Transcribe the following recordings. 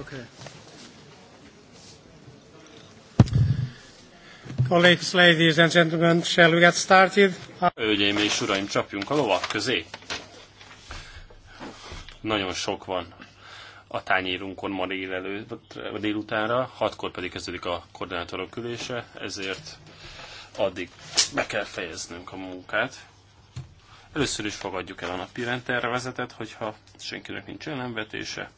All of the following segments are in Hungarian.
Okay. Colleagues, ladies and gentlemen, shall we get started? Hölgyeim és uraim, csapjunk a lovak közé. Nagyon sok van a tányérunkon ma délelő, délutánra, hatkor pedig kezdődik a koordinátorok ülése, ezért addig be kell fejeznünk a munkát. Először is fogadjuk el a napi rendtervezetet, hogyha senkinek nincs ellenvetése,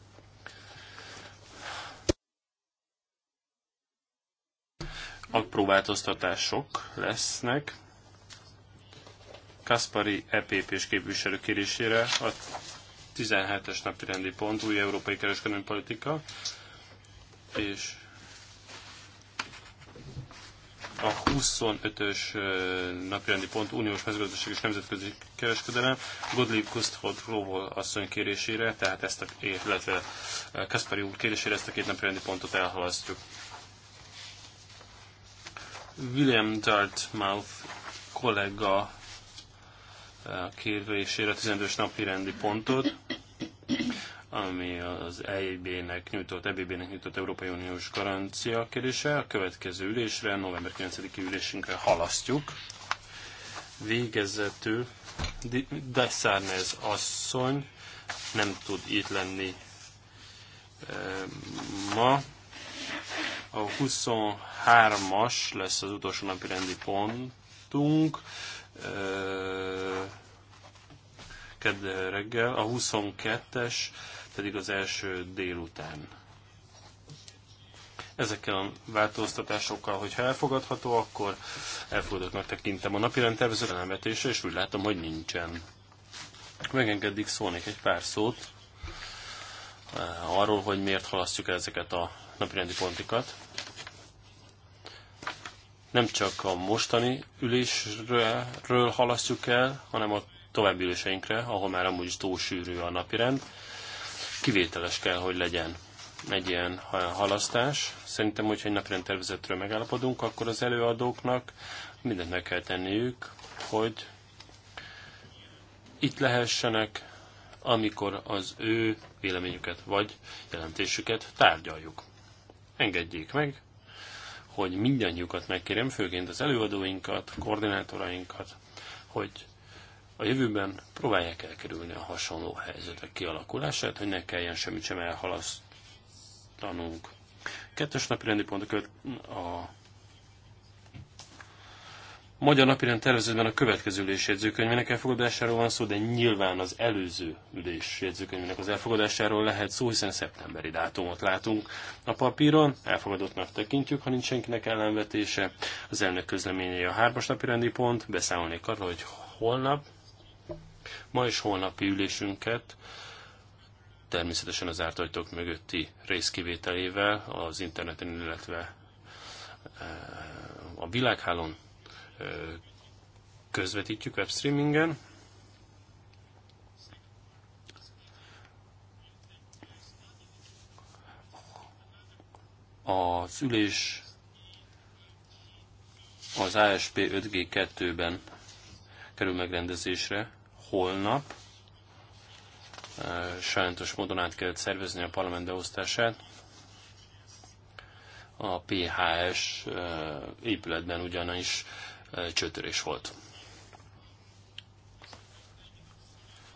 változtatások lesznek. Kaspari epp és képviselő kérésére a 17-es napi rendi pont, új európai kereskedelmi politika, és a 25-ös napirendi pont uniós mezőgazdaság és nemzetközi kereskedelem Godlieb Kusthold Róvol asszony kérésére, tehát ezt a, illetve Kaspari úr kérésére ezt a két napirendi pontot elhalasztjuk. William Dartmouth kollega eh, kérvésére 15-ös napi rendi pontot, ami az EIB-nek nyújtott, EBB-nek nyújtott Európai Uniós garancia kérdése. A következő ülésre, november 9-i ülésünkre halasztjuk. Végezetül Dessárnez asszony nem tud itt lenni eh, ma. A 23-as lesz az utolsó napi rendi pontunk. Kedd reggel. A 22-es pedig az első délután. Ezekkel a változtatásokkal, hogyha elfogadható, akkor elfogadottnak tekintem a napirend rendtervező elvetése, és úgy látom, hogy nincsen. Megengedik szólnék egy pár szót arról, hogy miért halasztjuk ezeket a napirendi pontikat nem csak a mostani ülésről halasztjuk el, hanem a további üléseinkre, ahol már amúgy is túlsűrű a napirend. Kivételes kell, hogy legyen egy ilyen halasztás. Szerintem, hogyha egy napirend tervezetről megállapodunk, akkor az előadóknak mindent meg kell tenniük, hogy itt lehessenek, amikor az ő véleményüket vagy jelentésüket tárgyaljuk. Engedjék meg, hogy mindannyiukat megkérem, főként az előadóinkat, koordinátorainkat, hogy a jövőben próbálják elkerülni a hasonló helyzetek kialakulását, hogy ne kelljen semmit sem elhalasztanunk. Kettes napi rendi pont a, a magyar napirend tervezőben a következő ülés jegyzőkönyvének elfogadásáról van szó, de nyilván az előző ülés jegyzőkönyvének az elfogadásáról lehet szó, hiszen szeptemberi dátumot látunk a papíron, elfogadottnak tekintjük, ha nincs senkinek ellenvetése. Az elnök közleményei a hármas napirendi pont, beszámolnék arról, hogy holnap, ma és holnapi ülésünket természetesen az árt ajtók mögötti részkivételével az interneten, illetve eh, a világhálón közvetítjük webstreamingen. Az ülés az ASP 5G2-ben kerül megrendezésre holnap. Sajnos módon át kellett szervezni a parlament beosztását. A PHS épületben ugyanis csőtörés volt.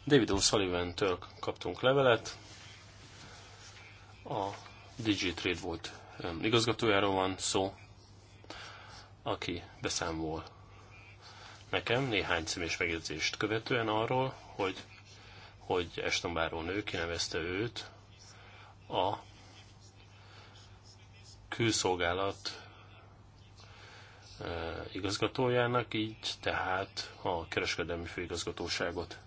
David O'Sullivan-től kaptunk levelet, a Digitrade volt igazgatójáról van szó, aki beszámol nekem néhány személyes megjegyzést követően arról, hogy, hogy Eston Báró nő kinevezte őt a külszolgálat igazgatójának, így tehát a kereskedelmi főigazgatóságot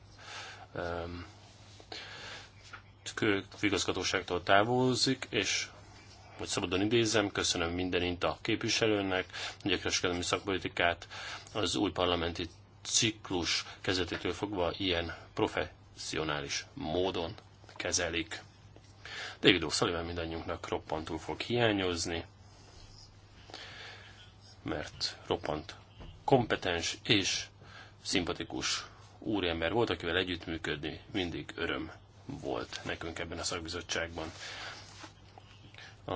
főigazgatóságtól távozik, és hogy szabadon idézem, köszönöm minden a képviselőnek, hogy a kereskedelmi szakpolitikát az új parlamenti ciklus kezdetétől fogva ilyen professzionális módon kezelik. David O'Sullivan mindannyiunknak roppantul fog hiányozni, mert roppant kompetens és szimpatikus úriember volt, akivel együttműködni mindig öröm volt nekünk ebben a szakbizottságban. A,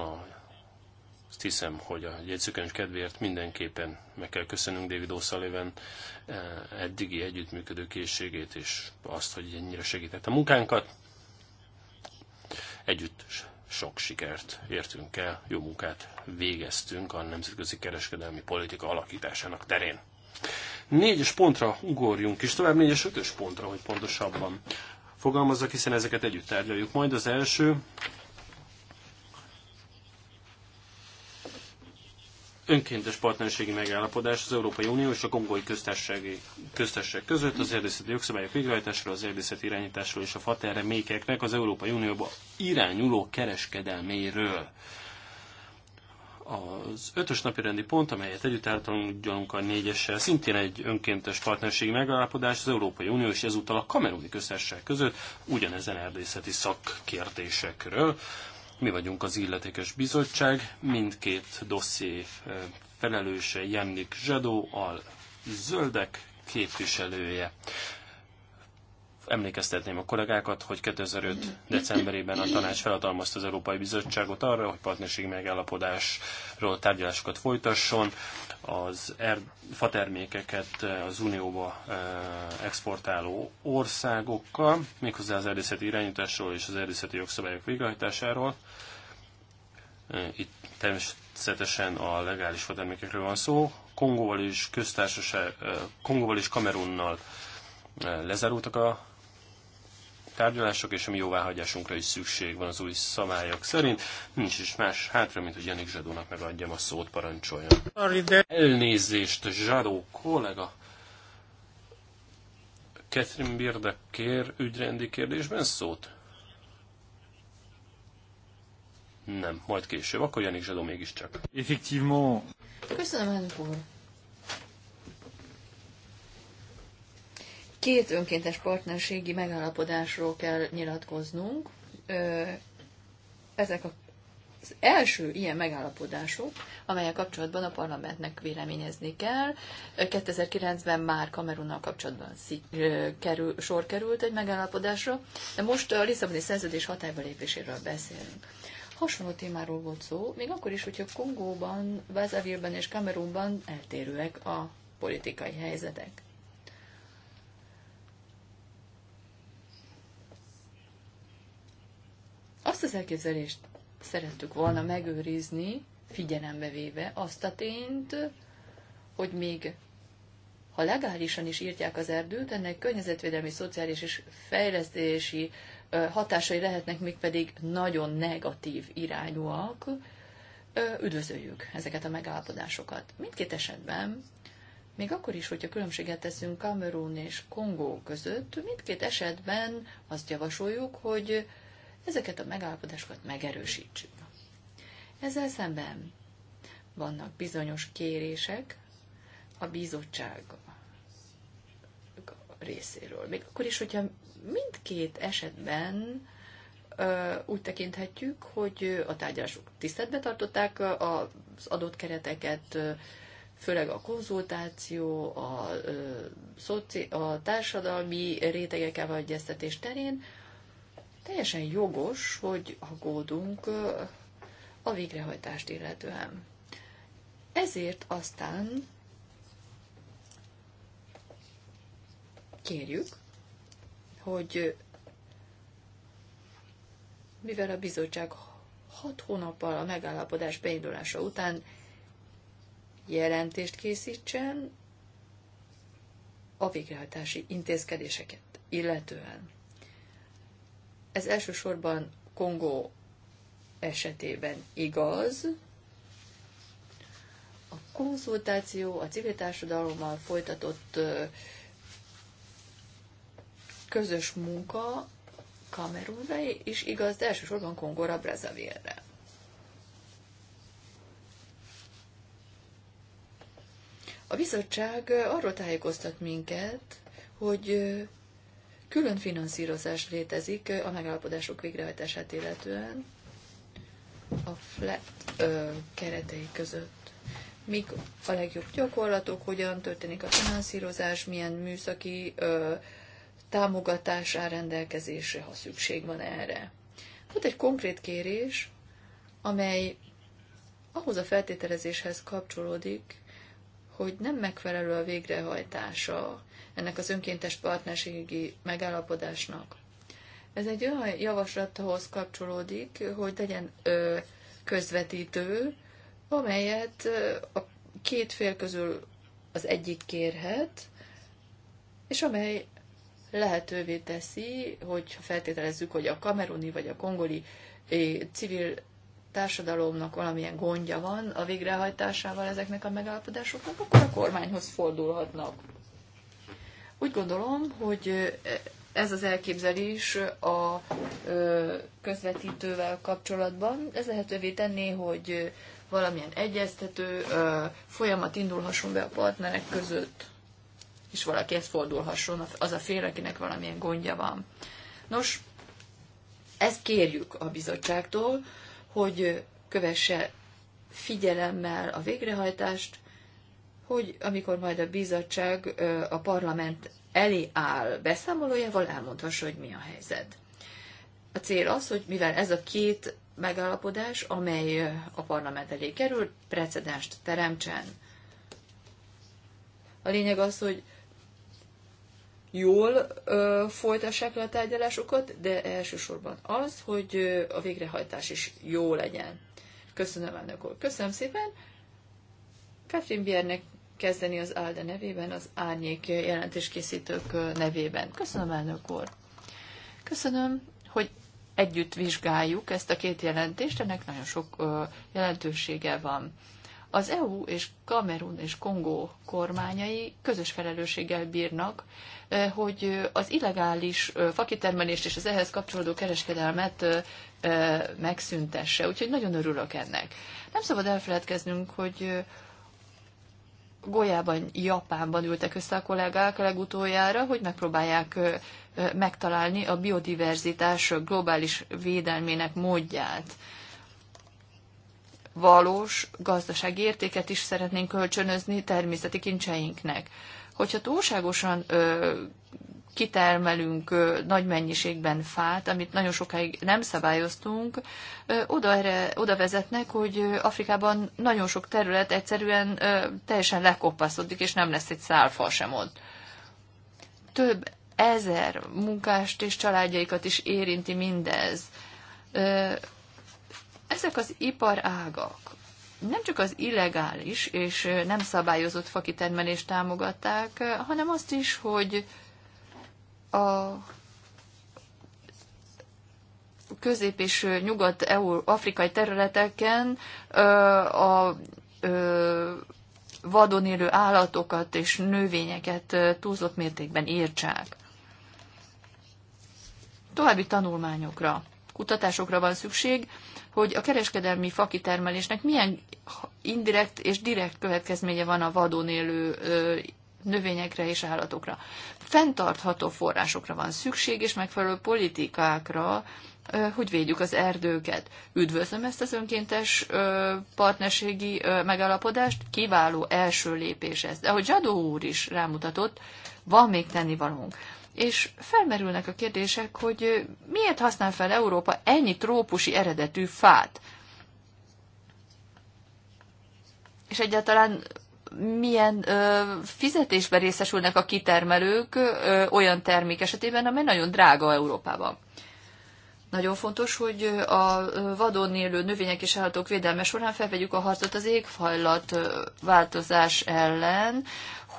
azt hiszem, hogy a jegyzőkönyv kedvéért mindenképpen meg kell köszönnünk David O'Sullivan e, eddigi együttműködő készségét és azt, hogy ennyire segített a munkánkat. Együtt sok sikert értünk el, jó munkát végeztünk a nemzetközi kereskedelmi politika alakításának terén. Négyes pontra ugorjunk is, tovább négyes ötös pontra, hogy pontosabban fogalmazzak, hiszen ezeket együtt tárgyaljuk. Majd az első önkéntes partnerségi megállapodás az Európai Unió és a Kongói köztársaság, között az erdészeti jogszabályok végrehajtásról, az erdészeti irányításról és a fatermékeknek az Európai Unióba irányuló kereskedelméről. Az ötös napi rendi pont, amelyet együtt átadunk a négyessel, szintén egy önkéntes partnerségi megállapodás az Európai Unió és ezúttal a Kameruni Köztársaság között ugyanezen erdészeti szakkérdésekről. Mi vagyunk az illetékes bizottság, mindkét dosszié felelőse Jemnik Zsadó, a zöldek képviselője. Emlékeztetném a kollégákat, hogy 2005. decemberében a tanács felhatalmazta az Európai Bizottságot arra, hogy partnerségi megállapodásról tárgyalásokat folytasson, az er- fa termékeket eh, az Unióba eh, exportáló országokkal, méghozzá az erdészeti irányításról és az erdészeti jogszabályok végrehajtásáról. Eh, itt természetesen a legális fatermékekről van szó. Kongóval és köztársaság, Kongóval és Kamerunnal lezárultak a tárgyalások, és a mi jóváhagyásunkra is szükség van az új szabályok szerint. Nincs is más hátra, mint hogy Janik Zsadónak megadjam a szót, parancsoljon. Elnézést, Zsadó kollega! Catherine Birda kér ügyrendi kérdésben szót? Nem, majd később, akkor Janik Zsadó mégiscsak. Effectivement. Köszönöm, elnök úr. két önkéntes partnerségi megállapodásról kell nyilatkoznunk. Ezek az első ilyen megállapodások, amelyek kapcsolatban a parlamentnek véleményezni kell. 2009-ben már Kamerunnal kapcsolatban kerül, sor került egy megállapodásra, de most a Lisszaboni szerződés hatályba lépéséről beszélünk. Hasonló témáról volt szó, még akkor is, hogyha Kongóban, Brazzavilleben és Kamerunban eltérőek a politikai helyzetek. Azt az elképzelést szerettük volna megőrizni, figyelembe véve azt a tényt, hogy még ha legálisan is írtják az erdőt, ennek környezetvédelmi, szociális és fejlesztési hatásai lehetnek, még pedig nagyon negatív irányúak. Üdvözöljük ezeket a megállapodásokat. Mindkét esetben, még akkor is, hogyha különbséget teszünk Kamerun és Kongó között, mindkét esetben azt javasoljuk, hogy ezeket a megállapodásokat megerősítsük. Ezzel szemben vannak bizonyos kérések a bizottság részéről. Még akkor is, hogyha mindkét esetben úgy tekinthetjük, hogy a tárgyalások tiszteletbe tartották az adott kereteket, főleg a konzultáció, a, a társadalmi rétegekkel vagy egyeztetés terén, Teljesen jogos, hogy aggódunk a végrehajtást illetően. Ezért aztán kérjük, hogy mivel a bizottság hat hónappal a megállapodás beindulása után jelentést készítsen a végrehajtási intézkedéseket illetően. Ez elsősorban Kongó esetében igaz. A konzultáció a civil társadalommal folytatott közös munka Kamerunra is igaz, de elsősorban Kongóra, Brazzavillre. A bizottság arról tájékoztat minket, hogy külön finanszírozás létezik a megállapodások végrehajtását illetően a flat ö, keretei között. Mik a legjobb gyakorlatok, hogyan történik a finanszírozás, milyen műszaki ö, támogatás áll rendelkezésre, ha szükség van erre. Hát egy konkrét kérés, amely ahhoz a feltételezéshez kapcsolódik, hogy nem megfelelő a végrehajtása ennek az önkéntes partnerségi megállapodásnak. Ez egy olyan javaslathoz kapcsolódik, hogy legyen ö, közvetítő, amelyet a két fél közül az egyik kérhet, és amely lehetővé teszi, ha feltételezzük, hogy a kameruni vagy a kongoli civil társadalomnak valamilyen gondja van a végrehajtásával ezeknek a megállapodásoknak, akkor a kormányhoz fordulhatnak. Úgy gondolom, hogy ez az elképzelés a közvetítővel kapcsolatban, ez lehetővé tenné, hogy valamilyen egyeztető folyamat indulhasson be a partnerek között, és ezt fordulhasson az a fél, akinek valamilyen gondja van. Nos, ezt kérjük a bizottságtól, hogy kövesse figyelemmel a végrehajtást, hogy amikor majd a bizottság a parlament elé áll beszámolójával, elmondhassa, hogy mi a helyzet. A cél az, hogy mivel ez a két megállapodás, amely a parlament elé kerül, precedenst teremtsen. A lényeg az, hogy jól ö, folytassák le a tárgyalásokat, de elsősorban az, hogy ö, a végrehajtás is jó legyen. Köszönöm, elnök úr. Köszönöm szépen. Katrin Biernek kezdeni az ALDE nevében, az árnyék jelentéskészítők nevében. Köszönöm, elnök úr! Köszönöm, hogy együtt vizsgáljuk ezt a két jelentést, ennek nagyon sok jelentősége van. Az EU és Kamerun és Kongó kormányai közös felelősséggel bírnak, hogy az illegális fakitermelést és az ehhez kapcsolódó kereskedelmet megszüntesse. Úgyhogy nagyon örülök ennek. Nem szabad elfeledkeznünk, hogy Golyában, Japánban ültek össze a kollégák legutoljára, hogy megpróbálják megtalálni a biodiverzitás globális védelmének módját. Valós gazdasági értéket is szeretnénk kölcsönözni természeti kincseinknek. Hogyha túlságosan ö, kitermelünk nagy mennyiségben fát, amit nagyon sokáig nem szabályoztunk, oda, erre, oda vezetnek, hogy Afrikában nagyon sok terület egyszerűen teljesen lekoppasztodik, és nem lesz egy szálfa sem ott. Több ezer munkást és családjaikat is érinti mindez. Ezek az iparágak nem csak az illegális és nem szabályozott fakitermelést támogatták, hanem azt is, hogy a közép- és nyugat-afrikai területeken a vadon élő állatokat és növényeket túlzott mértékben írtsák. További tanulmányokra, kutatásokra van szükség, hogy a kereskedelmi fakitermelésnek milyen indirekt és direkt következménye van a vadon élő növényekre és állatokra. Fentartható forrásokra van szükség, és megfelelő politikákra, hogy védjük az erdőket. Üdvözlöm ezt az önkéntes partnerségi megállapodást, kiváló első lépés ez. De ahogy Zsadó úr is rámutatott, van még tennivalónk. És felmerülnek a kérdések, hogy miért használ fel Európa ennyi trópusi eredetű fát? És egyáltalán milyen ö, fizetésben részesülnek a kitermelők ö, olyan termék esetében, amely nagyon drága Európában. Nagyon fontos, hogy a vadon élő növények és állatok védelme során felvegyük a harcot az éghajlat változás ellen.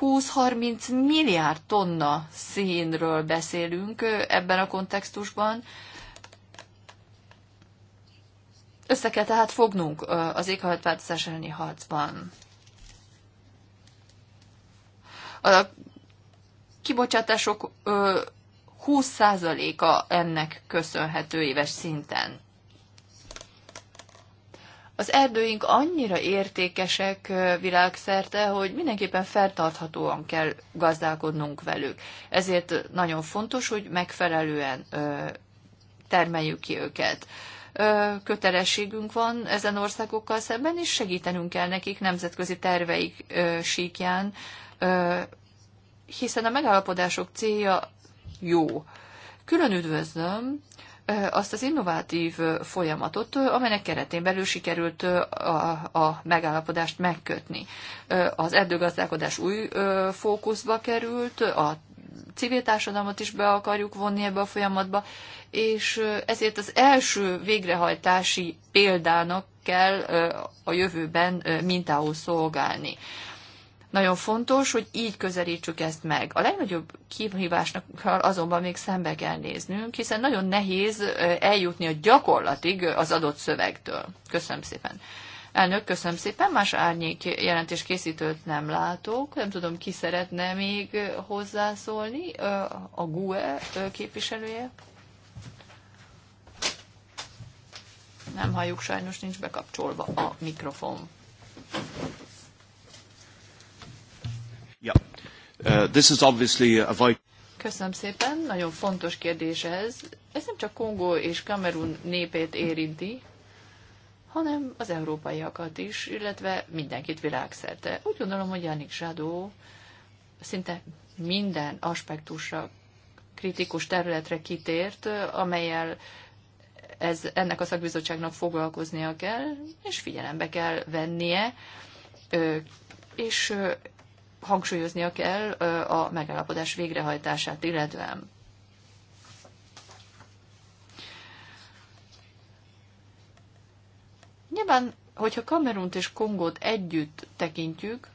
20-30 milliárd tonna színről beszélünk ebben a kontextusban. Össze kell tehát fognunk az éghajlatváltozás elleni harcban a kibocsátások 20%-a ennek köszönhető éves szinten. Az erdőink annyira értékesek világszerte, hogy mindenképpen feltarthatóan kell gazdálkodnunk velük. Ezért nagyon fontos, hogy megfelelően termeljük ki őket. Kötelességünk van ezen országokkal szemben, és segítenünk kell nekik nemzetközi terveik síkján hiszen a megállapodások célja jó. Külön üdvözlöm azt az innovatív folyamatot, amelynek keretén belül sikerült a, a megállapodást megkötni. Az erdőgazdálkodás új fókuszba került, a civil társadalmat is be akarjuk vonni ebbe a folyamatba, és ezért az első végrehajtási példának kell a jövőben mintául szolgálni. Nagyon fontos, hogy így közelítsük ezt meg. A legnagyobb kihívásnak azonban még szembe kell néznünk, hiszen nagyon nehéz eljutni a gyakorlatig az adott szövegtől. Köszönöm szépen. Elnök, köszönöm szépen. Más árnyék jelentés készítőt nem látok. Nem tudom, ki szeretne még hozzászólni. A GUE képviselője. Nem halljuk, sajnos nincs bekapcsolva a mikrofon. Uh, Köszönöm szépen, nagyon fontos kérdés ez. Ez nem csak Kongó és Kamerun népét érinti, hanem az európaiakat is, illetve mindenkit világszerte. Úgy gondolom, hogy Janik Zsadó szinte minden aspektusra, kritikus területre kitért, amelyel ez, ennek a szakbizottságnak foglalkoznia kell, és figyelembe kell vennie, és hangsúlyoznia kell a megállapodás végrehajtását illetően. Nyilván, hogyha Kamerunt és Kongót együtt tekintjük,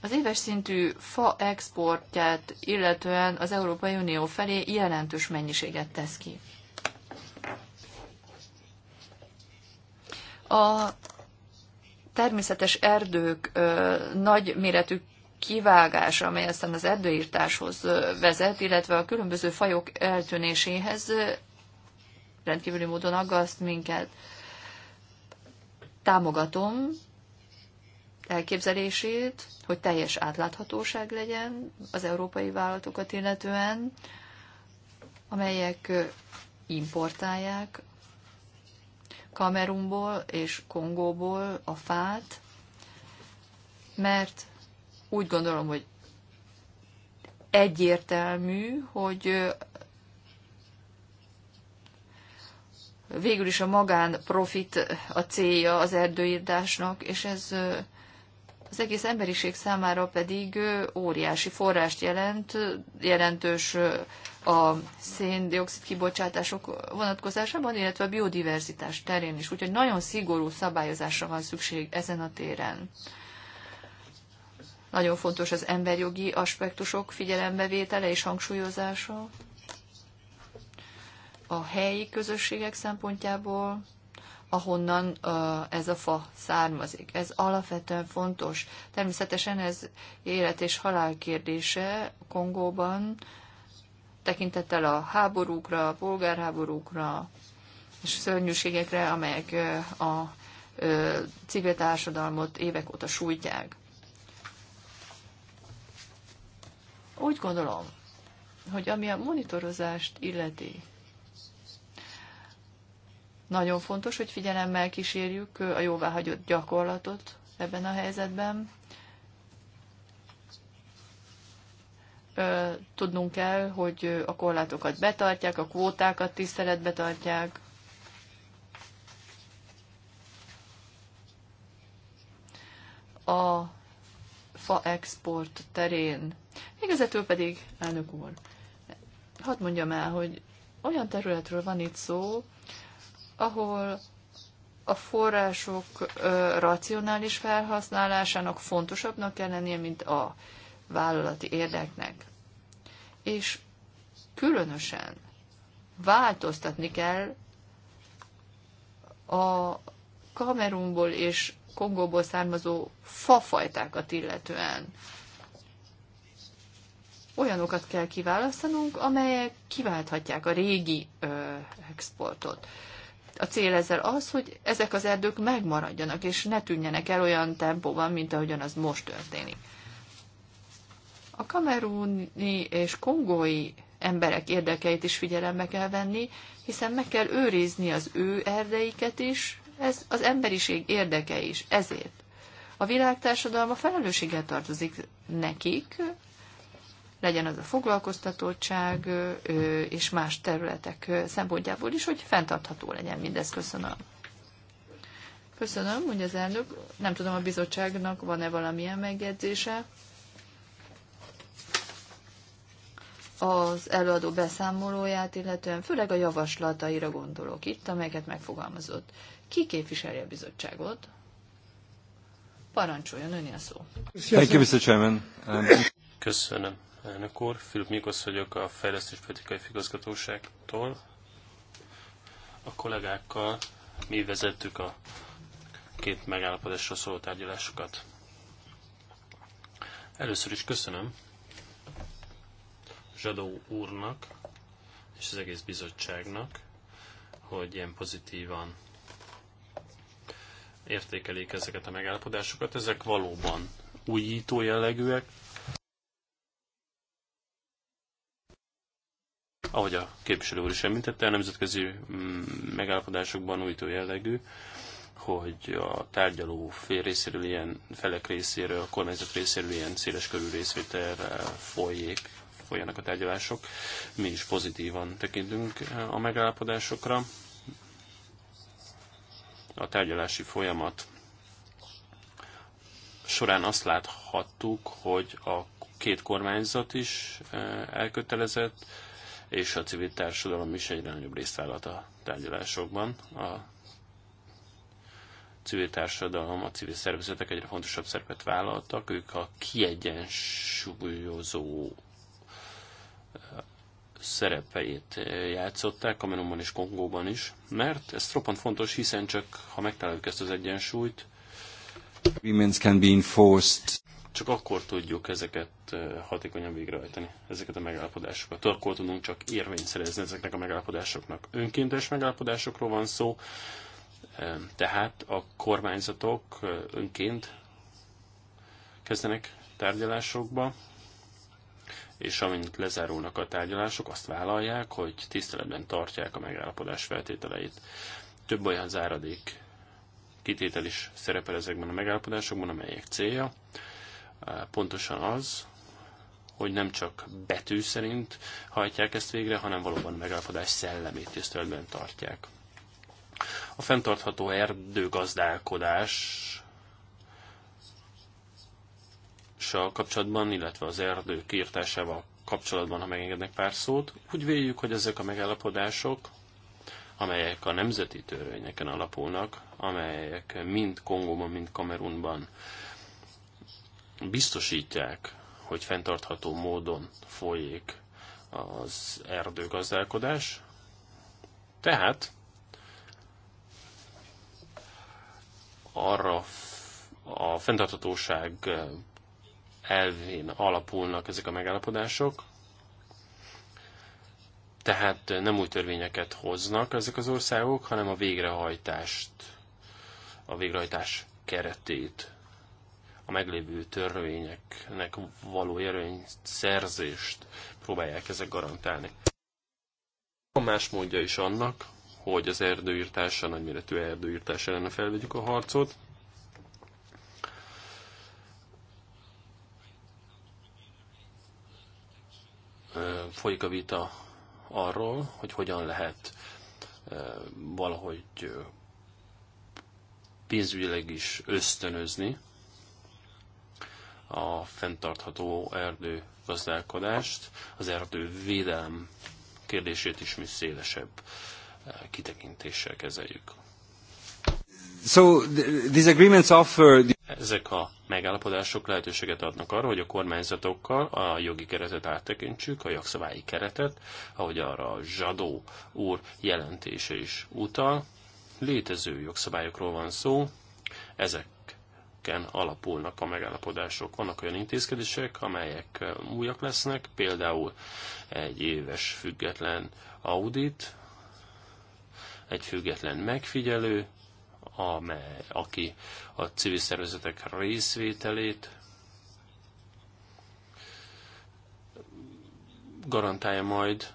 az éves szintű fa exportját illetően az Európai Unió felé jelentős mennyiséget tesz ki. A természetes erdők nagy méretű kivágása, amely aztán az erdőírtáshoz vezet, illetve a különböző fajok eltűnéséhez rendkívüli módon aggaszt minket. Támogatom elképzelését, hogy teljes átláthatóság legyen az európai vállalatokat illetően, amelyek importálják Kamerumból és Kongóból a fát, mert úgy gondolom, hogy egyértelmű, hogy végül is a magánprofit a célja az erdőírdásnak, és ez az egész emberiség számára pedig óriási forrást jelent, jelentős a széndiokszid kibocsátások vonatkozásában, illetve a biodiverzitás terén is. Úgyhogy nagyon szigorú szabályozásra van szükség ezen a téren. Nagyon fontos az emberjogi aspektusok figyelembevétele és hangsúlyozása a helyi közösségek szempontjából, ahonnan ez a fa származik. Ez alapvetően fontos. Természetesen ez élet és halál kérdése Kongóban, tekintettel a háborúkra, a polgárháborúkra és szörnyűségekre, amelyek a civil társadalmot évek óta sújtják. Úgy gondolom, hogy ami a monitorozást illeti, nagyon fontos, hogy figyelemmel kísérjük a jóváhagyott gyakorlatot ebben a helyzetben. Tudnunk kell, hogy a korlátokat betartják, a kvótákat tiszteletbe tartják, a fa export terén. Végezetül pedig, elnök úr, hadd mondjam el, hogy olyan területről van itt szó, ahol a források racionális felhasználásának fontosabbnak kell lennie, mint a vállalati érdeknek. És különösen változtatni kell a Kamerunból és Kongóból származó fafajtákat illetően. Olyanokat kell kiválasztanunk, amelyek kiválthatják a régi ö, exportot a cél ezzel az, hogy ezek az erdők megmaradjanak, és ne tűnjenek el olyan tempóban, mint ahogyan az most történik. A kameruni és kongói emberek érdekeit is figyelembe kell venni, hiszen meg kell őrizni az ő erdeiket is, ez az emberiség érdeke is, ezért. A világtársadalma felelősséggel tartozik nekik, legyen az a foglalkoztatottság és más területek szempontjából is, hogy fenntartható legyen mindez. Köszönöm. Köszönöm, hogy az elnök. Nem tudom, a bizottságnak van-e valamilyen megjegyzése. Az előadó beszámolóját, illetően főleg a javaslataira gondolok itt, amelyeket megfogalmazott. Ki képviseli a bizottságot? Parancsoljon, öné a szó. Um, Köszönöm, elnök úr. Fülöp Mikosz vagyok a Politikai Figazgatóságtól. A kollégákkal mi vezettük a két megállapodásra szóló tárgyalásokat. Először is köszönöm Zsadó úrnak és az egész bizottságnak, hogy ilyen pozitívan értékelik ezeket a megállapodásokat. Ezek valóban újító jellegűek, ahogy a képviselő úr is említette, a nemzetközi mm, megállapodásokban újtó jellegű, hogy a tárgyaló fél részéről ilyen, felek részéről, a kormányzat részéről ilyen széles körű részvételre folyik, folyanak a tárgyalások. Mi is pozitívan tekintünk a megállapodásokra. A tárgyalási folyamat során azt láthattuk, hogy a két kormányzat is eh, elkötelezett, és a civil társadalom is egyre nagyobb részt vállalt a tárgyalásokban. A civil társadalom, a civil szervezetek egyre fontosabb szerepet vállaltak, ők a kiegyensúlyozó eh, szerepeit eh, játszották, Kamerunban és Kongóban is, mert ez roppant fontos, hiszen csak ha megtaláljuk ezt az egyensúlyt, Agreements can be enforced. Csak akkor tudjuk ezeket hatékonyan végrehajtani, ezeket a megállapodásokat. Akkor tudunk csak érvényt szerezni ezeknek a megállapodásoknak. Önkéntes megállapodásokról van szó, tehát a kormányzatok önként kezdenek tárgyalásokba, és amint lezárulnak a tárgyalások, azt vállalják, hogy tiszteletben tartják a megállapodás feltételeit. Több olyan záradék kitétel is szerepel ezekben a megállapodásokban, amelyek célja, pontosan az, hogy nem csak betű szerint hajtják ezt végre, hanem valóban megállapodás szellemét tiszteletben tartják. A fenntartható erdőgazdálkodás kapcsolatban, illetve az erdő kiirtásával kapcsolatban, ha megengednek pár szót, úgy véljük, hogy ezek a megállapodások, amelyek a nemzeti törvényeken alapulnak, amelyek mind Kongóban, mind Kamerunban biztosítják, hogy fenntartható módon folyik az erdőgazdálkodás. Tehát arra a fenntarthatóság elvén alapulnak ezek a megállapodások, tehát nem új törvényeket hoznak ezek az országok, hanem a végrehajtást, a végrehajtás keretét a meglévő törvényeknek való szerzést próbálják ezek garantálni. A más módja is annak, hogy az erdőírtása, nagyméretű erdőírtás ellen felvegyük a harcot. Folyik a vita arról, hogy hogyan lehet valahogy pénzügyileg is ösztönözni a fenntartható erdőgazdálkodást, az erdővédelem kérdését is mi szélesebb eh, kitekintéssel kezeljük. So, these agreements offer the... Ezek a megállapodások lehetőséget adnak arra, hogy a kormányzatokkal a jogi keretet áttekintsük, a jogszabályi keretet, ahogy arra a Zsadó úr jelentése is utal. Létező jogszabályokról van szó, ezek ezeken alapulnak a megállapodások. Vannak olyan intézkedések, amelyek újak lesznek, például egy éves független audit, egy független megfigyelő, amely, aki a civil szervezetek részvételét garantálja majd,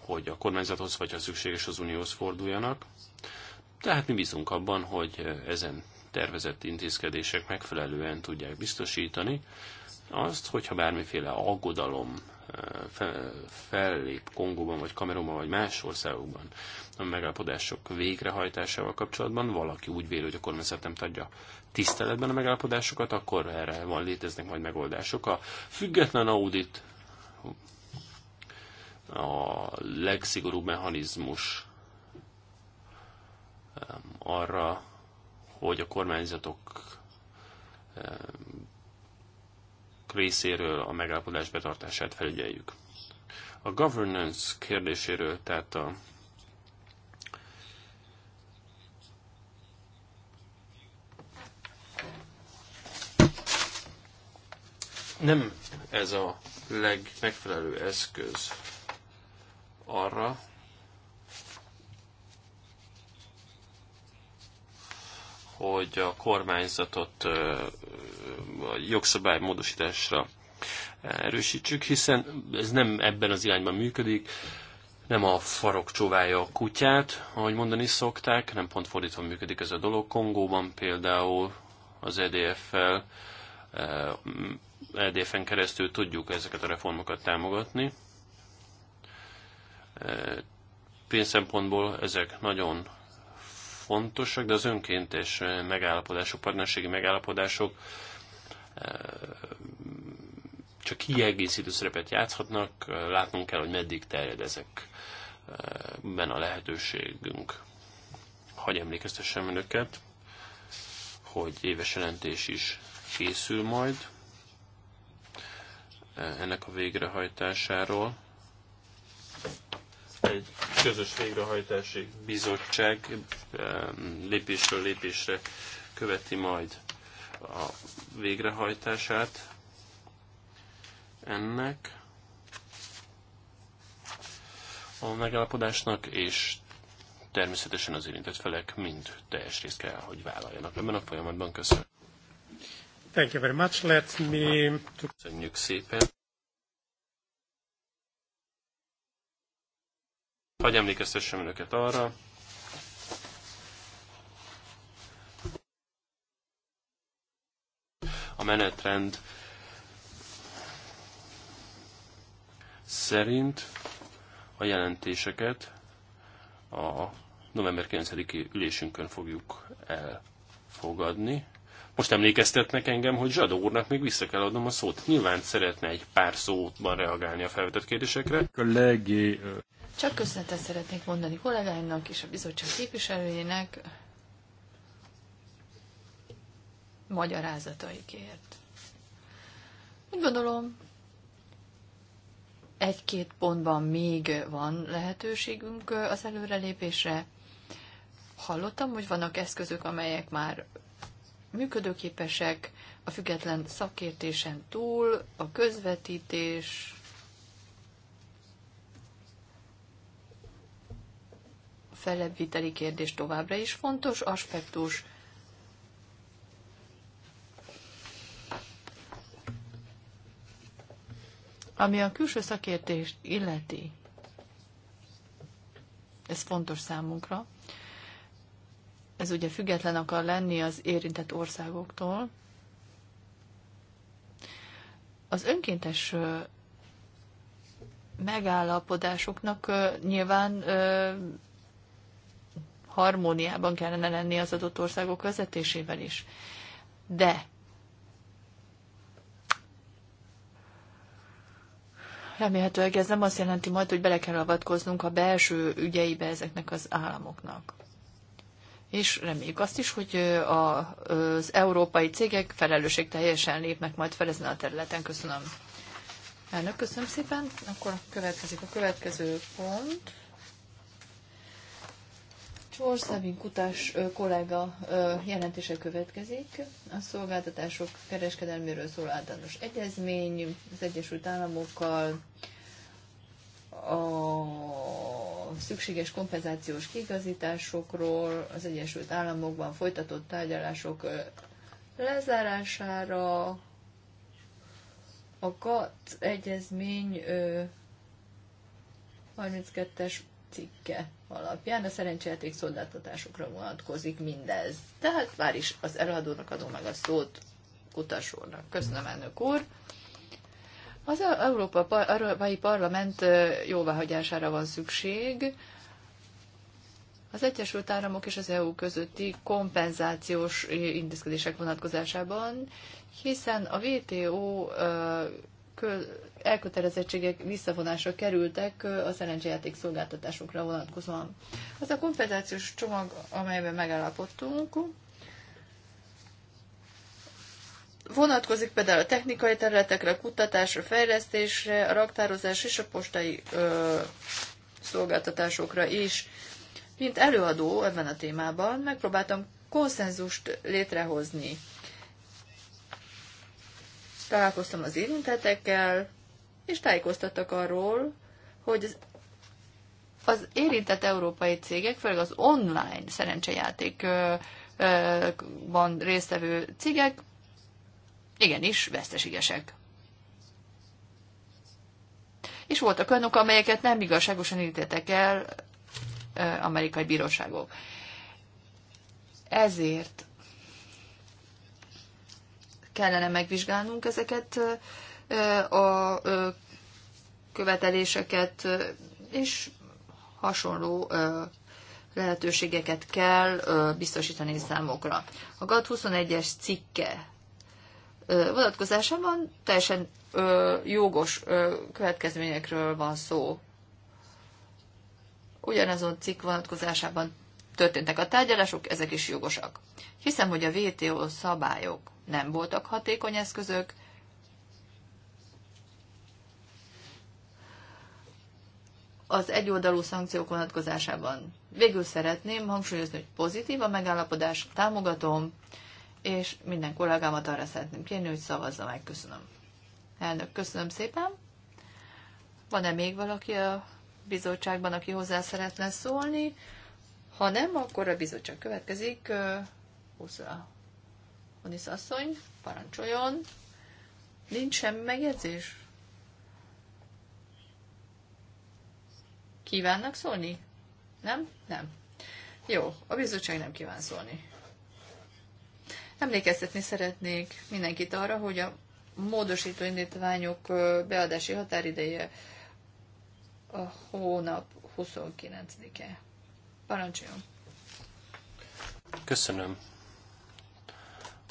hogy a kormányzathoz vagy ha szükséges az unióhoz forduljanak. Tehát mi bízunk abban, hogy ezen tervezett intézkedések megfelelően tudják biztosítani azt, hogyha bármiféle aggodalom eh, fellép Kongóban, vagy Kamerumban, vagy más országokban a megállapodások végrehajtásával kapcsolatban, valaki úgy véli, hogy a kormányzat nem tudja tiszteletben a megállapodásokat, akkor erre van léteznek majd megoldások. A független audit a legszigorúbb mechanizmus arra hogy a kormányzatok eh, részéről a megállapodás betartását felügyeljük. A governance kérdéséről, tehát a nem ez a legmegfelelő eszköz arra, hogy a kormányzatot a jogszabály módosításra erősítsük, hiszen ez nem ebben az irányban működik, nem a farok csóválja a kutyát, ahogy mondani szokták, nem pont fordítva működik ez a dolog. Kongóban például az EDF-fel, EDF-en keresztül tudjuk ezeket a reformokat támogatni. Pénzszempontból ezek nagyon fontosak, de az önkéntes eh, megállapodások, partnerségi megállapodások eh, csak kiegészítő szerepet játszhatnak, eh, látnunk kell, hogy meddig terjed ezekben a lehetőségünk. Hagy emlékeztessem önöket, hogy éves jelentés is készül majd ennek a végrehajtásáról egy közös végrehajtási bizottság lépésről lépésre követi majd a végrehajtását ennek a megállapodásnak, és természetesen az érintett felek mind teljes részt kell, hogy vállaljanak ebben a folyamatban. Köszönöm. Thank you very much. Let me... Köszönjük szépen. Hagy emlékeztessem önöket arra, a menetrend szerint a jelentéseket a november 9-i ülésünkön fogjuk elfogadni. Most emlékeztetnek engem, hogy Zsadó úrnak még vissza kell adnom a szót. Nyilván szeretne egy pár szótban reagálni a felvetett kérdésekre. Kollégi. Csak köszönetet szeretnék mondani kollégáimnak és a bizottság képviselőjének magyarázataikért. Úgy gondolom, egy-két pontban még van lehetőségünk az előrelépésre. Hallottam, hogy vannak eszközök, amelyek már működőképesek, a független szakértésen túl, a közvetítés, feleviteli kérdés továbbra is fontos aspektus. Ami a külső szakértést illeti, ez fontos számunkra, ez ugye független akar lenni az érintett országoktól. Az önkéntes megállapodásoknak nyilván harmóniában kellene lenni az adott országok vezetésével is. De remélhetőleg ez nem azt jelenti majd, hogy bele kell avatkoznunk a belső ügyeibe ezeknek az államoknak. És reméljük azt is, hogy az európai cégek felelősség teljesen lépnek majd fel ezen a területen. Köszönöm. Elnök, köszönöm szépen. Akkor következik a következő pont. Csorszabin Kutás kollega jelentése következik. A szolgáltatások kereskedelméről szól általános egyezmény az Egyesült Államokkal, a szükséges kompenzációs kigazításokról, az Egyesült Államokban folytatott tárgyalások lezárására, a GATT egyezmény 32-es cikke alapján a szerencsejáték szolgáltatásokra vonatkozik mindez. Tehát már is az előadónak adom meg a szót utasornak. Köszönöm, elnök úr! Az Európai Parlament jóváhagyására van szükség. Az Egyesült Államok és az EU közötti kompenzációs intézkedések vonatkozásában, hiszen a WTO elkötelezettségek visszavonásra kerültek a szerencsejáték szolgáltatásokra vonatkozóan. Az a kompenzációs csomag, amelyben megállapodtunk, vonatkozik például a technikai területekre, a kutatásra, fejlesztésre, a raktározás és a postai ö, szolgáltatásokra is. Mint előadó ebben a témában megpróbáltam konszenzust létrehozni. Találkoztam az érintetekkel, és tájékoztattak arról, hogy az, az érintett európai cégek, főleg az online szerencsejátékban résztvevő cégek, igenis veszteségesek. És voltak olyanok, amelyeket nem igazságosan ítéltek el amerikai bíróságok. Ezért kellene megvizsgálnunk ezeket a követeléseket és hasonló lehetőségeket kell biztosítani számokra. A gat 21-es cikke vonatkozásában teljesen jogos következményekről van szó. Ugyanazon cikk vonatkozásában történtek a tárgyalások, ezek is jogosak. Hiszem, hogy a WTO szabályok nem voltak hatékony eszközök, az egyoldalú szankciók vonatkozásában. Végül szeretném hangsúlyozni, hogy pozitív a megállapodás, támogatom, és minden kollégámat arra szeretném kérni, hogy szavazza meg. Köszönöm. Elnök, köszönöm szépen. Van-e még valaki a bizottságban, aki hozzá szeretne szólni? Ha nem, akkor a bizottság következik. Uszra. Onis asszony, parancsoljon. Nincs semmi megjegyzés? Kívánnak szólni? Nem? Nem. Jó, a bizottság nem kíván szólni. Emlékeztetni szeretnék mindenkit arra, hogy a módosító indítványok beadási határideje a hónap 29-e. Parancsoljon! Köszönöm.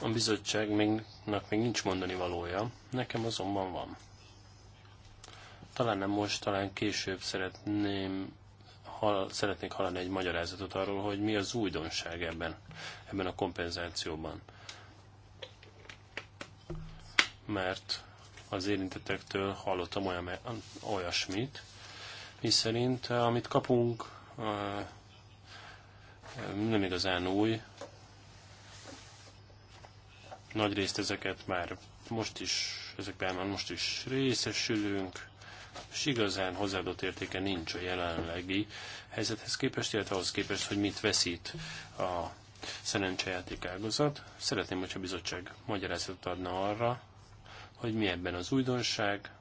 A bizottságnak még nincs mondani valója, nekem azonban van. Talán nem most, talán később szeretném hal, szeretnék hallani egy magyarázatot arról, hogy mi az újdonság ebben, ebben a kompenzációban. Mert az érintettektől hallottam olyan, olyasmit, miszerint eh, amit kapunk, eh, nem igazán új. nagy részt ezeket már most is, ezekben már most is részesülünk, és igazán hozzáadott értéke nincs a jelenlegi helyzethez képest, illetve ahhoz képest, hogy mit veszít a szerencsejáték ágazat. Szeretném, hogyha a bizottság magyarázatot adna arra, hogy mi ebben az újdonság.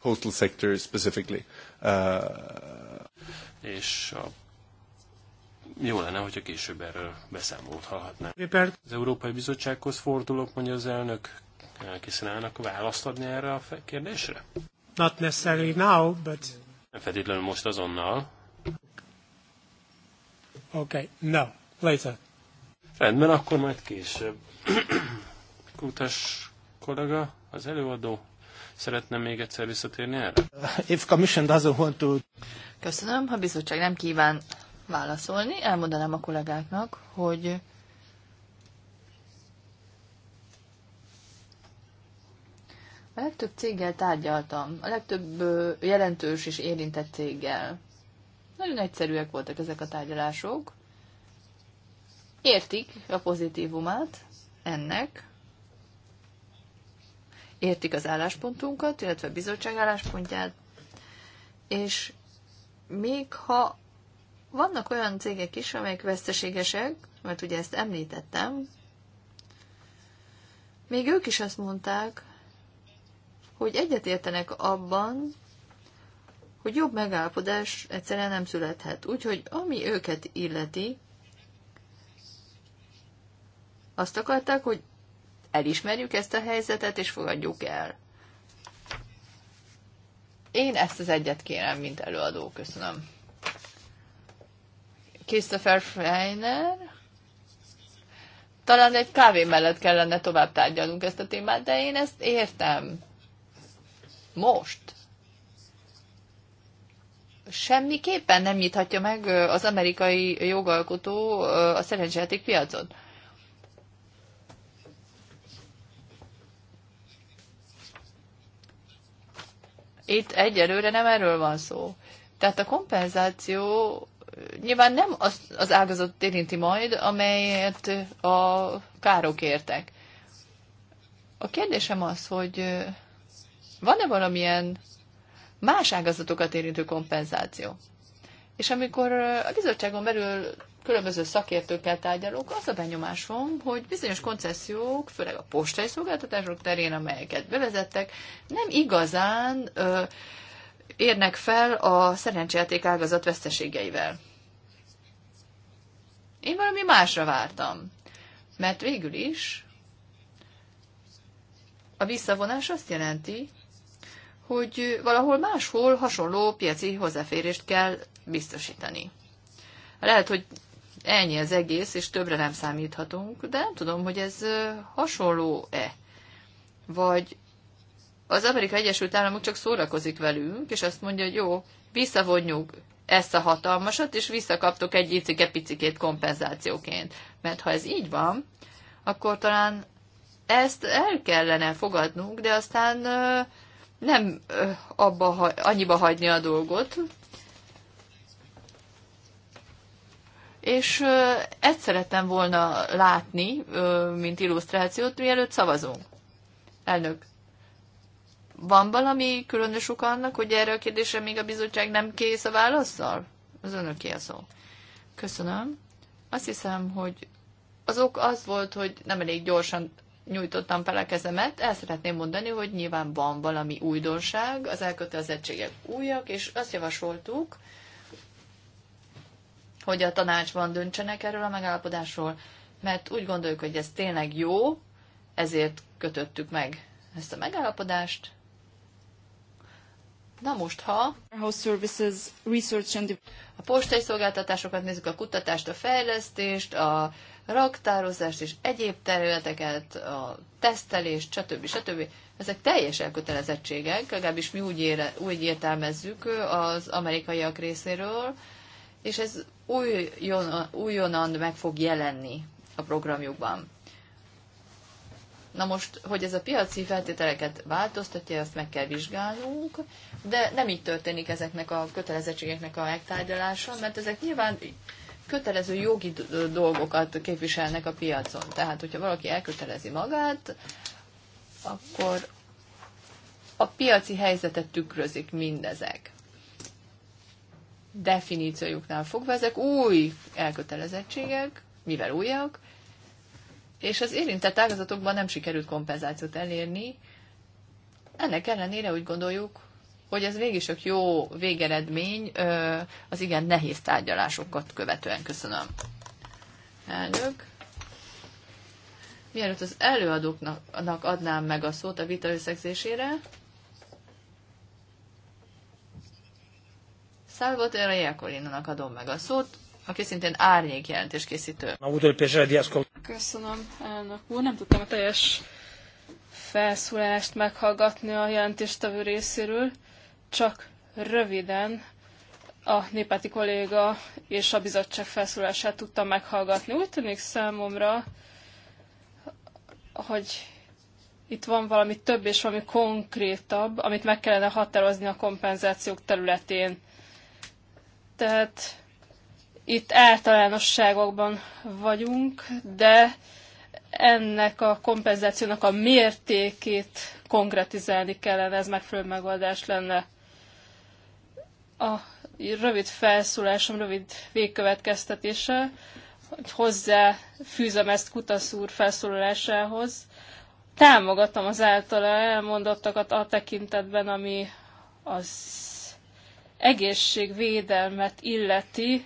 Postal sector specifically. Uh... És a jó lenne, hogyha később erről beszámolt hallhatnánk. Az Európai Bizottsághoz fordulok, mondja az elnök készen állnak választ adni erre a kérdésre? Not necessarily now, but... Nem feltétlenül most azonnal. Okay, no, later. Rendben, akkor majd később. Kutas kollega, az előadó, szeretne még egyszer visszatérni erre? Uh, if commission doesn't want to... Köszönöm, ha bizottság nem kíván válaszolni, elmondanám a kollégáknak, hogy A legtöbb céggel tárgyaltam, a legtöbb jelentős és érintett céggel. Nagyon egyszerűek voltak ezek a tárgyalások. Értik a pozitívumát ennek, értik az álláspontunkat, illetve a bizottság álláspontját, és még ha vannak olyan cégek is, amelyek veszteségesek, mert ugye ezt említettem, még ők is azt mondták, hogy egyetértenek abban, hogy jobb megállapodás egyszerűen nem születhet. Úgyhogy ami őket illeti, azt akarták, hogy elismerjük ezt a helyzetet, és fogadjuk el. Én ezt az egyet kérem, mint előadó. Köszönöm. Christopher Freiner. Talán egy kávé mellett kellene tovább tárgyalnunk ezt a témát, de én ezt értem most semmiképpen nem nyithatja meg az amerikai jogalkotó a szerencsejáték piacot. Itt egyelőre nem erről van szó. Tehát a kompenzáció nyilván nem az, az ágazat érinti majd, amelyet a károk értek. A kérdésem az, hogy van-e valamilyen más ágazatokat érintő kompenzáció? És amikor a bizottságon belül különböző szakértőkkel tárgyalok, az a benyomásom, hogy bizonyos koncesziók, főleg a postai szolgáltatások terén, amelyeket bevezettek, nem igazán ö, érnek fel a szerencsejáték ágazat veszteségeivel. Én valami másra vártam, mert végül is a visszavonás azt jelenti, hogy valahol máshol hasonló piaci hozzáférést kell biztosítani. Lehet, hogy ennyi az egész, és többre nem számíthatunk, de nem tudom, hogy ez hasonló-e. Vagy az Amerika Egyesült Államok csak szórakozik velünk, és azt mondja, hogy jó, visszavonjuk ezt a hatalmasat, és visszakaptok egy icike-picikét kompenzációként. Mert ha ez így van, akkor talán ezt el kellene fogadnunk, de aztán nem abba, annyiba hagyni a dolgot, és ezt szerettem volna látni, mint illusztrációt, mielőtt szavazunk. Elnök, van valami különös oka annak, hogy erre a kérdésre még a bizottság nem kész a válaszsal? Az önöké a szó. Köszönöm. Azt hiszem, hogy az ok az volt, hogy nem elég gyorsan nyújtottam fel a kezemet, el szeretném mondani, hogy nyilván van valami újdonság, az elkötelezettségek újak, és azt javasoltuk, hogy a tanácsban döntsenek erről a megállapodásról, mert úgy gondoljuk, hogy ez tényleg jó, ezért kötöttük meg ezt a megállapodást. Na most, ha a postai szolgáltatásokat nézzük, a kutatást, a fejlesztést, a raktározást és egyéb területeket, a tesztelést, stb. stb. Ezek teljes elkötelezettségek, legalábbis mi úgy, ére, úgy értelmezzük az amerikaiak részéről, és ez újon, újonnan meg fog jelenni a programjukban. Na most, hogy ez a piaci feltételeket változtatja, azt meg kell vizsgálnunk, de nem így történik ezeknek a kötelezettségeknek a megtárgyalása, mert ezek nyilván kötelező jogi dolgokat képviselnek a piacon. Tehát, hogyha valaki elkötelezi magát, akkor a piaci helyzetet tükrözik mindezek. Definíciójuknál fogva ezek új elkötelezettségek, mivel újak, és az érintett ágazatokban nem sikerült kompenzációt elérni. Ennek ellenére úgy gondoljuk, hogy ez végig sok jó végeredmény az igen nehéz tárgyalásokat követően. Köszönöm. Elnök. Mielőtt az előadóknak adnám meg a szót a vita összegzésére, Salvatore Iacolino-nak adom meg a szót, aki szintén árnyék jelentés készítő. Köszönöm, elnök úr. Nem tudtam a teljes felszólalást meghallgatni a jelentéstevő részéről, csak röviden a népáti kolléga és a bizottság felszólását tudtam meghallgatni. Úgy tűnik számomra, hogy itt van valami több és valami konkrétabb, amit meg kellene határozni a kompenzációk területén. Tehát itt általánosságokban vagyunk, de ennek a kompenzációnak a mértékét konkretizálni kellene, ez megfelelő megoldás lenne. A rövid felszólásom, rövid végkövetkeztetése, hogy fűzem ezt Kutasz úr felszólalásához. Támogatom az általa elmondottakat a tekintetben, ami az egészségvédelmet illeti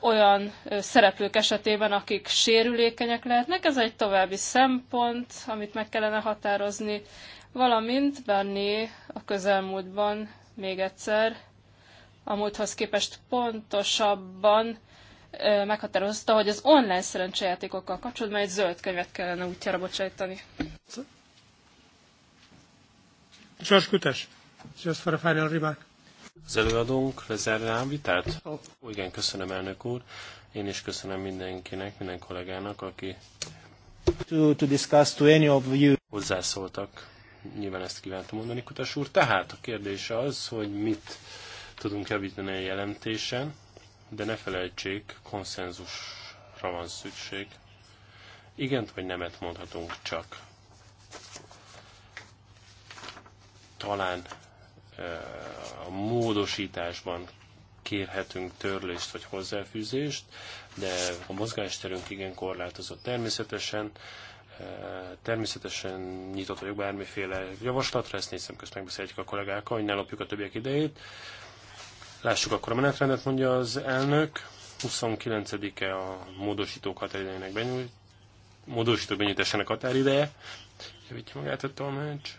olyan szereplők esetében, akik sérülékenyek lehetnek. Ez egy további szempont, amit meg kellene határozni, valamint Berni a közelmúltban még egyszer a múlthoz képest pontosabban meghatározta, hogy az online szerencsejátékokkal kapcsolatban egy zöld könyvet kellene útjára bocsájtani. Sors Kutas, just for a final remark. Az előadónk lezárná a vitát? Oh. Igen, köszönöm elnök úr. Én is köszönöm mindenkinek, minden kollégának, aki to, to discuss to any of you. hozzászóltak Nyilván ezt kívántam mondani, Kutas úr. Tehát a kérdés az, hogy mit tudunk javítani a jelentésen, de ne felejtsék, konszenzusra van szükség. Igen, vagy nemet mondhatunk csak. Talán a módosításban kérhetünk törlést vagy hozzáfűzést, de a mozgásterünk igen korlátozott természetesen. Természetesen nyitott vagyok bármiféle javaslatra, ezt négy szem közt megbeszéljük a kollégákkal, hogy ne lopjuk a többiek idejét. Lássuk akkor a menetrendet, mondja az elnök. 29-e a módosítók határidejének benyújt, módosítók benyújtásának határideje. Javítja magát a tolmács.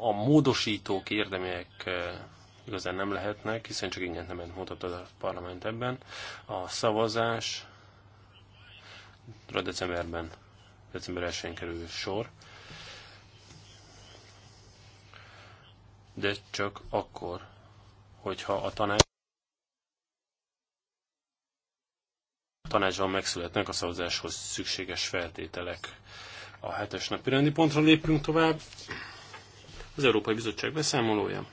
A módosítók érdemiek igazán nem lehetnek, hiszen csak ingyen nem mutat a parlament ebben. A szavazás decemberben, december 1-én kerül sor, de csak akkor, hogyha a tanács a tanácsban megszületnek a szavazáshoz szükséges feltételek. A hetes napi rendi pontra lépünk tovább. Az Európai Bizottság beszámolója.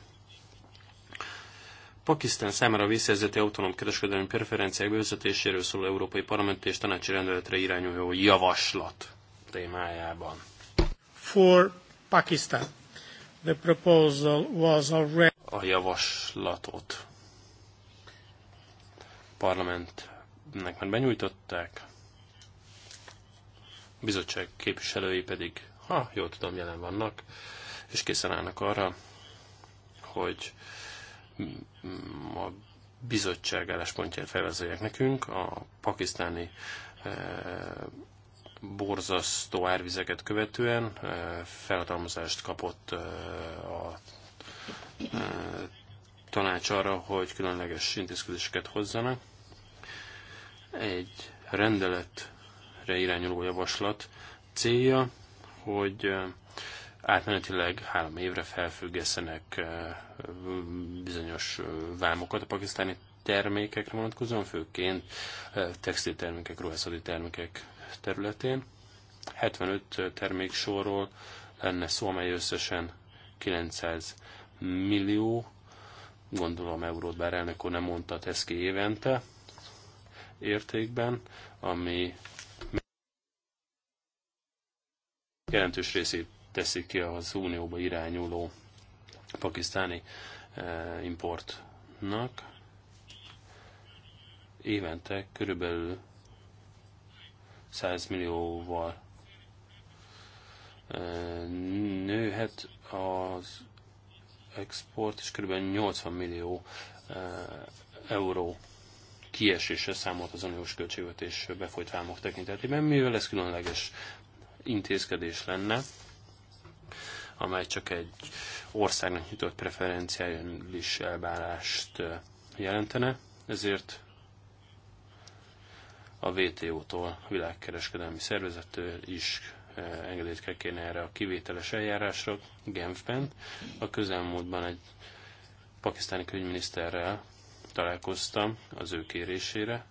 Pakisztán számára visszajelzeti autonóm kereskedelmi preferenciák bevezetéséről szóló Európai Parlament és Tanácsi Rendeletre irányuló javaslat témájában. For Pakistan, the proposal was already... A javaslatot parlamentnek már benyújtották, a bizottság képviselői pedig, ha jól tudom, jelen vannak, és készen állnak arra, hogy a bizottság álláspontját felvezeljek nekünk, a pakisztáni e, borzasztó árvizeket követően e, felhatalmazást kapott e, a tanács arra, hogy különleges intézkedéseket hozzanak. Egy rendeletre irányuló javaslat célja, hogy átmenetileg három évre felfüggesztenek eh, bizonyos eh, vámokat a pakisztáni termékekre vonatkozóan, főként eh, textiltermékek, ruhászati termékek területén. 75 terméksorról lenne szó, amely összesen 900 millió, gondolom eurót, bár elnök úr nem mondta, tesz ki évente értékben, ami jelentős részét teszik ki az Unióba irányuló pakisztáni eh, importnak. Évente körülbelül 100 millióval eh, nőhet az export, és kb. 80 millió eh, euró kiesésre számolt az uniós költségvetés befolyt vámok tekintetében, mivel ez különleges intézkedés lenne, amely csak egy országnak nyitott preferenciális elbárást jelentene, ezért a WTO-tól, a világkereskedelmi szervezettől is engedélyt kell kérni erre a kivételes eljárásra Genfben. A közelmúltban egy pakisztáni külügyminiszterrel találkoztam az ő kérésére,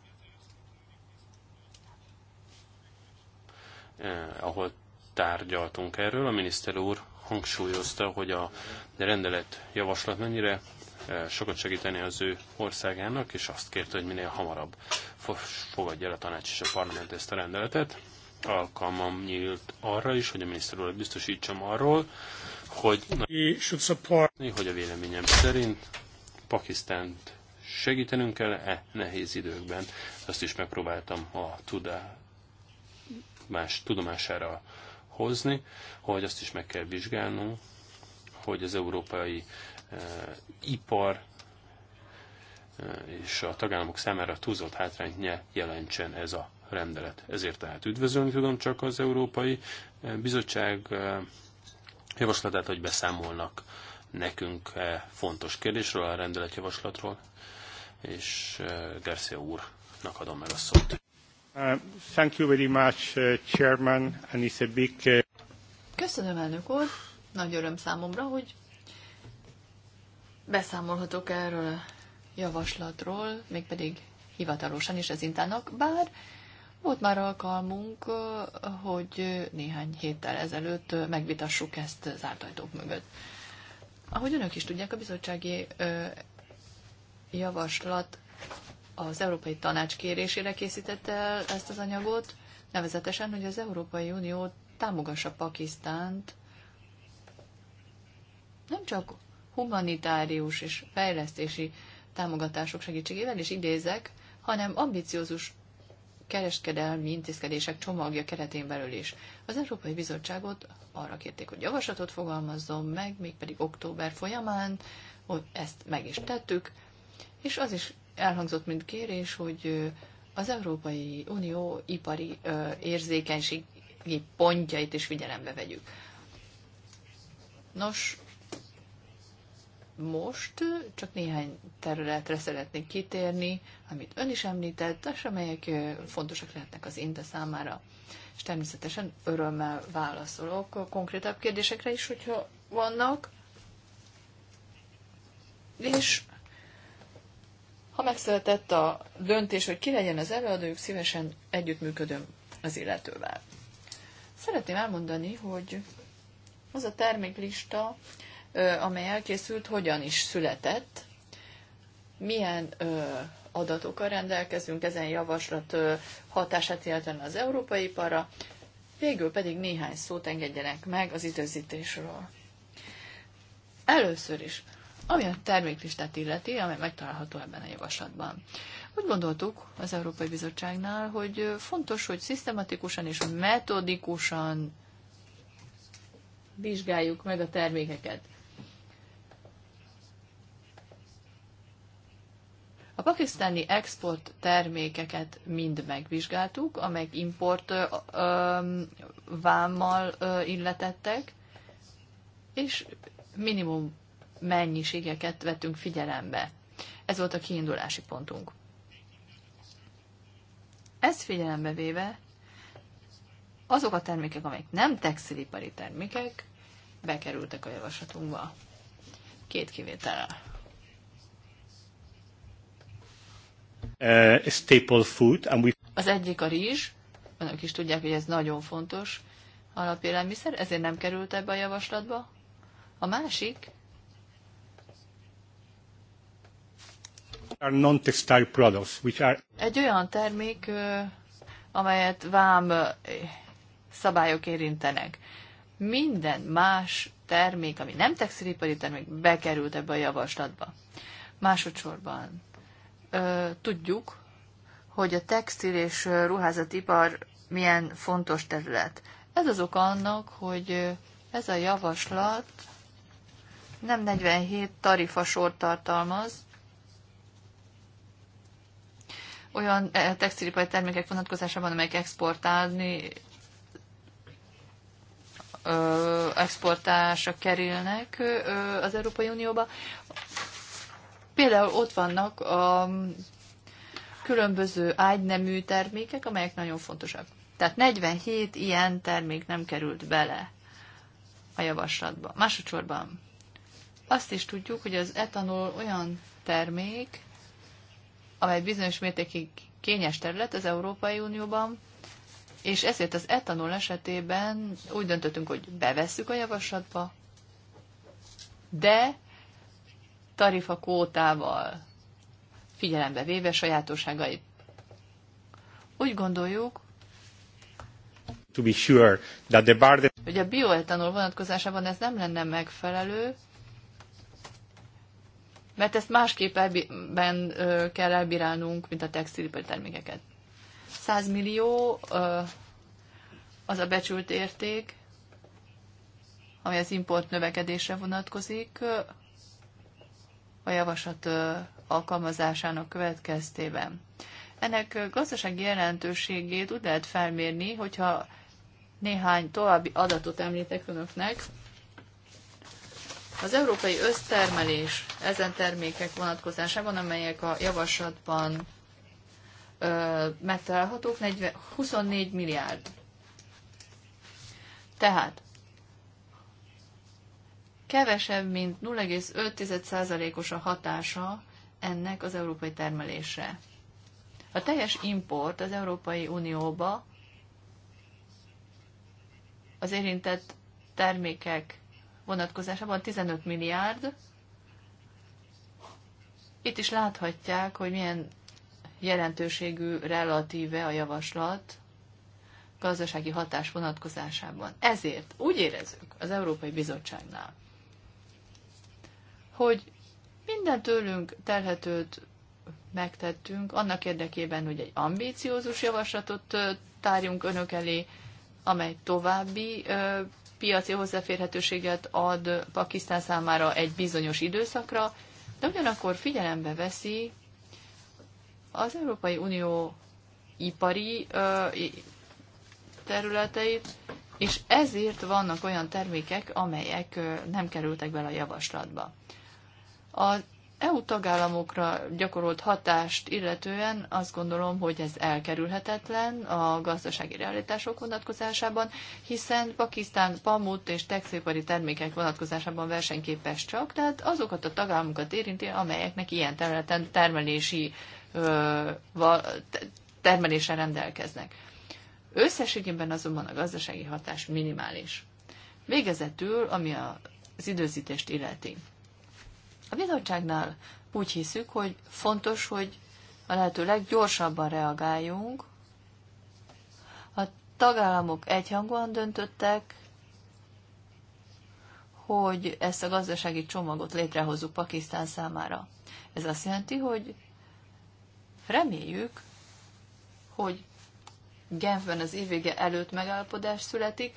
ahol tárgyaltunk erről. A miniszter úr hangsúlyozta, hogy a rendelet javaslat mennyire eh, sokat segíteni az ő országának, és azt kérte, hogy minél hamarabb fogadja el a tanács és a parlament ezt a rendeletet. Alkalmam nyílt arra is, hogy a miniszter úr biztosítsam arról, hogy, hogy a véleményem szerint Pakisztánt segítenünk kell e nehéz időkben. Azt is megpróbáltam a tudá más tudomására hozni, hogy azt is meg kell vizsgálnunk, hogy az európai e, ipar e, és a tagállamok számára túlzott hátrányt ne jelentsen ez a rendelet. Ezért tehát üdvözölni tudom csak az Európai eh, Bizottság e, javaslatát, hogy beszámolnak nekünk fontos kérdésről, a rendeletjavaslatról, és Garcia úrnak adom meg a szót. Uh, thank you very much, uh, Chairman, and it's a big... Uh... Köszönöm, elnök úr. Nagy öröm számomra, hogy beszámolhatok erről a javaslatról, mégpedig hivatalosan is ezintának, bár volt már alkalmunk, uh, hogy néhány héttel ezelőtt uh, megvitassuk ezt zárt ajtók mögött. Ahogy önök is tudják, a bizottsági javaslat az Európai Tanács kérésére készítette el ezt az anyagot, nevezetesen, hogy az Európai Unió támogassa Pakisztánt nem csak humanitárius és fejlesztési támogatások segítségével, és idézek, hanem ambiciózus kereskedelmi intézkedések csomagja keretén belül is. Az Európai Bizottságot arra kérték, hogy javaslatot fogalmazzon meg, mégpedig október folyamán, hogy ezt meg is tettük, és az is elhangzott, mint kérés, hogy az Európai Unió ipari érzékenységi pontjait is figyelembe vegyük. Nos, most csak néhány területre szeretnék kitérni, amit ön is említett, és amelyek fontosak lehetnek az INTE számára. És természetesen örömmel válaszolok konkrétabb kérdésekre is, hogyha vannak. És ha megszületett a döntés, hogy ki legyen az előadójuk, szívesen együttműködöm az illetővel. Szeretném elmondani, hogy az a terméklista, amely elkészült, hogyan is született, milyen adatokkal rendelkezünk ezen javaslat hatását, illetve az európai iparra, végül pedig néhány szót engedjenek meg az időzítésről. Először is ami a terméklistát illeti, amely megtalálható ebben a javaslatban. Úgy gondoltuk az Európai Bizottságnál, hogy fontos, hogy szisztematikusan és metodikusan vizsgáljuk meg a termékeket. A pakisztáni export termékeket mind megvizsgáltuk, amelyek import ö, ö, vámmal ö, illetettek, és minimum mennyiségeket vettünk figyelembe. Ez volt a kiindulási pontunk. Ezt figyelembe véve, azok a termékek, amelyek nem textilipari termékek, bekerültek a javaslatunkba. Két kivétel. Uh, Az egyik a rizs, önök is tudják, hogy ez nagyon fontos alapélelmiszer, ezért nem került ebbe a javaslatba. A másik Egy olyan termék, amelyet vám szabályok érintenek. Minden más termék, ami nem textilipari termék, bekerült ebbe a javaslatba. Másodszorban tudjuk, hogy a textil és ruházatipar milyen fontos terület. Ez az oka annak, hogy ez a javaslat nem 47 tarifasort tartalmaz, olyan eh, textilipari termékek vonatkozásában, amelyek exportálni exportásra kerülnek az Európai Unióba. Például ott vannak a különböző ágynemű termékek, amelyek nagyon fontosak. Tehát 47 ilyen termék nem került bele a javaslatba. Másodszorban azt is tudjuk, hogy az etanol olyan termék, amely bizonyos mértékig kényes terület az Európai Unióban, és ezért az etanol esetében úgy döntöttünk, hogy bevesszük a javaslatba, de tarifa kótával figyelembe véve sajátosságait. Úgy gondoljuk, to be sure that the burden... hogy a bioetanol vonatkozásában ez nem lenne megfelelő, mert ezt másképpen kell elbírálnunk, mint a textilipari termékeket. 100 millió az a becsült érték, ami az import növekedésre vonatkozik a javaslat alkalmazásának következtében. Ennek gazdasági jelentőségét úgy lehet felmérni, hogyha néhány további adatot említek önöknek, az európai össztermelés ezen termékek vonatkozásában, amelyek a javaslatban ö, megtalálhatók, 40, 24 milliárd. Tehát kevesebb, mint 0,5%-os a hatása ennek az európai termelésre. A teljes import az Európai Unióba az érintett termékek vonatkozásában 15 milliárd. Itt is láthatják, hogy milyen jelentőségű relatíve a javaslat gazdasági hatás vonatkozásában. Ezért úgy érezzük az Európai Bizottságnál, hogy minden tőlünk telhetőt megtettünk annak érdekében, hogy egy ambíciózus javaslatot tárjunk önök elé, amely további piaci hozzáférhetőséget ad Pakisztán számára egy bizonyos időszakra, de ugyanakkor figyelembe veszi az Európai Unió ipari területeit, és ezért vannak olyan termékek, amelyek nem kerültek bele a javaslatba. Az EU tagállamokra gyakorolt hatást illetően azt gondolom, hogy ez elkerülhetetlen a gazdasági realitások vonatkozásában, hiszen Pakisztán pamut és textilipari termékek vonatkozásában versenyképes csak, tehát azokat a tagállamokat érinti, amelyeknek ilyen területen termelési termelése rendelkeznek. Összességében azonban a gazdasági hatás minimális. Végezetül, ami az időzítést illeti. A bizottságnál úgy hiszük, hogy fontos, hogy a lehető leggyorsabban reagáljunk. A tagállamok egyhangúan döntöttek, hogy ezt a gazdasági csomagot létrehozzuk Pakisztán számára. Ez azt jelenti, hogy reméljük, hogy Genfben az évvége előtt megállapodás születik.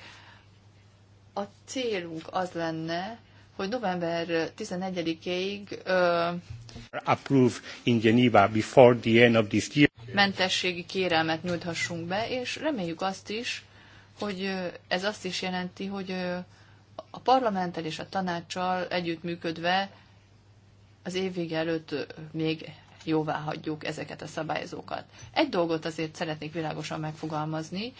A célunk az lenne, hogy november 11-ig approve in Geneva before the end of this year. mentességi kérelmet nyújthassunk be, és reméljük azt is, hogy ez azt is jelenti, hogy a parlamenttel és a tanácssal együttműködve az évvége előtt még jóvá hagyjuk ezeket a szabályozókat. Egy dolgot azért szeretnék világosan megfogalmazni,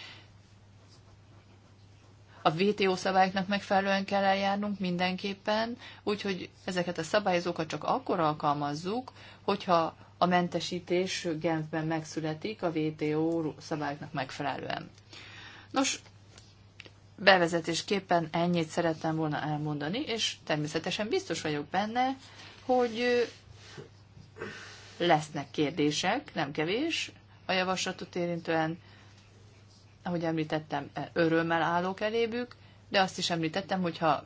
a VTO szabályoknak megfelelően kell eljárnunk mindenképpen, úgyhogy ezeket a szabályozókat csak akkor alkalmazzuk, hogyha a mentesítés Genfben megszületik a VTO szabályoknak megfelelően. Nos, bevezetésképpen ennyit szerettem volna elmondani, és természetesen biztos vagyok benne, hogy lesznek kérdések, nem kevés, a javaslatot érintően, ahogy említettem, e, örömmel állok elébük, de azt is említettem, hogyha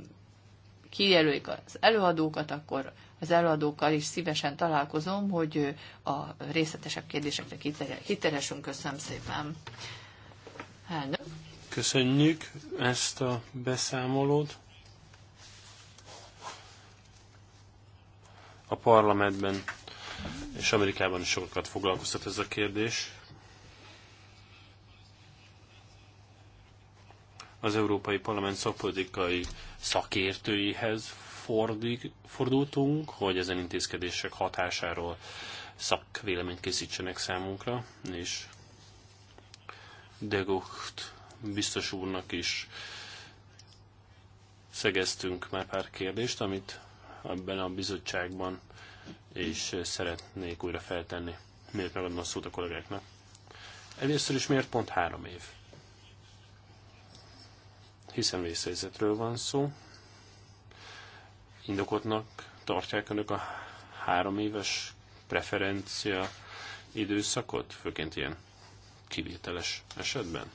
kijelölik az előadókat, akkor az előadókkal is szívesen találkozom, hogy a részletesebb kérdésekre kiteresünk. Köszönöm szépen. Elnök. Köszönjük ezt a beszámolót. A parlamentben és Amerikában is sokat foglalkoztat ez a kérdés. az Európai Parlament szakpolitikai szakértőihez fordik, fordultunk, hogy ezen intézkedések hatásáról szakvéleményt készítsenek számunkra, és de biztos úrnak is szegeztünk már pár kérdést, amit ebben a bizottságban és szeretnék újra feltenni. Miért megadom a szót a kollégáknak? Először is miért pont három év? hiszen vészhelyzetről van szó. Indokotnak tartják önök a három éves preferencia időszakot, főként ilyen kivételes esetben?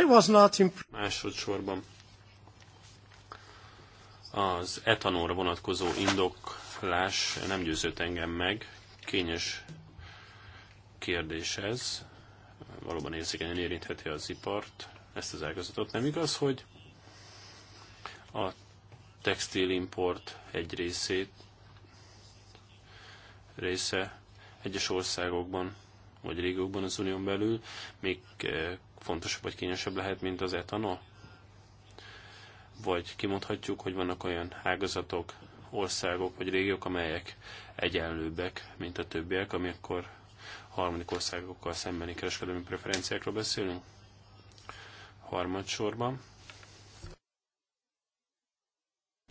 I was not in... Másodszorban az etanóra vonatkozó indoklás nem győzött engem meg. Kényes kérdés ez. Valóban érzékenyen érintheti az ipart ezt az ágazatot. Nem igaz, hogy a textilimport egy részét része egyes országokban vagy régiókban az unión belül még eh, fontosabb vagy kényesebb lehet, mint az etanol? Vagy kimondhatjuk, hogy vannak olyan ágazatok, országok vagy régiók, amelyek egyenlőbbek, mint a többiek, amikor harmadik országokkal szembeni kereskedelmi preferenciákról beszélünk? Harmadsorban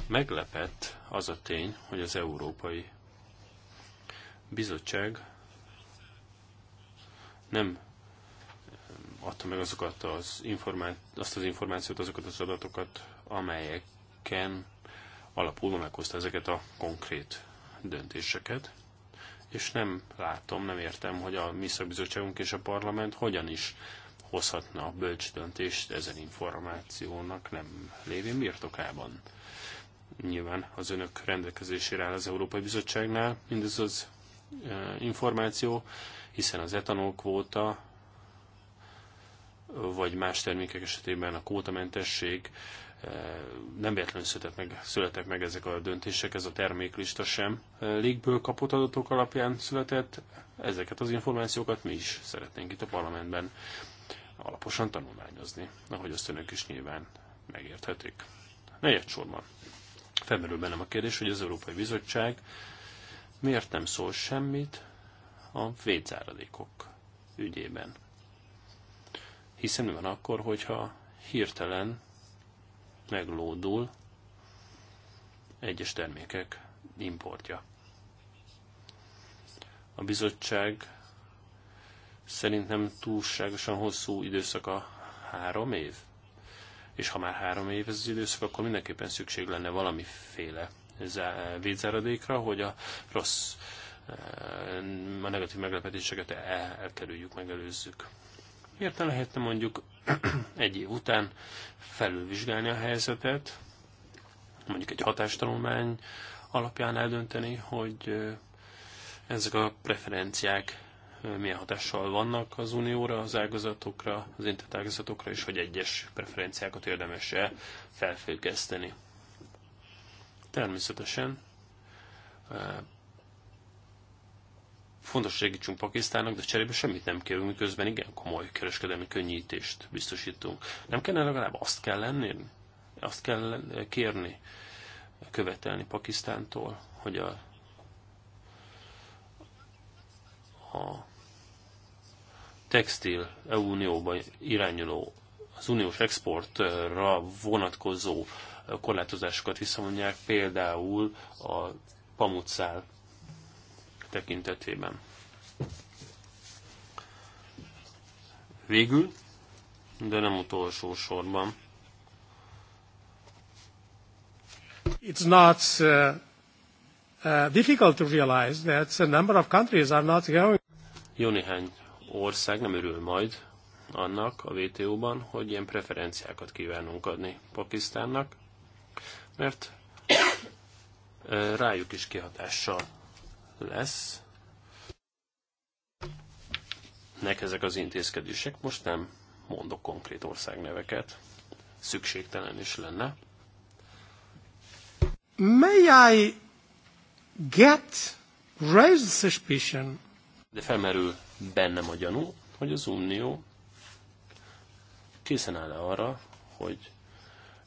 meglepett az a tény, hogy az Európai Bizottság nem eh, adta meg azokat az informá- azt az információt, azokat az adatokat, amelyeken alapulva meghozta ezeket a konkrét döntéseket, és nem látom, nem értem, hogy a mi szakbizottságunk és a parlament hogyan is hozhatna a bölcs döntést ezen információnak nem lévén birtokában. Nyilván az önök rendelkezésére áll az Európai Bizottságnál mindez az e, információ, hiszen az etanol kvóta, vagy más termékek esetében a kótamentesség e, nem véletlenül született meg, születek meg ezek a döntések, ez a terméklista sem e, légből kapott adatok alapján született. Ezeket az információkat mi is szeretnénk itt a parlamentben alaposan tanulmányozni, ahogy azt önök is nyilván megérthetik. Negyed sorban felmerül bennem a kérdés, hogy az Európai Bizottság miért nem szól semmit a védzáradékok ügyében. Hiszen mi van akkor, hogyha hirtelen meglódul egyes termékek importja. A bizottság Szerintem túlságosan hosszú időszak a három év. És ha már három év ez az időszak, akkor mindenképpen szükség lenne valamiféle védzáradékra, hogy a rossz, eh, a negatív meglepetéseket e-, elkerüljük, megelőzzük. Miért ne lehetne mondjuk egy év után felülvizsgálni a helyzetet, mondjuk egy hatástanulmány alapján eldönteni, hogy eh, ezek a preferenciák milyen hatással vannak az unióra, az ágazatokra, az intett ágazatokra, és hogy egyes preferenciákat érdemes-e felfüggeszteni. Természetesen e, fontos, hogy segítsünk Pakisztánnak, de cserébe semmit nem kérünk, miközben igen komoly kereskedelmi könnyítést biztosítunk. Nem kellene legalább azt kell lenni, azt kell kérni, követelni Pakisztántól, hogy a, a textil unióba irányuló, az uniós exportra vonatkozó korlátozásokat visszamondják, például a pamutszál tekintetében. Végül, de nem utolsó sorban. It's not uh, uh, difficult to realize that a number of countries are not going. Jó néhány ország nem örül majd annak a WTO-ban, hogy ilyen preferenciákat kívánunk adni Pakisztánnak, mert rájuk is kihatással lesz. Nek ezek az intézkedések, most nem mondok konkrét országneveket, szükségtelen is lenne. May I get raise suspicion? De felmerül bennem a gyanú, hogy az Unió készen áll -e arra, hogy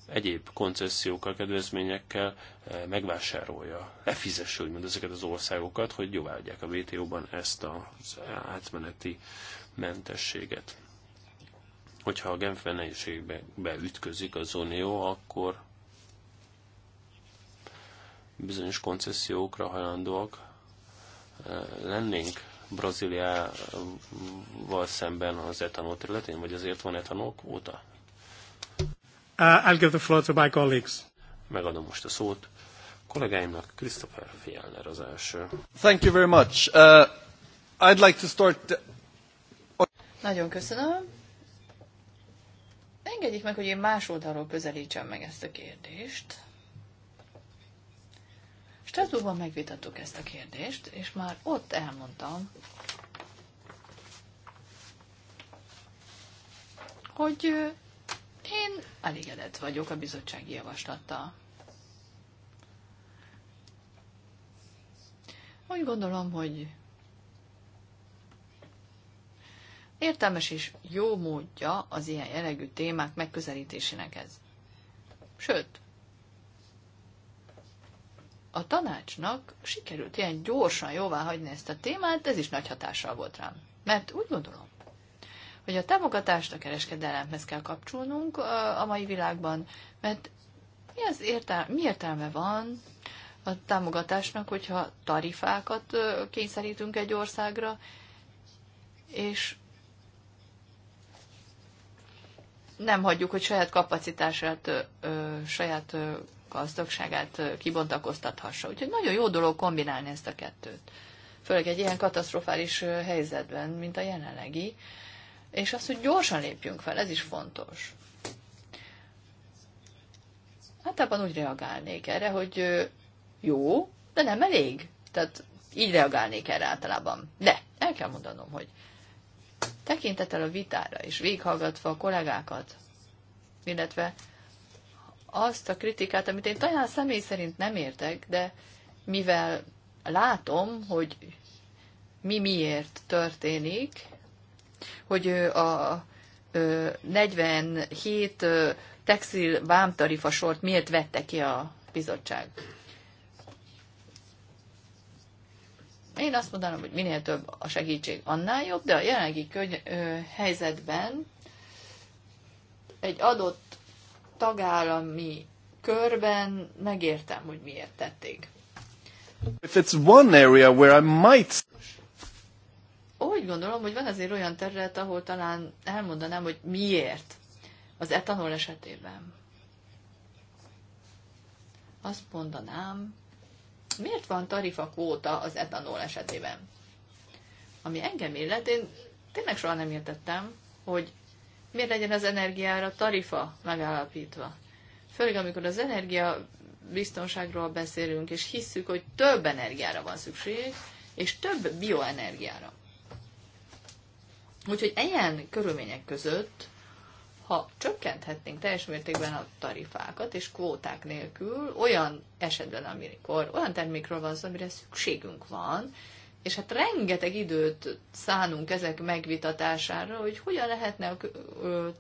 egyéb koncesziókkal, kedvezményekkel eh, megvásárolja, lefizesse úgymond ezeket az országokat, hogy jóváhagyják a WTO-ban ezt az átmeneti mentességet. Hogyha a Genf nehézségbe ütközik az Unió, akkor bizonyos koncesziókra hajlandóak eh, lennénk Brazíliával szemben az etanol területén, vagy azért van etanol kvóta? Uh, I'll give the floor to my colleagues. Megadom most a szót kollégáimnak, Christopher Fjellner az első. Thank you very much. Uh, I'd like to start... The... Nagyon köszönöm. Engedjék meg, hogy én más oldalról közelítsem meg ezt a kérdést. Strasbourgban megvitattuk ezt a kérdést, és már ott elmondtam, hogy én elégedett vagyok a bizottsági javaslattal. Úgy gondolom, hogy értelmes és jó módja az ilyen jellegű témák megközelítésének ez. Sőt, a tanácsnak sikerült ilyen gyorsan jóvá hagyni ezt a témát, ez is nagy hatással volt rám. Mert úgy gondolom, hogy a támogatást a kereskedelemhez kell kapcsolnunk a mai világban, mert mi, az értelme, mi értelme van a támogatásnak, hogyha tarifákat kényszerítünk egy országra, és nem hagyjuk, hogy saját kapacitását, saját gazdagságát kibontakoztathassa. Úgyhogy nagyon jó dolog kombinálni ezt a kettőt. Főleg egy ilyen katasztrofális helyzetben, mint a jelenlegi. És az, hogy gyorsan lépjünk fel, ez is fontos. Általában úgy reagálnék erre, hogy jó, de nem elég. Tehát így reagálnék erre általában. De el kell mondanom, hogy tekintettel a vitára és véghallgatva a kollégákat, illetve azt a kritikát, amit én talán személy szerint nem értek, de mivel látom, hogy mi miért történik, hogy a 47 textil vámtarifa sort miért vette ki a bizottság. Én azt mondanám, hogy minél több a segítség, annál jobb, de a jelenlegi köny- helyzetben egy adott tagállami körben megértem, hogy miért tették. If it's one area where I might... Úgy gondolom, hogy van azért olyan terület, ahol talán elmondanám, hogy miért az etanol esetében. Azt mondanám, miért van tarifa kvóta az etanol esetében? Ami engem illet, én tényleg soha nem értettem, hogy miért legyen az energiára tarifa megállapítva. Főleg, amikor az energia biztonságról beszélünk, és hisszük, hogy több energiára van szükség, és több bioenergiára. Úgyhogy ilyen körülmények között, ha csökkenthetnénk teljes mértékben a tarifákat és kvóták nélkül, olyan esetben, amikor olyan termékről van szó, amire szükségünk van, és hát rengeteg időt szánunk ezek megvitatására, hogy hogyan lehetne a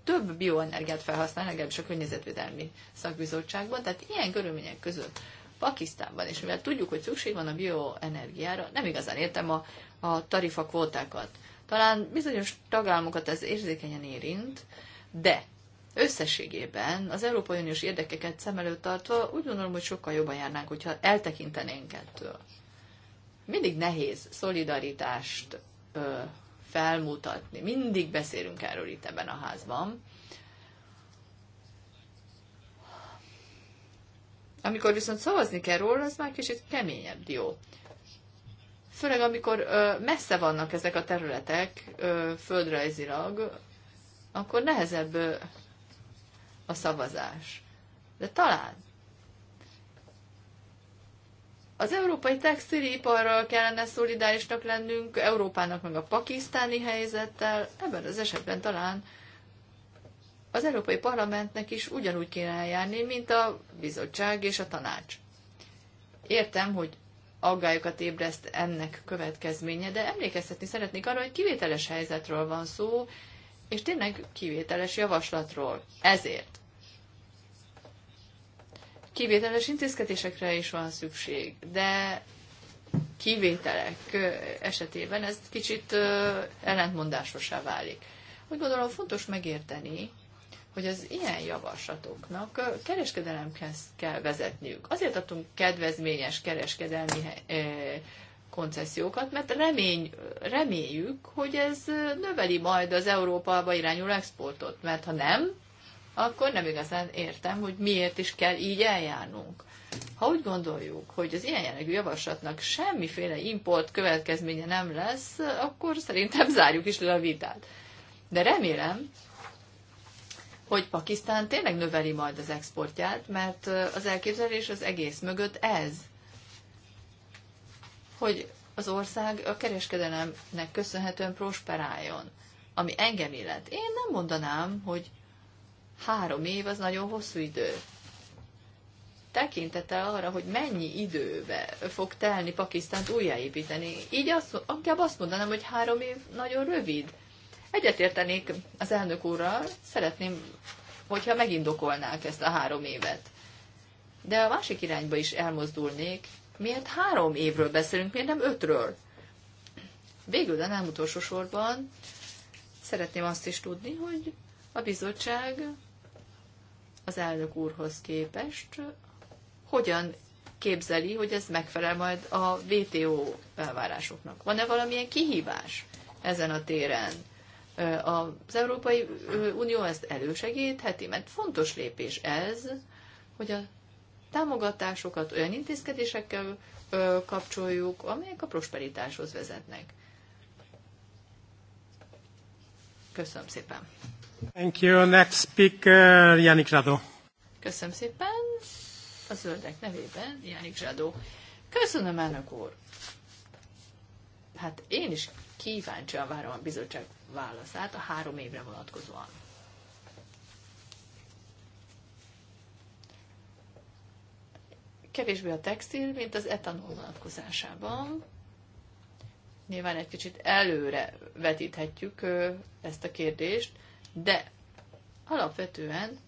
több bioenergiát felhasználni, legalábbis a Környezetvédelmi Szakbizottságban, tehát ilyen körülmények között Pakisztánban, és mivel tudjuk, hogy szükség van a bioenergiára, nem igazán értem a, a tarifa kvótákat. Talán bizonyos tagállamokat ez érzékenyen érint, de összességében az Európai Uniós érdekeket szem előtt tartva úgy gondolom, hogy sokkal jobban járnánk, hogyha eltekintenénk ettől mindig nehéz szolidaritást ö, felmutatni. Mindig beszélünk erről itt ebben a házban. Amikor viszont szavazni kell róla, az már kicsit keményebb dió. Főleg amikor ö, messze vannak ezek a területek ö, földrajzilag, akkor nehezebb ö, a szavazás. De talán az európai textiliparral kellene szolidárisnak lennünk, Európának meg a pakisztáni helyzettel, ebben az esetben talán az Európai Parlamentnek is ugyanúgy kéne eljárni, mint a bizottság és a tanács. Értem, hogy aggályokat ébreszt ennek következménye, de emlékeztetni szeretnék arra, hogy kivételes helyzetről van szó, és tényleg kivételes javaslatról. Ezért kivételes intézkedésekre is van szükség, de kivételek esetében ez kicsit ellentmondásosá válik. Úgy gondolom fontos megérteni, hogy az ilyen javaslatoknak kereskedelemhez kell vezetniük. Azért adtunk kedvezményes kereskedelmi koncesziókat, mert remény, reméljük, hogy ez növeli majd az Európába irányuló exportot, mert ha nem, akkor nem igazán értem, hogy miért is kell így eljárnunk. Ha úgy gondoljuk, hogy az ilyen jellegű javaslatnak semmiféle import következménye nem lesz, akkor szerintem zárjuk is le a vitát. De remélem, hogy Pakisztán tényleg növeli majd az exportját, mert az elképzelés az egész mögött ez, hogy az ország a kereskedelemnek köszönhetően prosperáljon, ami engem illet. Én nem mondanám, hogy Három év az nagyon hosszú idő. Tekintete arra, hogy mennyi időbe fog telni Pakisztánt újjáépíteni. Így azt, inkább azt mondanám, hogy három év nagyon rövid. Egyetértenék az elnök úrral, szeretném, hogyha megindokolnák ezt a három évet. De a másik irányba is elmozdulnék. Miért három évről beszélünk, miért nem ötről? Végül, de nem utolsó sorban, szeretném azt is tudni, hogy a bizottság az elnök úrhoz képest hogyan képzeli, hogy ez megfelel majd a WTO elvárásoknak? Van-e valamilyen kihívás ezen a téren? Az Európai Unió ezt elősegítheti, mert fontos lépés ez, hogy a támogatásokat olyan intézkedésekkel kapcsoljuk, amelyek a prosperitáshoz vezetnek. Köszönöm szépen. Thank you. Next speaker, Janik Zsadó. Köszönöm szépen. A zöldek nevében Janik Zsadó. Köszönöm, elnök úr. Hát én is kíváncsian várom a bizottság válaszát a három évre vonatkozóan. Kevésbé a textil, mint az etanol vonatkozásában. Nyilván egy kicsit előre vetíthetjük ezt a kérdést, de alapvetően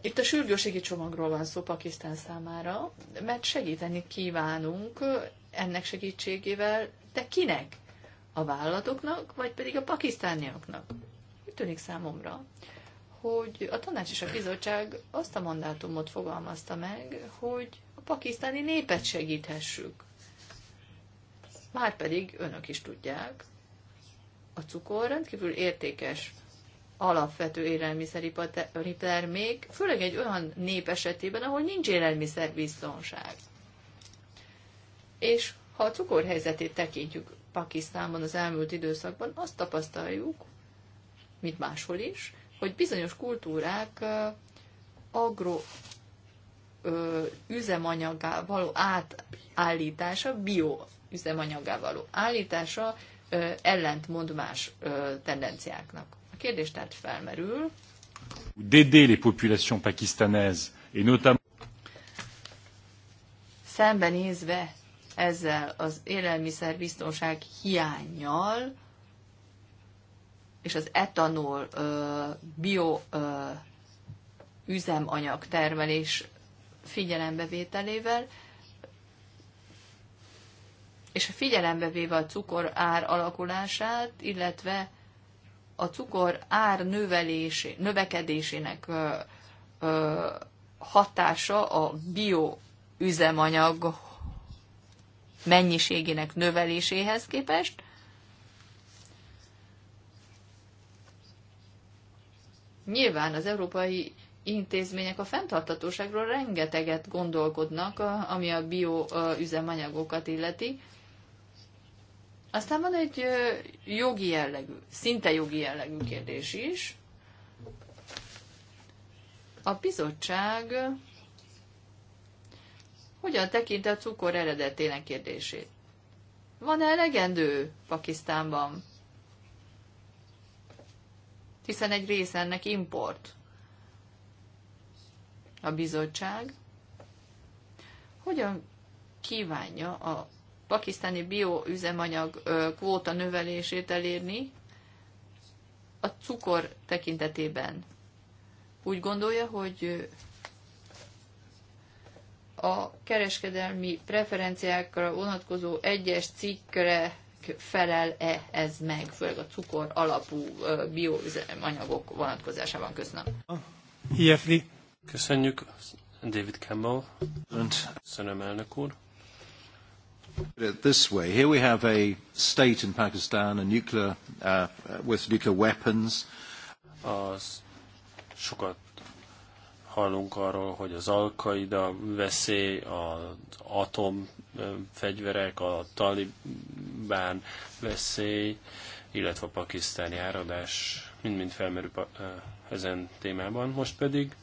itt a sürgőségi csomagról van szó Pakisztán számára, mert segíteni kívánunk ennek segítségével, de kinek? A vállalatoknak, vagy pedig a pakisztániaknak? Úgy tűnik számomra, hogy a tanács és a bizottság azt a mandátumot fogalmazta meg, hogy a pakisztáni népet segíthessük. Márpedig önök is tudják, a cukor rendkívül értékes alapvető élelmiszeripar még, főleg egy olyan nép esetében, ahol nincs élelmiszerbiztonság. És ha a cukorhelyzetét tekintjük Pakisztánban az elmúlt időszakban, azt tapasztaljuk, mint máshol is, hogy bizonyos kultúrák agro ö, üzemanyagá való átállítása, bio üzemanyagá való állítása ellentmondmás tendenciáknak. A kérdés tehát felmerül. D'aider les populations pakistanaises, et Szembenézve ezzel az élelmiszerbiztonság hiányjal, és az etanol bio üzemanyag termelés figyelembevételével és figyelembe véve a cukor ár alakulását, illetve a cukor ár növelésé, növekedésének ö, ö, hatása a bio üzemanyag mennyiségének növeléséhez képest, Nyilván az európai intézmények a fenntartatóságról rengeteget gondolkodnak, ami a bioüzemanyagokat illeti, aztán van egy jogi jellegű, szinte jogi jellegű kérdés is. A bizottság hogyan tekint a cukor eredetének kérdését? Van-e elegendő Pakisztánban? Hiszen egy része ennek import. A bizottság hogyan kívánja a pakisztáni bioüzemanyag kvóta növelését elérni a cukor tekintetében. Úgy gondolja, hogy a kereskedelmi preferenciákra vonatkozó egyes cikkre felel-e ez meg, főleg a cukor alapú bioüzemanyagok vonatkozásában. Köszönöm. Köszönjük. David Campbell. Önt. Köszönöm, elnök úr put it This way, here we have a state in Pakistan, a nuclear, uh, uh with nuclear weapons. Az sokat hallunk arról, hogy az Al-Qaida veszély, az atomfegyverek, a talibán veszély, illetve a pakisztáni áradás mind-mind felmerül ezen témában. Most pedig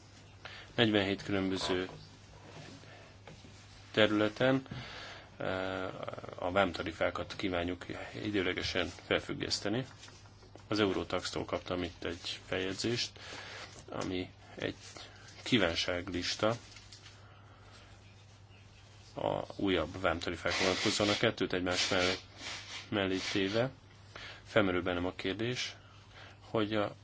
47 különböző területen a vámtarifákat kívánjuk időlegesen felfüggeszteni. Az Eurotax-tól kaptam itt egy feljegyzést, ami egy kívánságlista a újabb vámtarifák vonatkozóan a kettőt egymás mellé, mellé téve. Felmerül bennem a kérdés, hogy a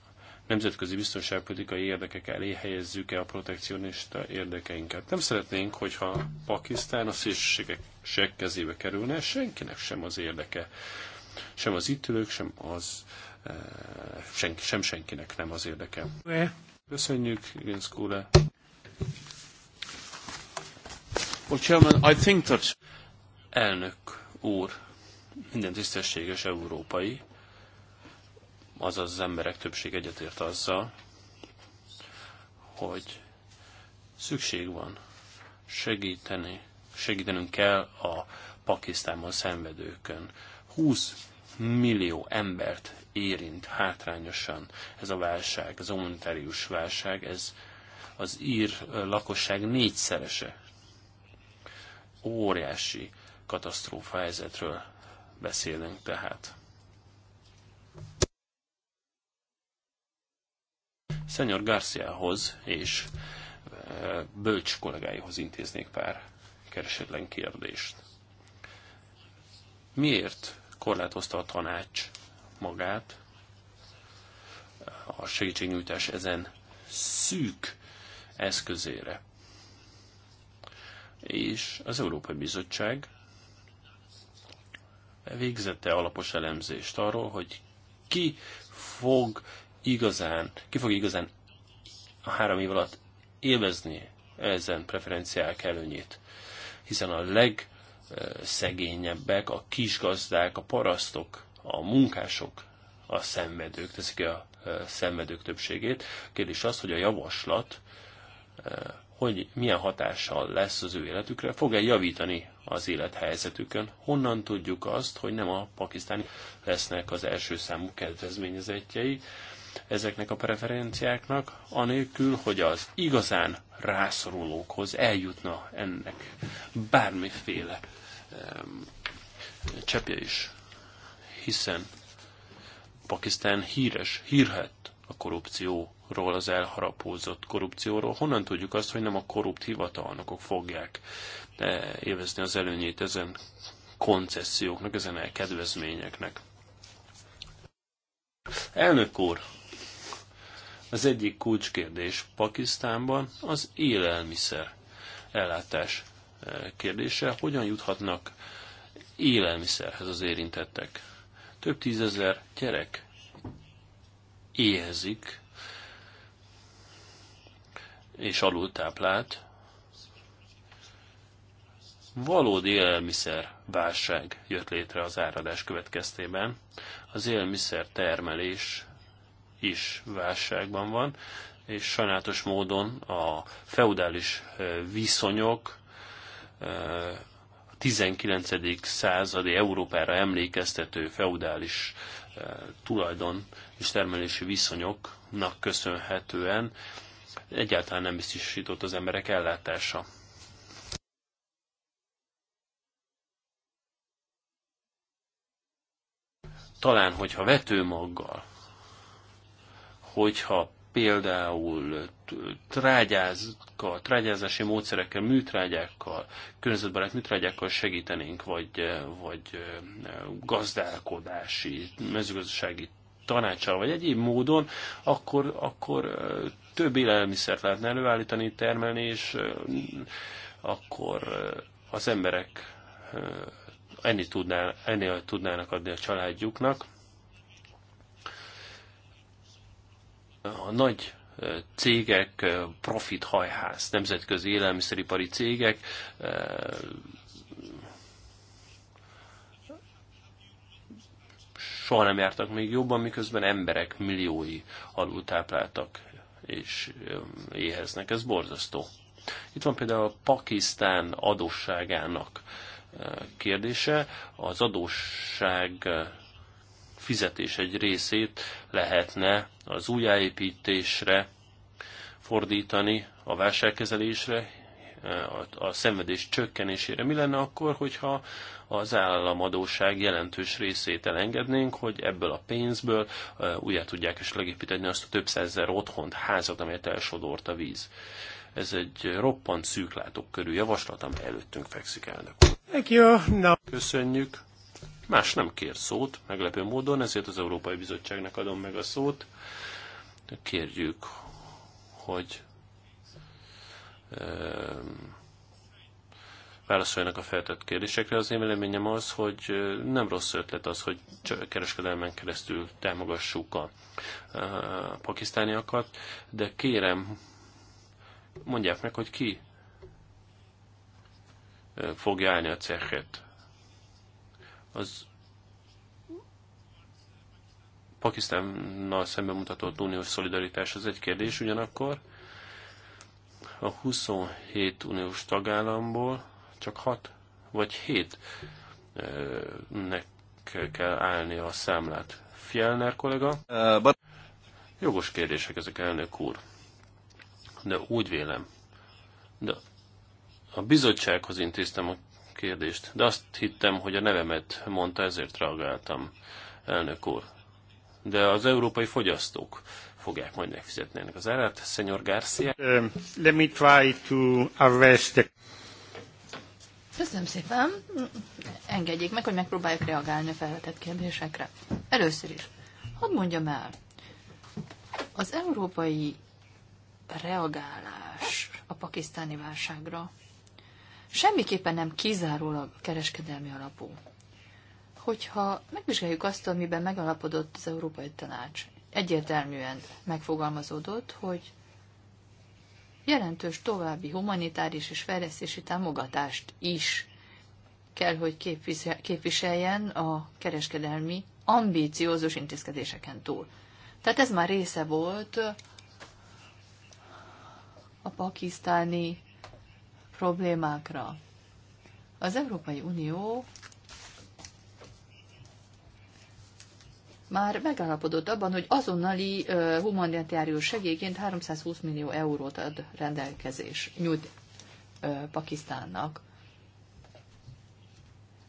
nemzetközi biztonságpolitikai érdekek elé helyezzük-e a protekcionista érdekeinket. Nem szeretnénk, hogyha Pakisztán a szélsőségek kezébe kerülne, senkinek sem az érdeke. Sem az itt ülők, sem az eh, senki, sem senkinek nem az érdeke. Köszönjük, igen, szkóle. Well, Chairman, I think that... Elnök úr, minden tisztességes európai azaz az emberek többség egyetért azzal, hogy szükség van segíteni, segítenünk kell a Pakisztánban szenvedőkön. 20 millió embert érint hátrányosan ez a válság, az humanitárius válság, ez az ír lakosság négyszerese. Óriási katasztrófa helyzetről beszélünk tehát. Szenyor Garciahoz és e, bölcs kollégáihoz intéznék pár keresetlen kérdést. Miért korlátozta a tanács magát a segítségnyújtás ezen szűk eszközére? És az Európai Bizottság végzette alapos elemzést arról, hogy ki fog igazán, ki fog igazán a három év alatt élvezni ezen preferenciák előnyét. Hiszen a legszegényebbek, a kisgazdák, a parasztok, a munkások, a szenvedők, teszik a szenvedők többségét. Kérdés az, hogy a javaslat hogy milyen hatással lesz az ő életükre, fog-e javítani az élethelyzetükön. Honnan tudjuk azt, hogy nem a pakisztáni lesznek az első számú kedvezményezetjei, ezeknek a preferenciáknak, anélkül, hogy az igazán rászorulókhoz eljutna ennek bármiféle um, cseppje is. Hiszen Pakisztán híres, hírhet a korrupcióról, az elharapózott korrupcióról. Honnan tudjuk azt, hogy nem a korrupt hivatalnokok fogják eh, élvezni az előnyét ezen koncesszióknak, ezen elkedvezményeknek? Elnök úr, az egyik kulcskérdés Pakisztánban az élelmiszer ellátás eh, kérdése, hogyan juthatnak élelmiszerhez az érintettek. Több tízezer gyerek éhezik, és alultáplált, valódi élelmiszer válság jött létre az áradás következtében. Az élelmiszer termelés is válságban van, és sajnálatos módon a feudális viszonyok a 19. századi Európára emlékeztető feudális tulajdon és termelési viszonyoknak köszönhetően egyáltalán nem biztosított az emberek ellátása. Talán, hogyha vetőmaggal hogyha például trágyázkal, trágyázási módszerekkel, műtrágyákkal, környezetbarát műtrágyákkal segítenénk, vagy, eh, vagy eh, gazdálkodási, mezőgazdasági tanácsal, vagy egyéb módon, akkor, akkor eh, több élelmiszert lehetne előállítani, termelni, és akkor az emberek ennél tudnának adni a családjuknak. a nagy cégek, hajház, nemzetközi élelmiszeripari cégek soha nem jártak még jobban, miközben emberek milliói alultápláltak és éheznek. Ez borzasztó. Itt van például a Pakisztán adósságának kérdése. Az adósság fizetés egy részét lehetne az újjáépítésre fordítani, a válságkezelésre, a, a szenvedés csökkenésére. Mi lenne akkor, hogyha az államadóság jelentős részét elengednénk, hogy ebből a pénzből újjá tudják is legépíteni azt a több százezer otthont, házat, amelyet elsodort a víz. Ez egy roppant szűklátok körű javaslat, amely előttünk fekszik elnök. Thank you. No. Köszönjük. Más nem kér szót, meglepő módon, ezért az Európai Bizottságnak adom meg a szót. Kérjük, hogy válaszoljanak a feltett kérdésekre. Az én véleményem az, hogy nem rossz ötlet az, hogy kereskedelmen keresztül támogassuk a, a pakisztániakat, de kérem, mondják meg, hogy ki fogja állni a cechet az Pakisztánnal szemben mutatott uniós szolidaritás az egy kérdés ugyanakkor. A 27 uniós tagállamból csak 6 vagy 7 nek kell állni a számlát. Fjellner kollega? Uh, but... Jogos kérdések ezek, elnök úr. De úgy vélem. De a bizottsághoz intéztem a kérdést, de azt hittem, hogy a nevemet mondta, ezért reagáltam, elnök úr. De az európai fogyasztók fogják majd megfizetni ennek az árát. Senyor Garcia. Um, let me try to arrest the... Köszönöm szépen. Engedjék meg, hogy megpróbáljuk reagálni a felvetett kérdésekre. Először is, hadd mondjam el, az európai reagálás a pakisztáni válságra semmiképpen nem kizárólag kereskedelmi alapú. Hogyha megvizsgáljuk azt, amiben megalapodott az Európai Tanács, egyértelműen megfogalmazódott, hogy jelentős további humanitáris és fejlesztési támogatást is kell, hogy képviseljen a kereskedelmi ambíciózus intézkedéseken túl. Tehát ez már része volt a pakisztáni problémákra. Az Európai Unió már megállapodott abban, hogy azonnali humanitárius segélyként 320 millió eurót ad rendelkezés, nyújt Pakisztánnak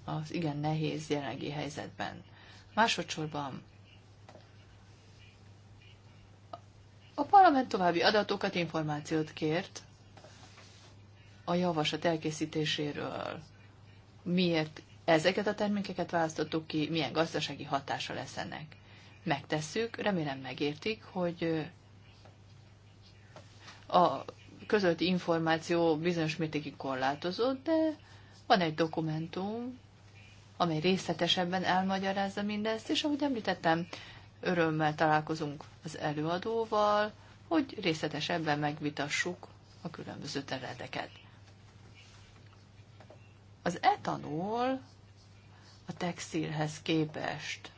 az igen nehéz jelenlegi helyzetben. Másodszorban a parlament további adatokat, információt kért a javaslat elkészítéséről. Miért ezeket a termékeket választottuk ki, milyen gazdasági hatása lesz ennek. Megtesszük, remélem megértik, hogy a közölti információ bizonyos mértékig korlátozott, de van egy dokumentum, amely részletesebben elmagyarázza mindezt, és ahogy említettem, örömmel találkozunk az előadóval, hogy részletesebben megvitassuk a különböző területeket. Az etanol a textilhez képest.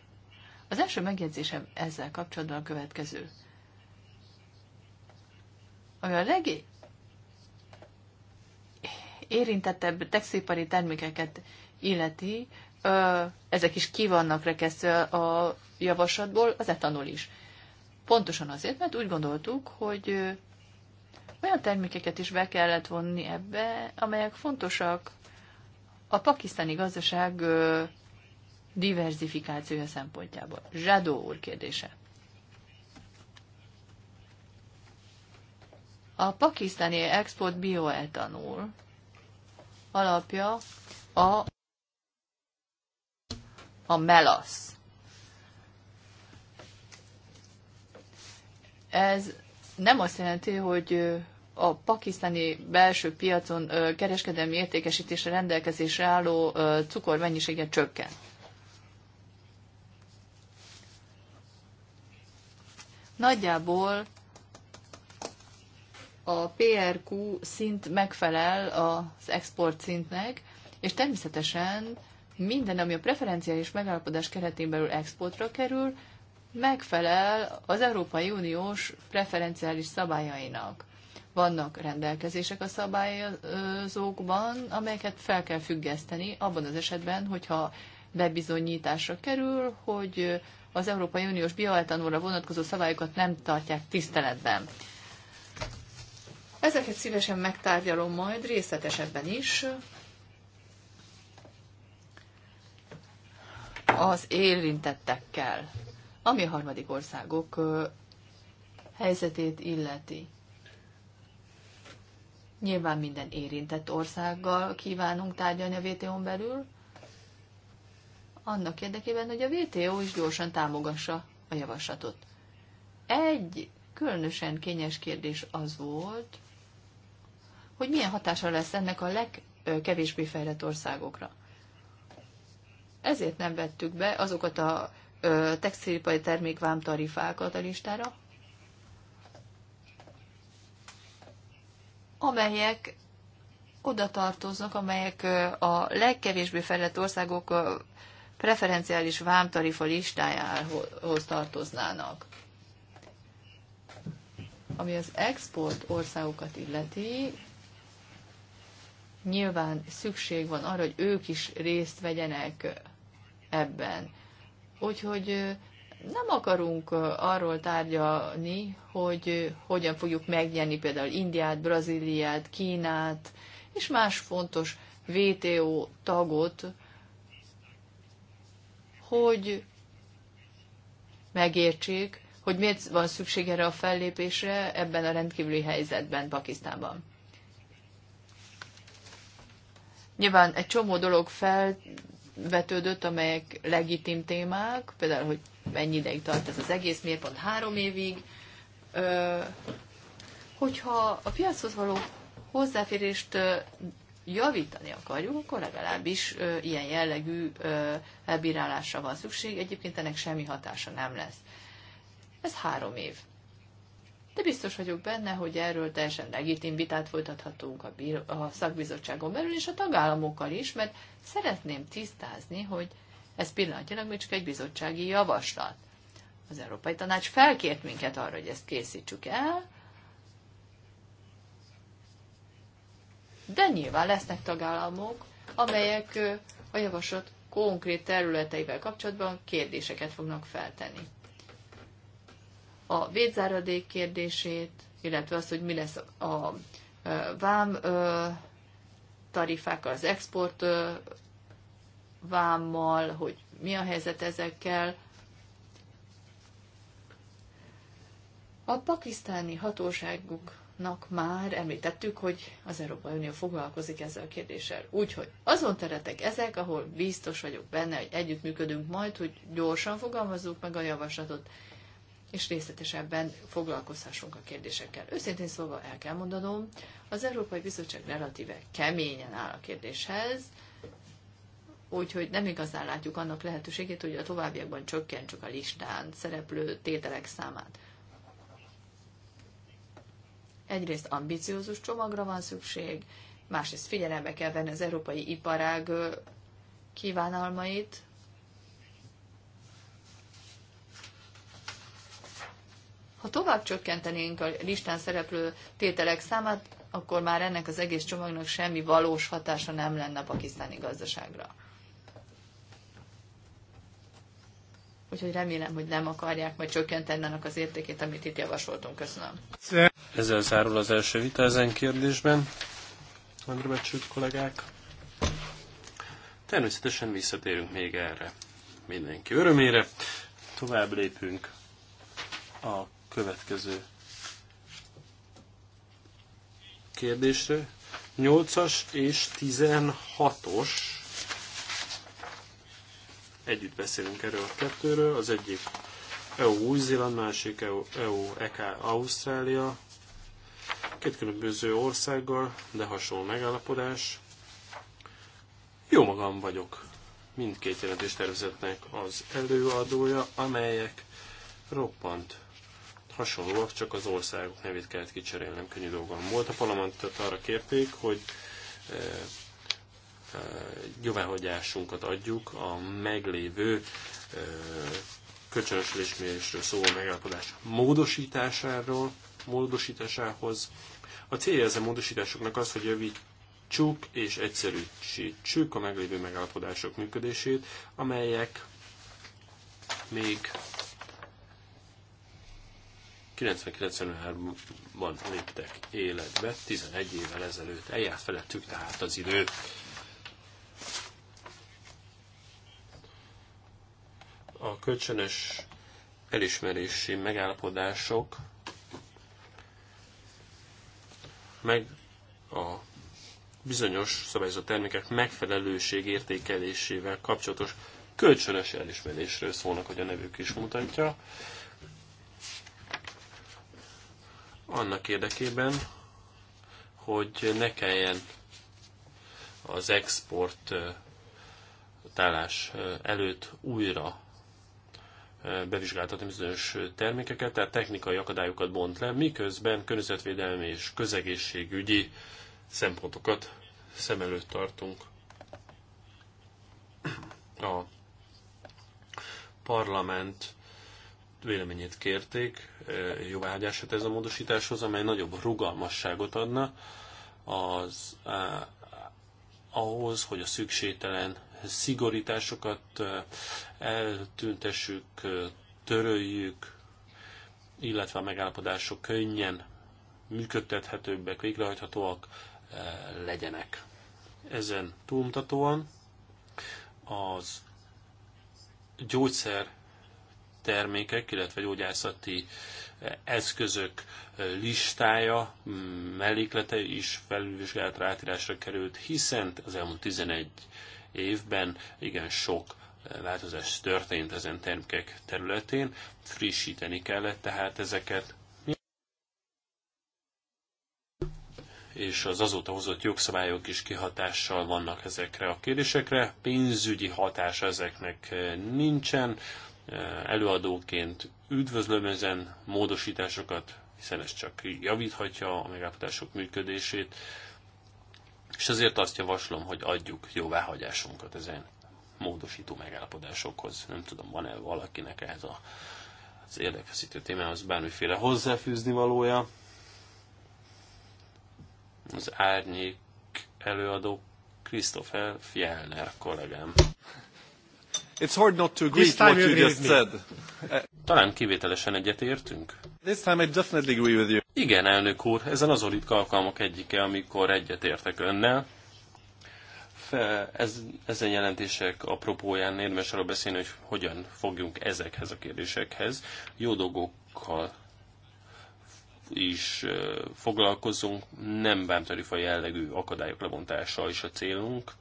Az első megjegyzésem ezzel kapcsolatban a következő. Ami a leg érintettebb textilipari termékeket illeti, ezek is ki vannak rekesztve a javaslatból, az etanol is. Pontosan azért, mert úgy gondoltuk, hogy olyan termékeket is be kellett vonni ebbe, amelyek fontosak a pakisztáni gazdaság diversifikációja szempontjából? Zsadó úr kérdése. A pakisztáni export bioetanol alapja a, a melasz. Ez nem azt jelenti, hogy a pakisztáni belső piacon kereskedelmi értékesítésre rendelkezésre álló cukor mennyisége csökken. Nagyjából a PRQ szint megfelel az export szintnek, és természetesen minden, ami a preferenciális megállapodás keretén belül exportra kerül, megfelel az Európai Uniós preferenciális szabályainak. Vannak rendelkezések a szabályozókban, amelyeket fel kell függeszteni abban az esetben, hogyha bebizonyításra kerül, hogy az Európai Uniós bioetanolra vonatkozó szabályokat nem tartják tiszteletben. Ezeket szívesen megtárgyalom majd részletesebben is. Az érintettekkel, ami a harmadik országok helyzetét illeti. Nyilván minden érintett országgal kívánunk tárgyalni a WTO-n belül, annak érdekében, hogy a WTO is gyorsan támogassa a javaslatot. Egy különösen kényes kérdés az volt, hogy milyen hatása lesz ennek a legkevésbé fejlett országokra. Ezért nem vettük be azokat a textilipari termékvám tarifákat a listára, amelyek oda tartoznak, amelyek a legkevésbé fejlett országok preferenciális vámtarifa listájához tartoznának. Ami az export országokat illeti, nyilván szükség van arra, hogy ők is részt vegyenek ebben. Úgyhogy nem akarunk arról tárgyalni, hogy hogyan fogjuk megnyerni például Indiát, Brazíliát, Kínát és más fontos VTO tagot, hogy megértsék, hogy miért van szükség erre a fellépésre ebben a rendkívüli helyzetben Pakisztánban. Nyilván egy csomó dolog fel vetődött, amelyek legitim témák, például, hogy mennyi ideig tart ez az egész, miért pont három évig. Hogyha a piachoz való hozzáférést javítani akarjuk, akkor legalábbis ilyen jellegű elbírálásra van szükség, egyébként ennek semmi hatása nem lesz. Ez három év de biztos vagyok benne, hogy erről teljesen legitim vitát folytathatunk a, bíró, a szakbizottságon belül, és a tagállamokkal is, mert szeretném tisztázni, hogy ez pillanatnyilag még csak egy bizottsági javaslat. Az Európai Tanács felkért minket arra, hogy ezt készítsük el, de nyilván lesznek tagállamok, amelyek a javaslat konkrét területeivel kapcsolatban kérdéseket fognak feltenni a védzáradék kérdését, illetve az, hogy mi lesz a vám tarifákkal, az export vámmal, hogy mi a helyzet ezekkel. A pakisztáni hatóságuknak már említettük, hogy az Európai Unió foglalkozik ezzel a kérdéssel. Úgyhogy azon teretek ezek, ahol biztos vagyok benne, hogy együttműködünk majd, hogy gyorsan fogalmazzuk meg a javaslatot, és részletesebben foglalkozhassunk a kérdésekkel. Őszintén szólva el kell mondanom, az Európai Bizottság relatíve keményen áll a kérdéshez, úgyhogy nem igazán látjuk annak lehetőségét, hogy a továbbiakban csökkentsük a listán szereplő tételek számát. Egyrészt ambiciózus csomagra van szükség, másrészt figyelembe kell venni az európai iparág kívánalmait, Ha tovább csökkentenénk a listán szereplő tételek számát, akkor már ennek az egész csomagnak semmi valós hatása nem lenne a pakisztáni gazdaságra. Úgyhogy remélem, hogy nem akarják majd csökkenteni annak az értékét, amit itt javasoltunk. Köszönöm. Ezzel zárul az első vita ezen kérdésben. becsült kollégák. Természetesen visszatérünk még erre. Mindenki örömére. Tovább lépünk a következő kérdésre. 8-as és 16-os együtt beszélünk erről a kettőről, az egyik EU Új-Zéland, másik EU, EU EK Ausztrália, két különböző országgal, de hasonló megállapodás. Jó magam vagyok mindkét jelentéstervezetnek az előadója, amelyek roppant hasonlóak, csak az országok nevét kellett nem könnyű dolgom volt. A parlamentet arra kérték, hogy eh, eh, jóváhagyásunkat adjuk a meglévő eh, kölcsönös elismerésről szóló megállapodás módosításáról, módosításához. A célja ezen módosításoknak az, hogy javítsuk és egyszerűsítsük a meglévő megállapodások működését, amelyek még 90-93-ban léptek életbe, 11 évvel ezelőtt eljárt felettük tehát az idő. A kölcsönös elismerési megállapodások meg a bizonyos szabályozott termékek megfelelőség értékelésével kapcsolatos kölcsönös elismerésről szólnak, hogy a nevük is mutatja annak érdekében, hogy ne kelljen az export tálás előtt újra bevizsgáltatni bizonyos termékeket, tehát technikai akadályokat bont le, miközben környezetvédelmi és közegészségügyi szempontokat szem előtt tartunk. A parlament véleményét kérték, jóváhagyását ez a módosításhoz, amely nagyobb rugalmasságot adna az, ahhoz, hogy a szükségtelen szigorításokat eltüntessük, töröljük, illetve a megállapodások könnyen működtethetőbbek, végrehajthatóak legyenek. Ezen túlmutatóan az gyógyszer termékek, illetve gyógyászati eh, eszközök eh, listája, mm, melléklete is felülvizsgálatra átírásra került, hiszen az elmúlt 11 évben igen sok eh, változás történt ezen termékek területén, frissíteni kellett tehát ezeket, és az azóta hozott jogszabályok is kihatással vannak ezekre a kérdésekre. Pénzügyi hatása ezeknek nincsen, előadóként üdvözlöm ezen módosításokat, hiszen ez csak javíthatja a megállapodások működését, és azért azt javaslom, hogy adjuk jóváhagyásunkat ezen módosító megállapodásokhoz. Nem tudom, van-e valakinek ehhez a, az érdekfeszítő témához bármiféle hozzáfűzni valója. Az árnyék előadó Christopher Fjellner kollégám. It's hard not to agree with what you just said. Talán kivételesen egyetértünk. This time I definitely agree with you. Igen, elnök úr, ezen azon ritka alkalmak egyike, amikor egyetértek önnel. Fe, ez, ezen jelentések apropóján érdemes arra beszélni, hogy hogyan fogjunk ezekhez a kérdésekhez. Jó dolgokkal is foglalkozunk, nem bántarifa jellegű akadályok lebontása is a célunk,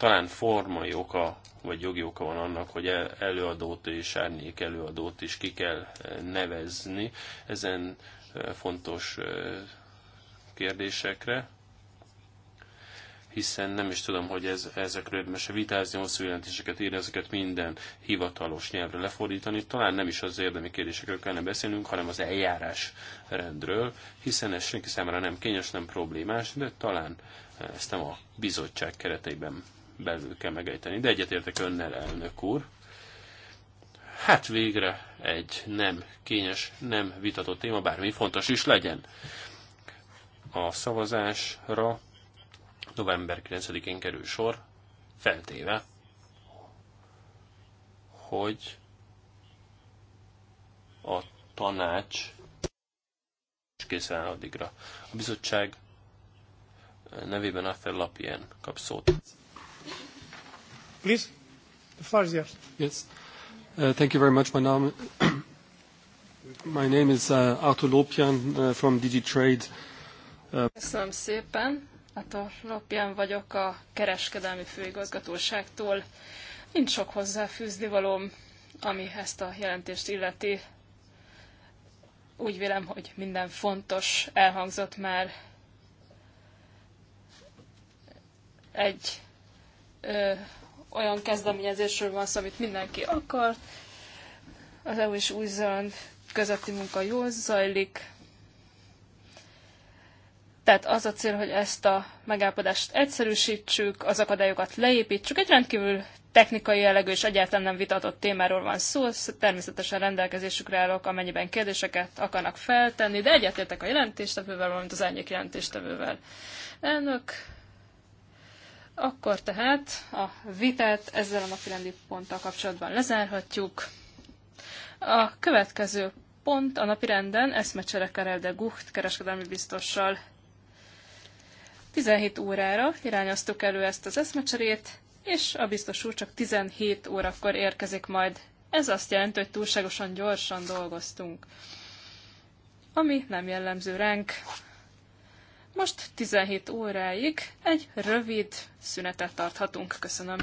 Talán formai oka, vagy jogi oka van annak, hogy e- előadót és árnyék előadót is ki kell e, nevezni ezen e, fontos kérdésekre, hiszen nem is tudom, hogy ez, ezekről érdemes vitázni, hosszú jelentéseket írni, ezeket minden hivatalos nyelvre lefordítani. Talán nem is az érdemi kérdésekről kellene beszélnünk, hanem az eljárás rendről, hiszen ez senki számára nem kényes, nem problémás, de talán ezt nem a bizottság kereteiben belül kell megejteni. De egyetértek önnel, elnök úr. Hát végre egy nem kényes, nem vitatott téma, bármi fontos is legyen. A szavazásra november 9-én kerül sor, feltéve, hogy a tanács készen áll addigra. A bizottság nevében Affer Lapien kap szót. Please, the floor is yours. Yes. Uh, thank you very much. My name, my name is uh, uh, from DigiTrade. Uh, Köszönöm szépen. Artur Lopian vagyok a kereskedelmi főigazgatóságtól. Nincs sok hozzáfűzni valóm, ami ezt a jelentést illeti. Úgy vélem, hogy minden fontos elhangzott már egy ö, olyan kezdeményezésről van szó, amit mindenki akart. Az EU és új zöld közötti munka jól zajlik. Tehát az a cél, hogy ezt a megállapodást egyszerűsítsük, az akadályokat leépítsük. Egy rendkívül technikai jellegű és egyáltalán nem vitatott témáról van szó, természetesen rendelkezésükre állok, amennyiben kérdéseket akarnak feltenni, de egyetértek a jelentéstevővel, valamint az elnyék jelentéstevővel. Elnök, akkor tehát a vitát ezzel a napirendi ponttal kapcsolatban lezárhatjuk. A következő pont a napirenden eszmecsere Karel de Gucht kereskedelmi biztossal 17 órára irányoztuk elő ezt az eszmecserét, és a biztos úr csak 17 órakor érkezik majd. Ez azt jelenti, hogy túlságosan gyorsan dolgoztunk, ami nem jellemző ránk. Most 17 óráig egy rövid szünetet tarthatunk. Köszönöm.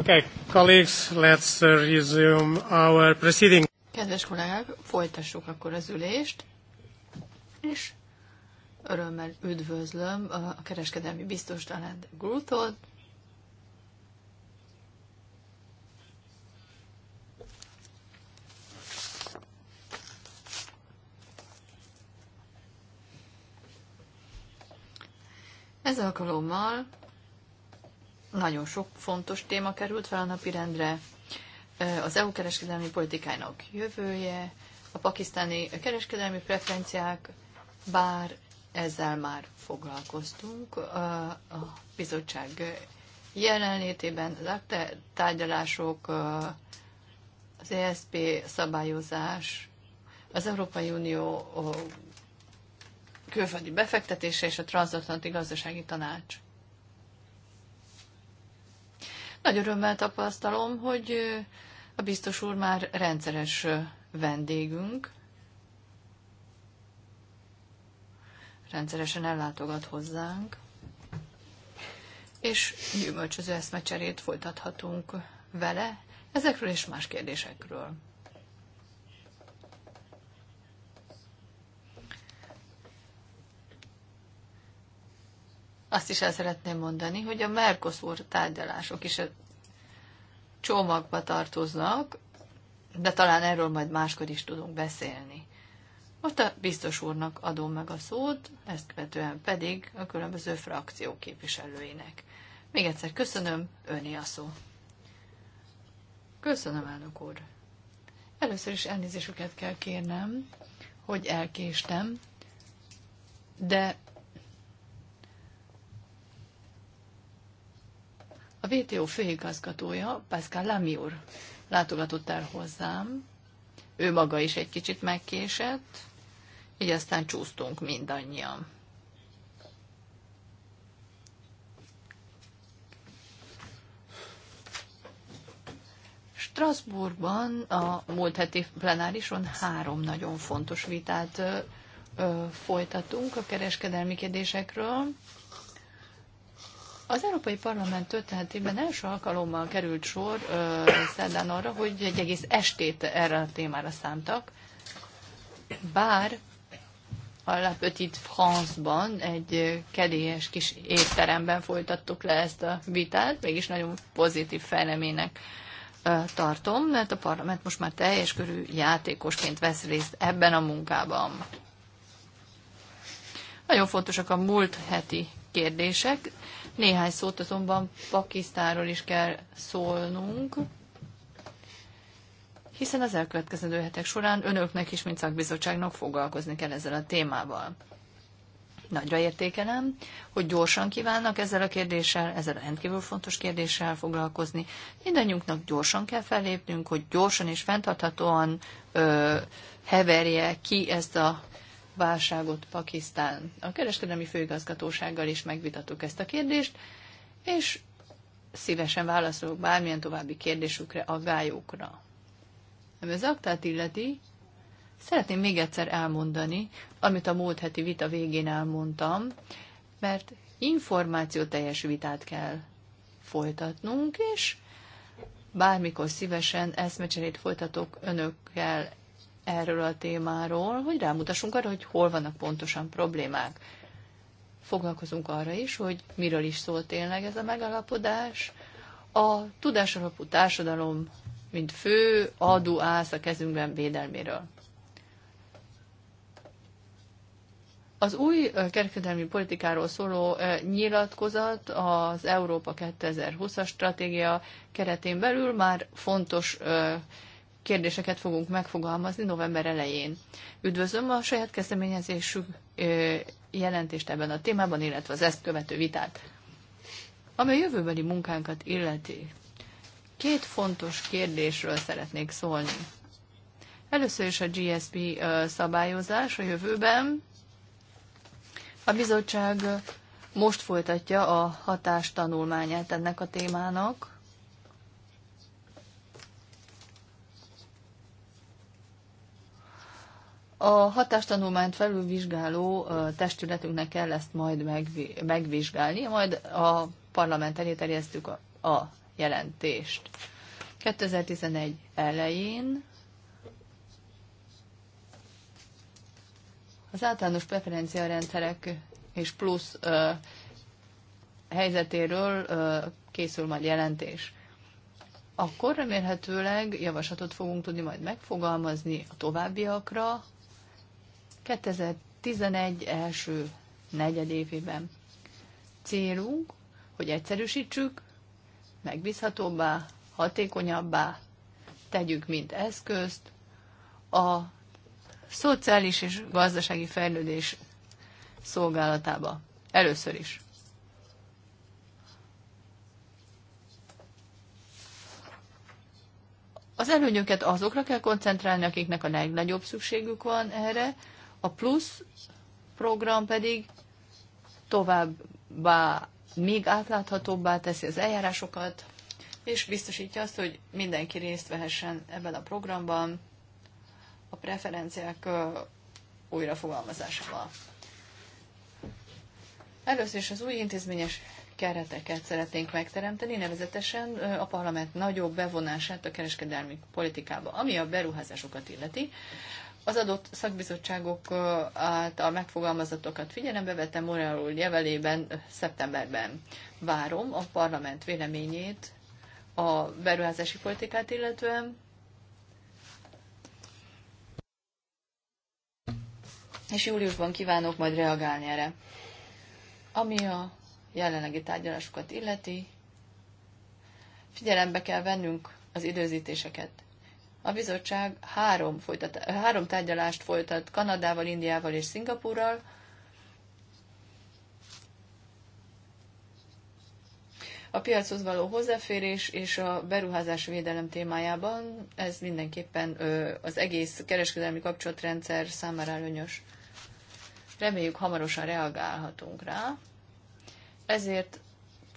Okay, colleagues, let's uh, resume our proceeding. Kedves kollégák, folytassuk akkor az ülést, és örömmel üdvözlöm a kereskedelmi biztos Aland Grutot. Ez alkalommal nagyon sok fontos téma került fel a napirendre. Az EU kereskedelmi politikának jövője, a pakisztáni kereskedelmi preferenciák, bár ezzel már foglalkoztunk a bizottság jelenlétében, az tárgyalások, az ESP szabályozás, az Európai Unió külföldi befektetése és a Transatlanti Gazdasági Tanács. Nagy örömmel tapasztalom, hogy a biztos úr már rendszeres vendégünk. Rendszeresen ellátogat hozzánk, és gyümölcsöző eszmecserét folytathatunk vele ezekről és más kérdésekről. Azt is el szeretném mondani, hogy a Mercosur tárgyalások is a csomagba tartoznak, de talán erről majd máskor is tudunk beszélni. Most a biztos úrnak adom meg a szót, ezt követően pedig a különböző frakció képviselőinek. Még egyszer köszönöm, öné a szó. Köszönöm, elnök úr. Először is elnézésüket kell kérnem, hogy elkéstem, de A VTO főigazgatója, Pascal Lamy úr, látogatott el hozzám, ő maga is egy kicsit megkésett, így aztán csúsztunk mindannyian. Strasbourgban a múlt heti plenárison három nagyon fontos vitát ö, folytatunk a kereskedelmi kérdésekről. Az Európai Parlament történetében első alkalommal került sor ö, szerdán arra, hogy egy egész estét erre a témára szántak, bár a La Petite France-ban egy kedélyes kis étteremben folytattuk le ezt a vitát, mégis nagyon pozitív fejleménynek tartom, mert a parlament most már teljes körű játékosként vesz részt ebben a munkában. Nagyon fontosak a múlt heti kérdések, néhány szót azonban Pakisztánról is kell szólnunk, hiszen az elkövetkezendő hetek során önöknek is, mint szakbizottságnak foglalkozni kell ezzel a témával. Nagyra értékelem, hogy gyorsan kívánnak ezzel a kérdéssel, ezzel a rendkívül fontos kérdéssel foglalkozni. Mindannyiunknak gyorsan kell fellépnünk, hogy gyorsan és fenntarthatóan ö, heverje ki ezt a válságot Pakisztán. A kereskedelmi főigazgatósággal is megvitattuk ezt a kérdést, és szívesen válaszolok bármilyen további kérdésükre, aggályokra. Ami az aktát illeti, szeretném még egyszer elmondani, amit a múlt heti vita végén elmondtam, mert információteljes vitát kell folytatnunk, és bármikor szívesen eszmecserét folytatok önökkel erről a témáról, hogy rámutassunk arra, hogy hol vannak pontosan problémák. Foglalkozunk arra is, hogy miről is szól tényleg ez a megalapodás. A tudásalapú társadalom, mint fő adó ász a kezünkben védelméről. Az új kereskedelmi politikáról szóló nyilatkozat az Európa 2020-as stratégia keretén belül már fontos kérdéseket fogunk megfogalmazni november elején. Üdvözlöm a saját kezdeményezésű jelentést ebben a témában, illetve az ezt követő vitát. Ami a jövőbeli munkánkat illeti, két fontos kérdésről szeretnék szólni. Először is a GSP szabályozás a jövőben. A bizottság most folytatja a hatástanulmányát ennek a témának, A hatástanulmányt felülvizsgáló testületünknek kell ezt majd megvizsgálni, majd a parlament elé terjesztük a, a jelentést. 2011 elején az általános preferenciarendszerek és plusz ö, helyzetéről ö, készül majd jelentés. Akkor remélhetőleg javaslatot fogunk tudni majd megfogalmazni a továbbiakra, 2011 első negyedévében. Célunk, hogy egyszerűsítsük, megbízhatóbbá, hatékonyabbá tegyük, mint eszközt a szociális és gazdasági fejlődés szolgálatába. Először is. Az előnyöket azokra kell koncentrálni, akiknek a legnagyobb szükségük van erre, a plusz program pedig továbbá, még átláthatóbbá teszi az eljárásokat, és biztosítja azt, hogy mindenki részt vehessen ebben a programban a preferenciák újrafogalmazásával. Először is az új intézményes kereteket szeretnénk megteremteni, nevezetesen a parlament nagyobb bevonását a kereskedelmi politikába, ami a beruházásokat illeti az adott szakbizottságok által megfogalmazatokat figyelembe vettem Morel jevelében szeptemberben. Várom a parlament véleményét a beruházási politikát illetően, és júliusban kívánok majd reagálni erre. Ami a jelenlegi tárgyalásokat illeti, figyelembe kell vennünk az időzítéseket a bizottság három, folytat, három tárgyalást folytat Kanadával, Indiával és Szingapúrral. A piachoz való hozzáférés és a beruházás védelem témájában ez mindenképpen az egész kereskedelmi kapcsolatrendszer számára előnyös. Reméljük, hamarosan reagálhatunk rá. Ezért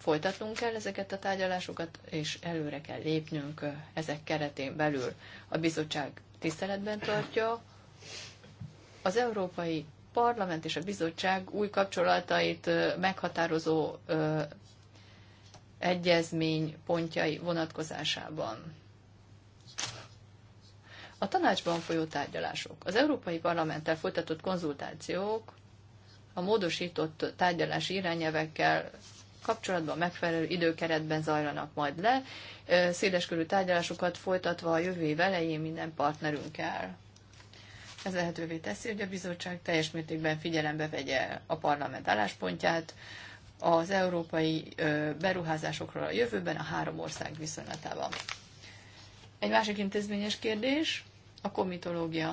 folytatnunk kell ezeket a tárgyalásokat, és előre kell lépnünk ezek keretén belül. A bizottság tiszteletben tartja az Európai Parlament és a bizottság új kapcsolatait meghatározó egyezmény pontjai vonatkozásában. A tanácsban folyó tárgyalások, az Európai Parlamenttel folytatott konzultációk, a módosított tárgyalási irányelvekkel kapcsolatban megfelelő időkeretben zajlanak majd le, széleskörű tárgyalásokat folytatva a jövő év elején minden partnerünkkel. Ez lehetővé teszi, hogy a bizottság teljes mértékben figyelembe vegye a parlament álláspontját, az európai beruházásokról a jövőben a három ország viszonylatában. Egy másik intézményes kérdés a komitológia.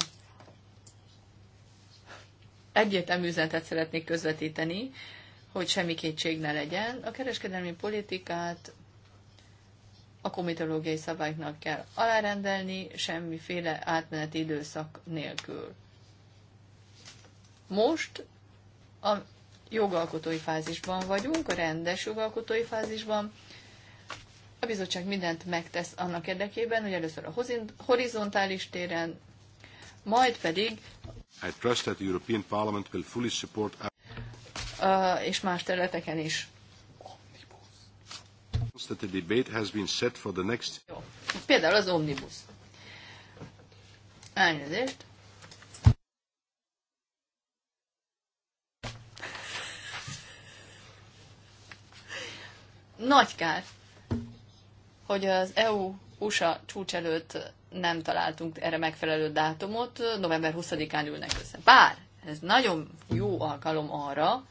Egyértelmű üzenetet szeretnék közvetíteni, hogy semmi kétség ne legyen. A kereskedelmi politikát a komitológiai szabályoknak kell alárendelni, semmiféle átmeneti időszak nélkül. Most a jogalkotói fázisban vagyunk, a rendes jogalkotói fázisban. A bizottság mindent megtesz annak érdekében, hogy először a horizontális téren, majd pedig I trust that the European Parliament will fully support és más területeken is. Jó. Például az omnibus. Elnézést. Nagy kár, hogy az EU-USA csúcs előtt nem találtunk erre megfelelő dátumot, november 20-án ülnek össze. Bár ez nagyon jó alkalom arra,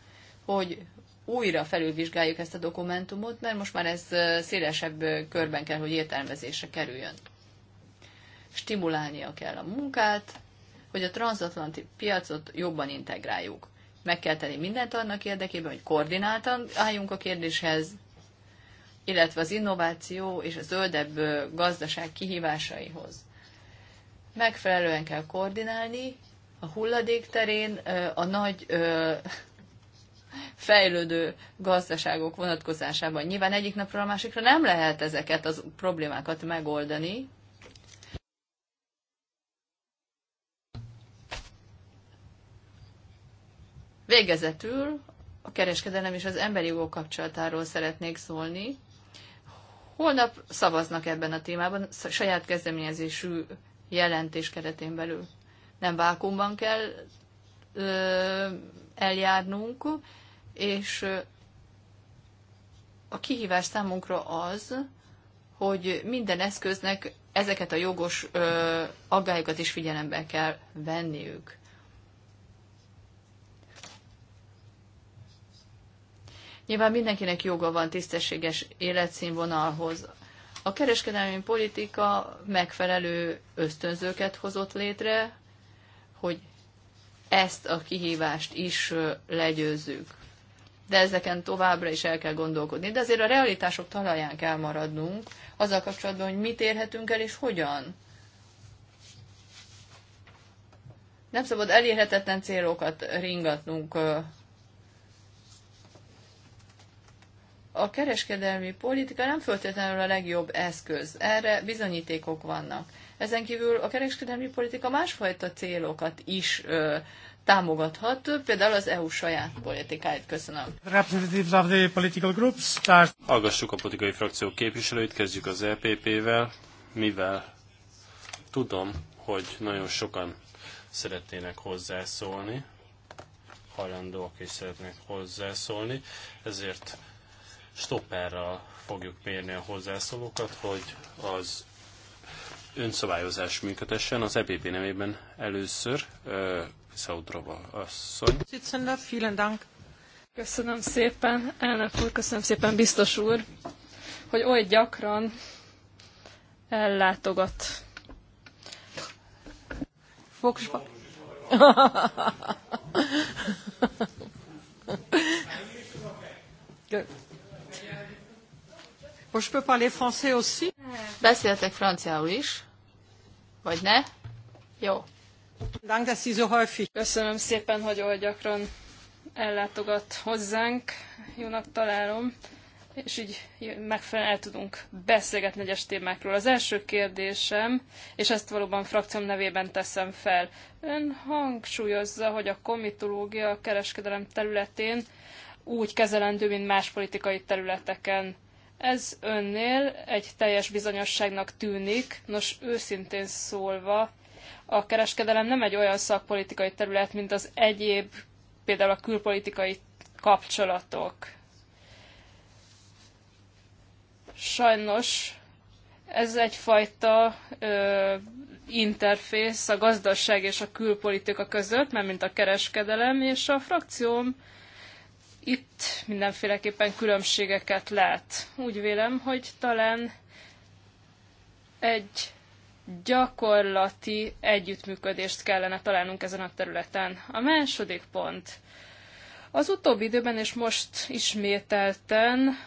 hogy újra felülvizsgáljuk ezt a dokumentumot, mert most már ez szélesebb körben kell, hogy értelmezésre kerüljön. Stimulálnia kell a munkát, hogy a transatlanti piacot jobban integráljuk. Meg kell tenni mindent annak érdekében, hogy koordináltan álljunk a kérdéshez, illetve az innováció és a zöldebb gazdaság kihívásaihoz. Megfelelően kell koordinálni a hulladék terén a nagy fejlődő gazdaságok vonatkozásában. Nyilván egyik napról a másikra nem lehet ezeket a problémákat megoldani. Végezetül a kereskedelem és az emberi jogok kapcsolatáról szeretnék szólni. Holnap szavaznak ebben a témában, saját kezdeményezésű jelentés keretén belül. Nem vákumban kell ö, eljárnunk, és a kihívás számunkra az, hogy minden eszköznek ezeket a jogos ö, aggályokat is figyelembe kell venniük. Nyilván mindenkinek joga van tisztességes életszínvonalhoz. A kereskedelmi politika megfelelő ösztönzőket hozott létre, hogy ezt a kihívást is legyőzzük. De ezeken továbbra is el kell gondolkodni. De azért a realitások talaján kell maradnunk, azzal kapcsolatban, hogy mit érhetünk el és hogyan. Nem szabad elérhetetlen célokat ringatnunk. A kereskedelmi politika nem feltétlenül a legjobb eszköz. Erre bizonyítékok vannak. Ezen kívül a kereskedelmi politika másfajta célokat is ö, támogathat, például az EU saját politikáit. Köszönöm. of the political groups Hallgassuk a politikai frakció képviselőit, kezdjük az EPP-vel, mivel tudom, hogy nagyon sokan szeretnének hozzászólni, hajlandóak is szeretnének hozzászólni, ezért stopperral fogjuk mérni a hozzászólókat, hogy az önszabályozás működhessen. Az EBB nevében először Szaudrova asszony. vielen Dank. Köszönöm szépen, elnök úr, köszönöm szépen, biztos úr, hogy oly gyakran ellátogat. Volkswagen. Good. Bon, peux parler français aussi? Beszéltek franciául is? Vagy ne? Jó. Dank, dass Sie so häufig. Köszönöm szépen, hogy olyan gyakran ellátogat hozzánk. Jónak találom és így megfelelően el tudunk beszélgetni egyes témákról. Az első kérdésem, és ezt valóban frakcióm nevében teszem fel, ön hangsúlyozza, hogy a komitológia a kereskedelem területén úgy kezelendő, mint más politikai területeken. Ez önnél egy teljes bizonyosságnak tűnik, nos őszintén szólva, a kereskedelem nem egy olyan szakpolitikai terület, mint az egyéb, például a külpolitikai kapcsolatok. Sajnos ez egyfajta ö, interfész a gazdaság és a külpolitika között, mert mint a kereskedelem, és a frakcióm itt mindenféleképpen különbségeket lát. Úgy vélem, hogy talán egy gyakorlati együttműködést kellene találnunk ezen a területen. A második pont. Az utóbbi időben és most ismételten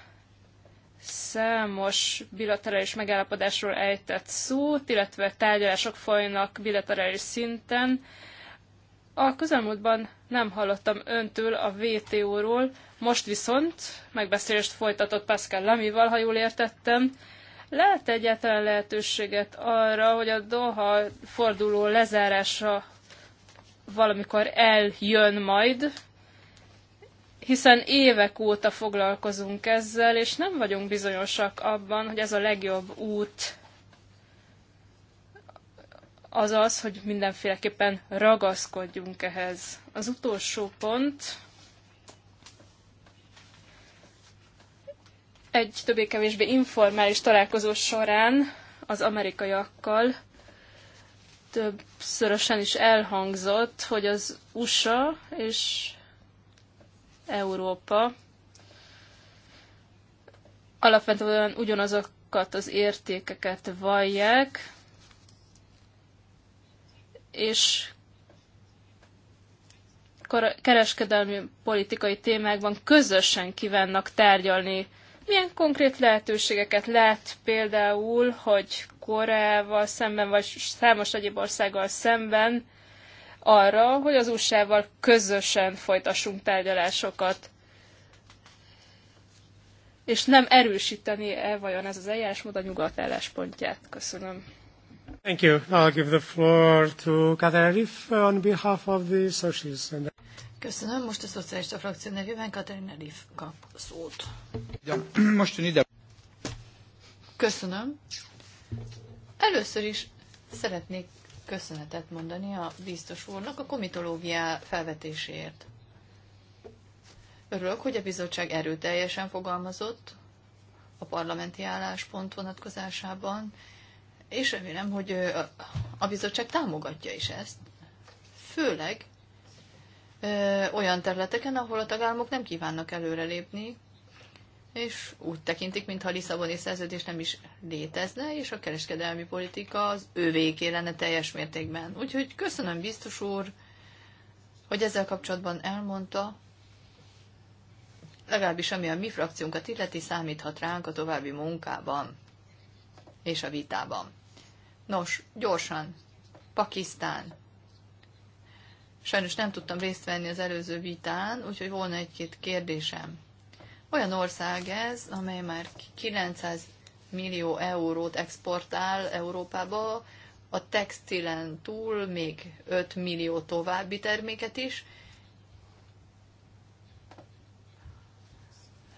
számos bilaterális megállapodásról ejtett szót, illetve tárgyalások folynak bilaterális szinten. A közelmúltban nem hallottam öntől a VTO-ról, most viszont megbeszélést folytatott Pascal Lamival, ha jól értettem. Lehet egyáltalán lehetőséget arra, hogy a Doha forduló lezárása valamikor eljön majd, hiszen évek óta foglalkozunk ezzel, és nem vagyunk bizonyosak abban, hogy ez a legjobb út az az, hogy mindenféleképpen ragaszkodjunk ehhez. Az utolsó pont egy többé-kevésbé informális találkozó során az amerikaiakkal többszörösen is elhangzott, hogy az USA és Európa alapvetően ugyanazokat az értékeket vallják, és kereskedelmi politikai témákban közösen kívánnak tárgyalni. Milyen konkrét lehetőségeket lát például, hogy Koreával szemben, vagy számos egyéb országgal szemben arra, hogy az USA-val közösen folytassunk tárgyalásokat? És nem erősíteni-e vajon ez az eljárásmód a nyugat álláspontját? Köszönöm. Thank you. I'll give the floor to Katarina on behalf of the Socialists. And... Köszönöm. Most a Szocialista Frakció nevében Katarina Riff kap szót. Ja, most jön ide. Köszönöm. Először is szeretnék köszönetet mondani a biztos úrnak a komitológia felvetéséért. Örülök, hogy a bizottság erőteljesen fogalmazott a parlamenti álláspont vonatkozásában, és remélem, hogy a bizottság támogatja is ezt, főleg olyan területeken, ahol a tagállamok nem kívánnak előrelépni, és úgy tekintik, mintha a Lisszaboni szerződés nem is létezne, és a kereskedelmi politika az ővéké lenne teljes mértékben. Úgyhogy köszönöm biztos úr, hogy ezzel kapcsolatban elmondta, legalábbis ami a mi frakciónkat illeti, számíthat ránk a további munkában és a vitában. Nos, gyorsan. Pakisztán. Sajnos nem tudtam részt venni az előző vitán, úgyhogy volna egy-két kérdésem. Olyan ország ez, amely már 900 millió eurót exportál Európába, a textilen túl még 5 millió további terméket is.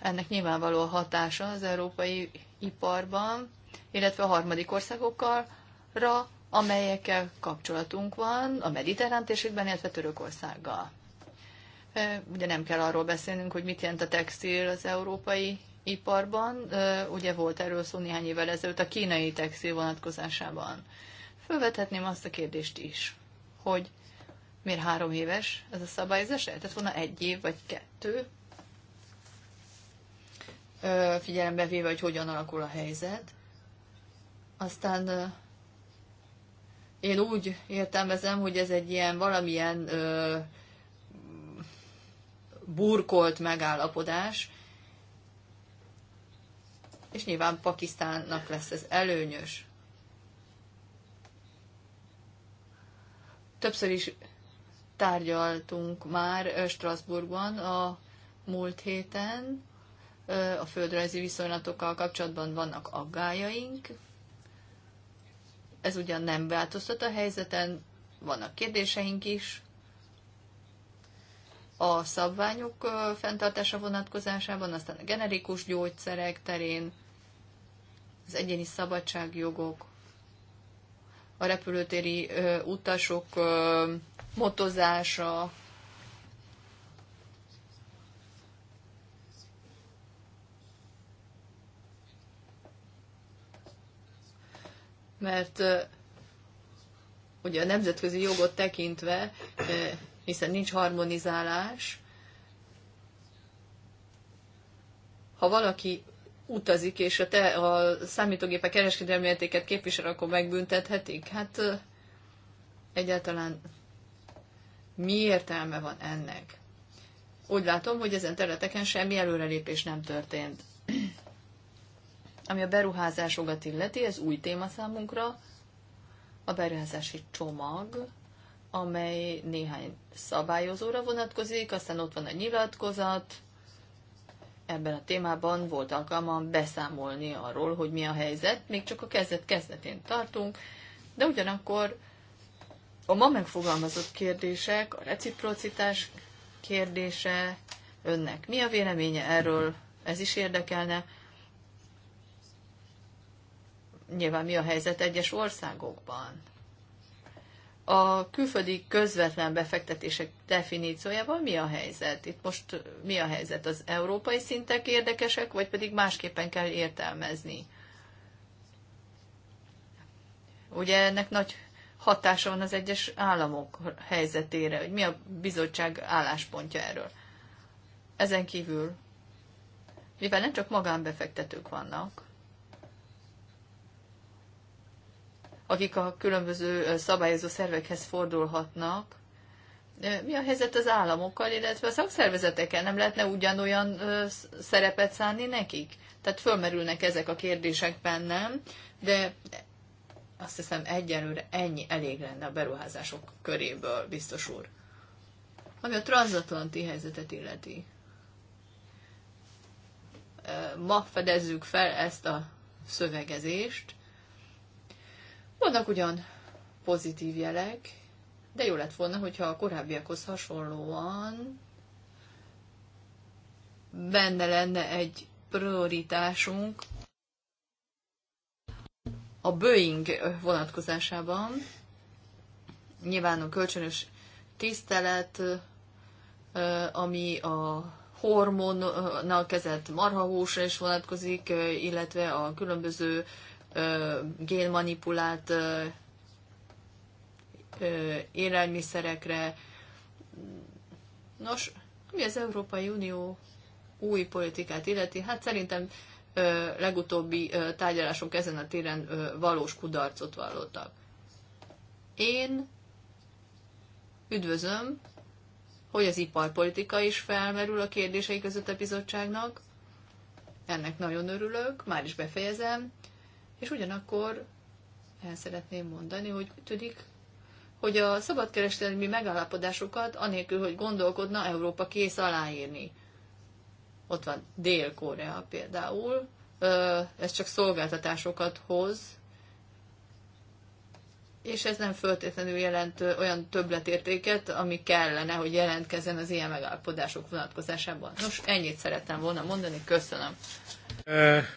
Ennek nyilvánvaló a hatása az európai iparban, illetve a harmadik országokkal, ra, amelyekkel kapcsolatunk van a mediterrán térségben, illetve Törökországgal. Ugye nem kell arról beszélnünk, hogy mit jelent a textil az európai iparban. Ugye volt erről szó néhány évvel ezelőtt a kínai textil vonatkozásában. Fölvethetném azt a kérdést is, hogy miért három éves ez a szabályozás? Lehetett volna egy év vagy kettő? Figyelembe véve, hogy hogyan alakul a helyzet. Aztán én úgy értelmezem, hogy ez egy ilyen valamilyen ö, burkolt megállapodás, és nyilván Pakisztánnak lesz ez előnyös. Többször is tárgyaltunk már Strasbourgban a múlt héten, a földrajzi viszonylatokkal kapcsolatban vannak aggájaink, ez ugyan nem változtat a helyzeten, vannak kérdéseink is. A szabványok fenntartása vonatkozásában, aztán a generikus gyógyszerek terén, az egyéni szabadságjogok, a repülőtéri utasok motozása, mert ugye a nemzetközi jogot tekintve, hiszen nincs harmonizálás, ha valaki utazik, és a, te, a számítógépe kereskedelmi értéket képvisel, akkor megbüntethetik? Hát egyáltalán mi értelme van ennek? Úgy látom, hogy ezen területeken semmi előrelépés nem történt. Ami a beruházásokat illeti, ez új téma számunkra, a beruházási csomag, amely néhány szabályozóra vonatkozik, aztán ott van a nyilatkozat, ebben a témában volt alkalmam beszámolni arról, hogy mi a helyzet, még csak a kezdet kezdetén tartunk, de ugyanakkor a ma megfogalmazott kérdések, a reciprocitás kérdése önnek. Mi a véleménye erről? Ez is érdekelne nyilván mi a helyzet egyes országokban. A külföldi közvetlen befektetések definíciójában mi a helyzet? Itt most mi a helyzet? Az európai szintek érdekesek, vagy pedig másképpen kell értelmezni? Ugye ennek nagy hatása van az egyes államok helyzetére, hogy mi a bizottság álláspontja erről. Ezen kívül, mivel nem csak magánbefektetők vannak, akik a különböző szabályozó szervekhez fordulhatnak. Mi a helyzet az államokkal, illetve a szakszervezetekkel? Nem lehetne ugyanolyan szerepet szánni nekik? Tehát fölmerülnek ezek a kérdések bennem, de azt hiszem egyenlőre ennyi elég lenne a beruházások köréből, biztos úr. Ami a transatlanti helyzetet illeti. Ma fedezzük fel ezt a szövegezést, vannak ugyan pozitív jelek, de jó lett volna, hogyha a korábbiakhoz hasonlóan benne lenne egy prioritásunk a Boeing vonatkozásában. Nyilván a kölcsönös tisztelet, ami a hormonnal kezett marhahúsra is vonatkozik, illetve a különböző génmanipulált élelmiszerekre. Nos, mi az Európai Unió új politikát illeti, hát szerintem legutóbbi tárgyalások ezen a téren valós kudarcot vallottak. Én üdvözöm, hogy az iparpolitika is felmerül a kérdései között a bizottságnak. Ennek nagyon örülök, már is befejezem. És ugyanakkor el szeretném mondani, hogy tudik, hogy a szabadkereskedelmi megállapodásokat, anélkül, hogy gondolkodna, Európa kész aláírni. Ott van Dél-Korea például, ez csak szolgáltatásokat hoz, és ez nem föltétlenül jelent olyan többletértéket, ami kellene, hogy jelentkezzen az ilyen megállapodások vonatkozásában. Nos, ennyit szerettem volna mondani, köszönöm.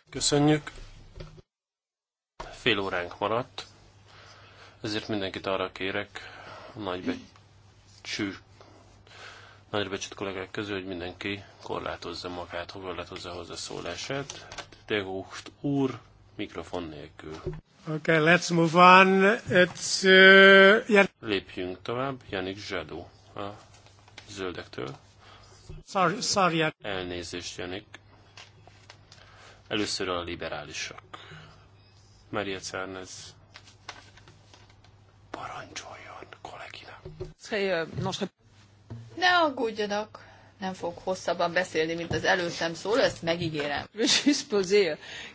Köszönjük. Fél óránk maradt, ezért mindenkit arra kérek, a nagybecsű, nagybecsült kollégák közül, hogy mindenki korlátozza magát, korlátozza hozzászólását. Degókt úr, mikrofon nélkül. Okay, let's move on. It's, uh, yeah. Lépjünk tovább. Janik Zsadó a zöldektől. Sorry, sorry. Elnézést, Janik. Először a liberálisok. Maria Cernes parancsoljon kollégina. Uh, ne aggódjanak, nem fog hosszabban beszélni, mint az előttem szól, ezt megígérem.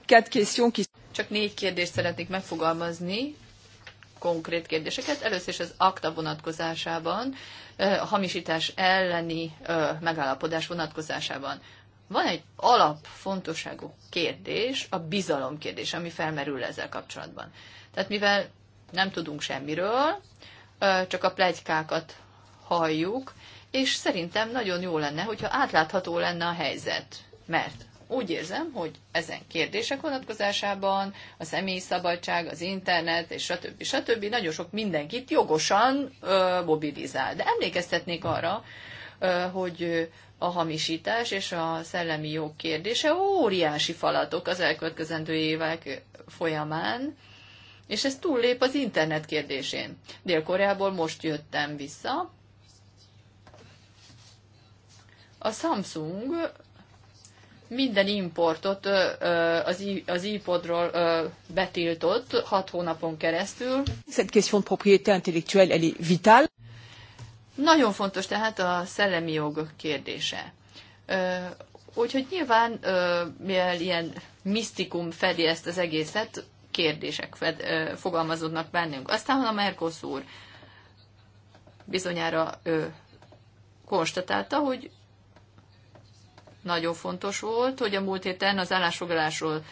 Euh, Csak négy kérdést szeretnék megfogalmazni, konkrét kérdéseket. Először is az akta vonatkozásában, a hamisítás elleni megállapodás vonatkozásában. Van egy alapfontosságú kérdés, a bizalom kérdés, ami felmerül ezzel kapcsolatban. Tehát mivel nem tudunk semmiről, csak a plegykákat halljuk, és szerintem nagyon jó lenne, hogyha átlátható lenne a helyzet. Mert úgy érzem, hogy ezen kérdések vonatkozásában a személyi szabadság, az internet és stb. stb. nagyon sok mindenkit jogosan ö, mobilizál. De emlékeztetnék arra, ö, hogy a hamisítás és a szellemi jog kérdése óriási falatok az elkövetkezendő évek folyamán, és ez túllép az internet kérdésén. Dél-Koreából most jöttem vissza. A Samsung minden importot az, iPodról betiltott hat hónapon keresztül. Cette question de propriété intellectuelle, elle est vitale. Nagyon fontos tehát a szellemi jog kérdése. Úgyhogy nyilván, mivel ilyen misztikum fedi ezt az egészet, kérdések fed, fogalmazódnak bennünk. Aztán a Mercosur bizonyára ő konstatálta, hogy nagyon fontos volt, hogy a múlt héten az állásfoglalásról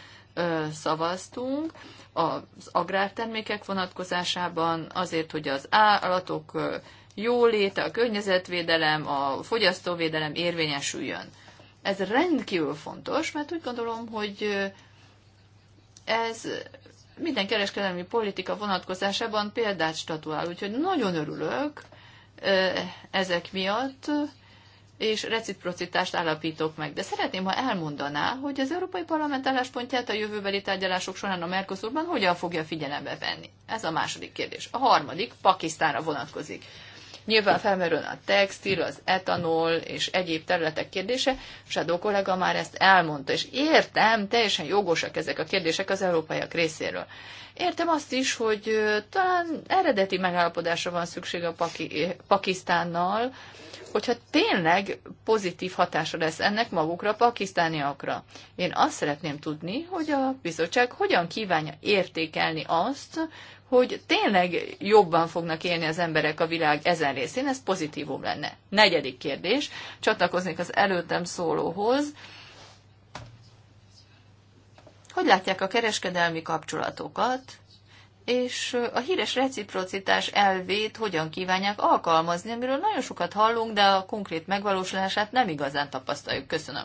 szavaztunk az agrártermékek vonatkozásában, azért, hogy az állatok jólét, a környezetvédelem, a fogyasztóvédelem érvényesüljön. Ez rendkívül fontos, mert úgy gondolom, hogy ez minden kereskedelmi politika vonatkozásában példát statuál. Úgyhogy nagyon örülök ezek miatt, és reciprocitást állapítok meg. De szeretném, ha elmondaná, hogy az Európai Parlament álláspontját a jövőbeli tárgyalások során a Mercosurban hogyan fogja figyelembe venni. Ez a második kérdés. A harmadik Pakisztánra vonatkozik. Nyilván felmerül a textil, az etanol és egyéb területek kérdése. Sadó kollega már ezt elmondta, és értem, teljesen jogosak ezek a kérdések az európaiak részéről. Értem azt is, hogy talán eredeti megállapodásra van szükség a Paki- Pakisztánnal, hogyha tényleg pozitív hatása lesz ennek magukra, pakisztániakra. Én azt szeretném tudni, hogy a bizottság hogyan kívánja értékelni azt, hogy tényleg jobban fognak élni az emberek a világ ezen részén, ez pozitívum lenne. Negyedik kérdés, csatlakoznék az előttem szólóhoz, hogy látják a kereskedelmi kapcsolatokat, és a híres reciprocitás elvét hogyan kívánják alkalmazni, amiről nagyon sokat hallunk, de a konkrét megvalósulását nem igazán tapasztaljuk. Köszönöm.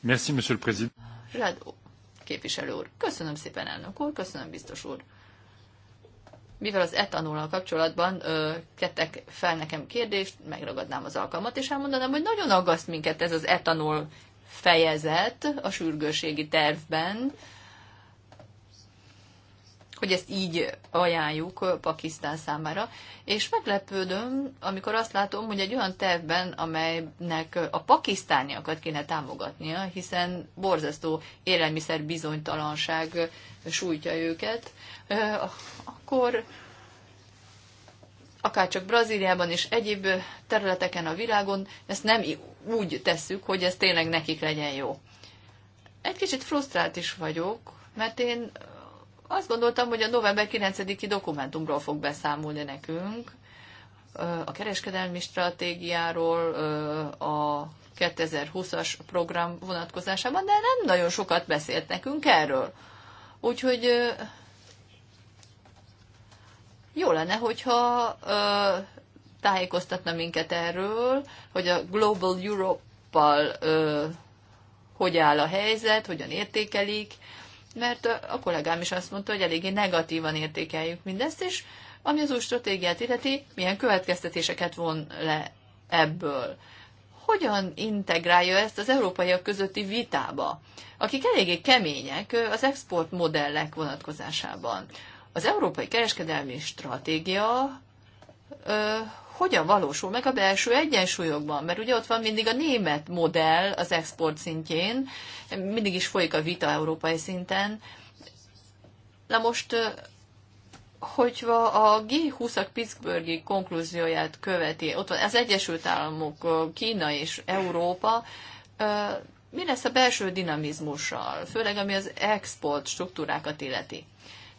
Merci, monsieur le président. Zsádó, képviselő úr. Köszönöm szépen, elnök úr, köszönöm, biztos úr. Mivel az etanollal kapcsolatban ö, kettek fel nekem kérdést, megragadnám az alkalmat, és elmondanám, hogy nagyon aggaszt minket ez az etanol fejezet a sürgőségi tervben, hogy ezt így ajánljuk Pakisztán számára. És meglepődöm, amikor azt látom, hogy egy olyan tervben, amelynek a pakisztániakat kéne támogatnia, hiszen borzasztó élelmiszer bizonytalanság sújtja őket, akkor akár csak Brazíliában és egyéb területeken a világon, ezt nem úgy tesszük, hogy ez tényleg nekik legyen jó. Egy kicsit frusztrált is vagyok, mert én azt gondoltam, hogy a november 9-i dokumentumról fog beszámolni nekünk, a kereskedelmi stratégiáról, a 2020-as program vonatkozásában, de nem nagyon sokat beszélt nekünk erről. Úgyhogy jó lenne, hogyha tájékoztatna minket erről, hogy a Global Europe-pal hogy áll a helyzet, hogyan értékelik, mert a kollégám is azt mondta, hogy eléggé negatívan értékeljük mindezt, és ami az új stratégiát illeti, milyen következtetéseket von le ebből. Hogyan integrálja ezt az európaiak közötti vitába, akik eléggé kemények az export modellek vonatkozásában? Az európai kereskedelmi stratégia hogyan valósul meg a belső egyensúlyokban, mert ugye ott van mindig a német modell az export szintjén, mindig is folyik a vita európai szinten. Na most, hogyha a G20-ak Pittsburghi konklúzióját követi, ott van az Egyesült Államok, Kína és Európa, mi lesz a belső dinamizmussal, főleg ami az export struktúrákat illeti?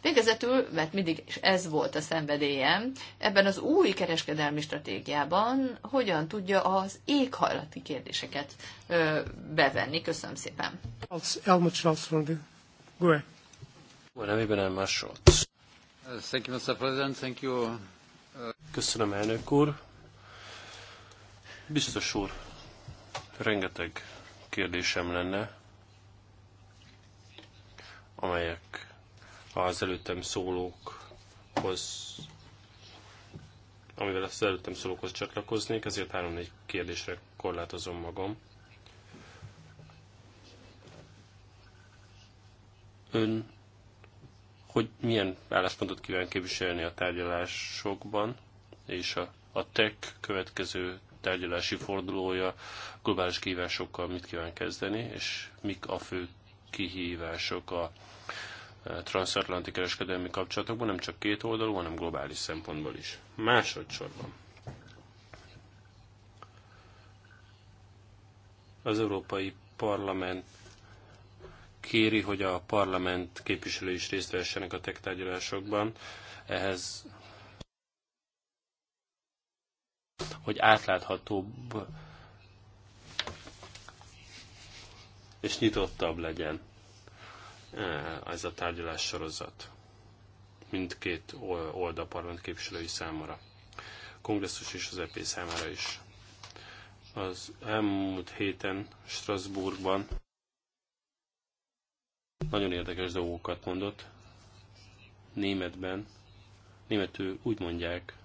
Végezetül, mert mindig ez volt a szenvedélyem, ebben az új kereskedelmi stratégiában hogyan tudja az éghajlati kérdéseket ö, bevenni. Köszönöm szépen. Helmut Schultz from GUE. Köszönöm, elnök úr. Biztos úr, rengeteg kérdésem lenne, amelyek az előttem szólókhoz, amivel az előttem szólókhoz csatlakoznék, ezért három egy kérdésre korlátozom magam. Ön hogy milyen álláspontot kíván képviselni a tárgyalásokban, és a, a TEC következő tárgyalási fordulója globális kihívásokkal mit kíván kezdeni, és mik a fő kihívások a transatlanti kereskedelmi kapcsolatokban, nem csak két oldalú, hanem globális szempontból is. Másodszorban. Az Európai Parlament kéri, hogy a parlament képviselői is részt vessenek a tech tárgyalásokban. Ehhez hogy átláthatóbb és nyitottabb legyen Eh, ez a tárgyalás sorozat mindkét oldal parlament képviselői számára, kongresszus és az EP számára is. Az elmúlt héten Strasbourgban nagyon érdekes dolgokat mondott. Németben, németül úgy mondják,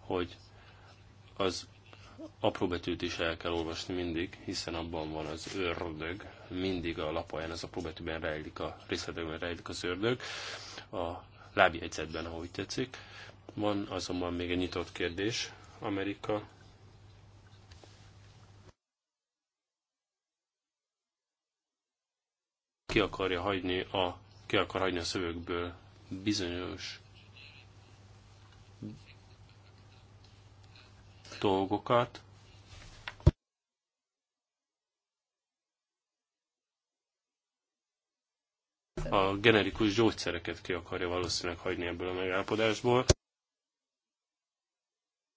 hogy az betűt is el kell olvasni mindig, hiszen abban van az ördög, mindig a lapaján az betűben rejlik a részletekben rejlik az ördög, a lábjegyzetben, ahogy tetszik. Van azonban még egy nyitott kérdés, Amerika ki akarja hagyni a, ki akar hagyni a szövegből bizonyos dolgokat, a generikus gyógyszereket ki akarja valószínűleg hagyni ebből a megállapodásból.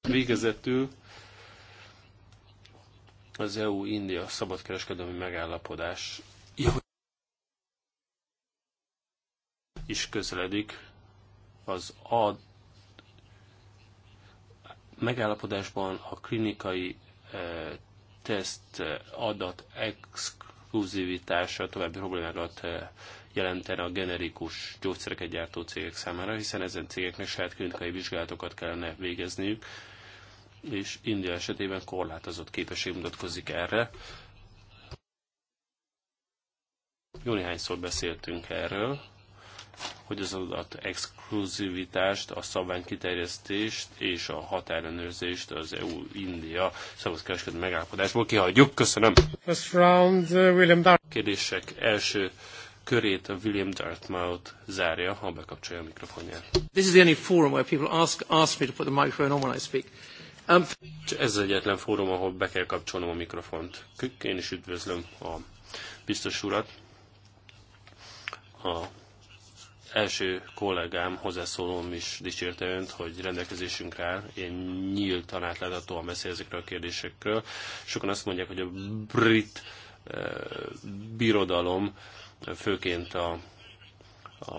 Végezetül az EU-India szabadkereskedelmi megállapodás is közeledik az ad megállapodásban a klinikai eh, teszt eh, adat exkluzivitása további problémákat eh, jelentene a generikus gyógyszereket gyártó cégek számára, hiszen ezen cégeknek saját klinikai vizsgálatokat kellene végezniük, és India esetében korlátozott képesség mutatkozik erre. Jó néhányszor beszéltünk erről, hogy az adat exkluzivitást, a szabványkiterjesztést és a határenőrzést az EU-India szabadkereskedő megállapodásból kihagyjuk. Köszönöm. First round, uh, William Dart. Kérdések első körét a William Dartmouth zárja, ha bekapcsolja a mikrofonját. This is the only forum where people ask, ask me to put the microphone on when I speak. Um... Ez az egyetlen fórum, ahol be kell kapcsolnom a mikrofont. Én is üdvözlöm a biztos urat. A első kollégám, hozzászólóm is dicsérte önt, hogy rendelkezésünkre áll, ilyen nyíltan átláthatóan beszél ezekről a kérdésekről. Sokan azt mondják, hogy a brit e, birodalom, eh, főként a, a,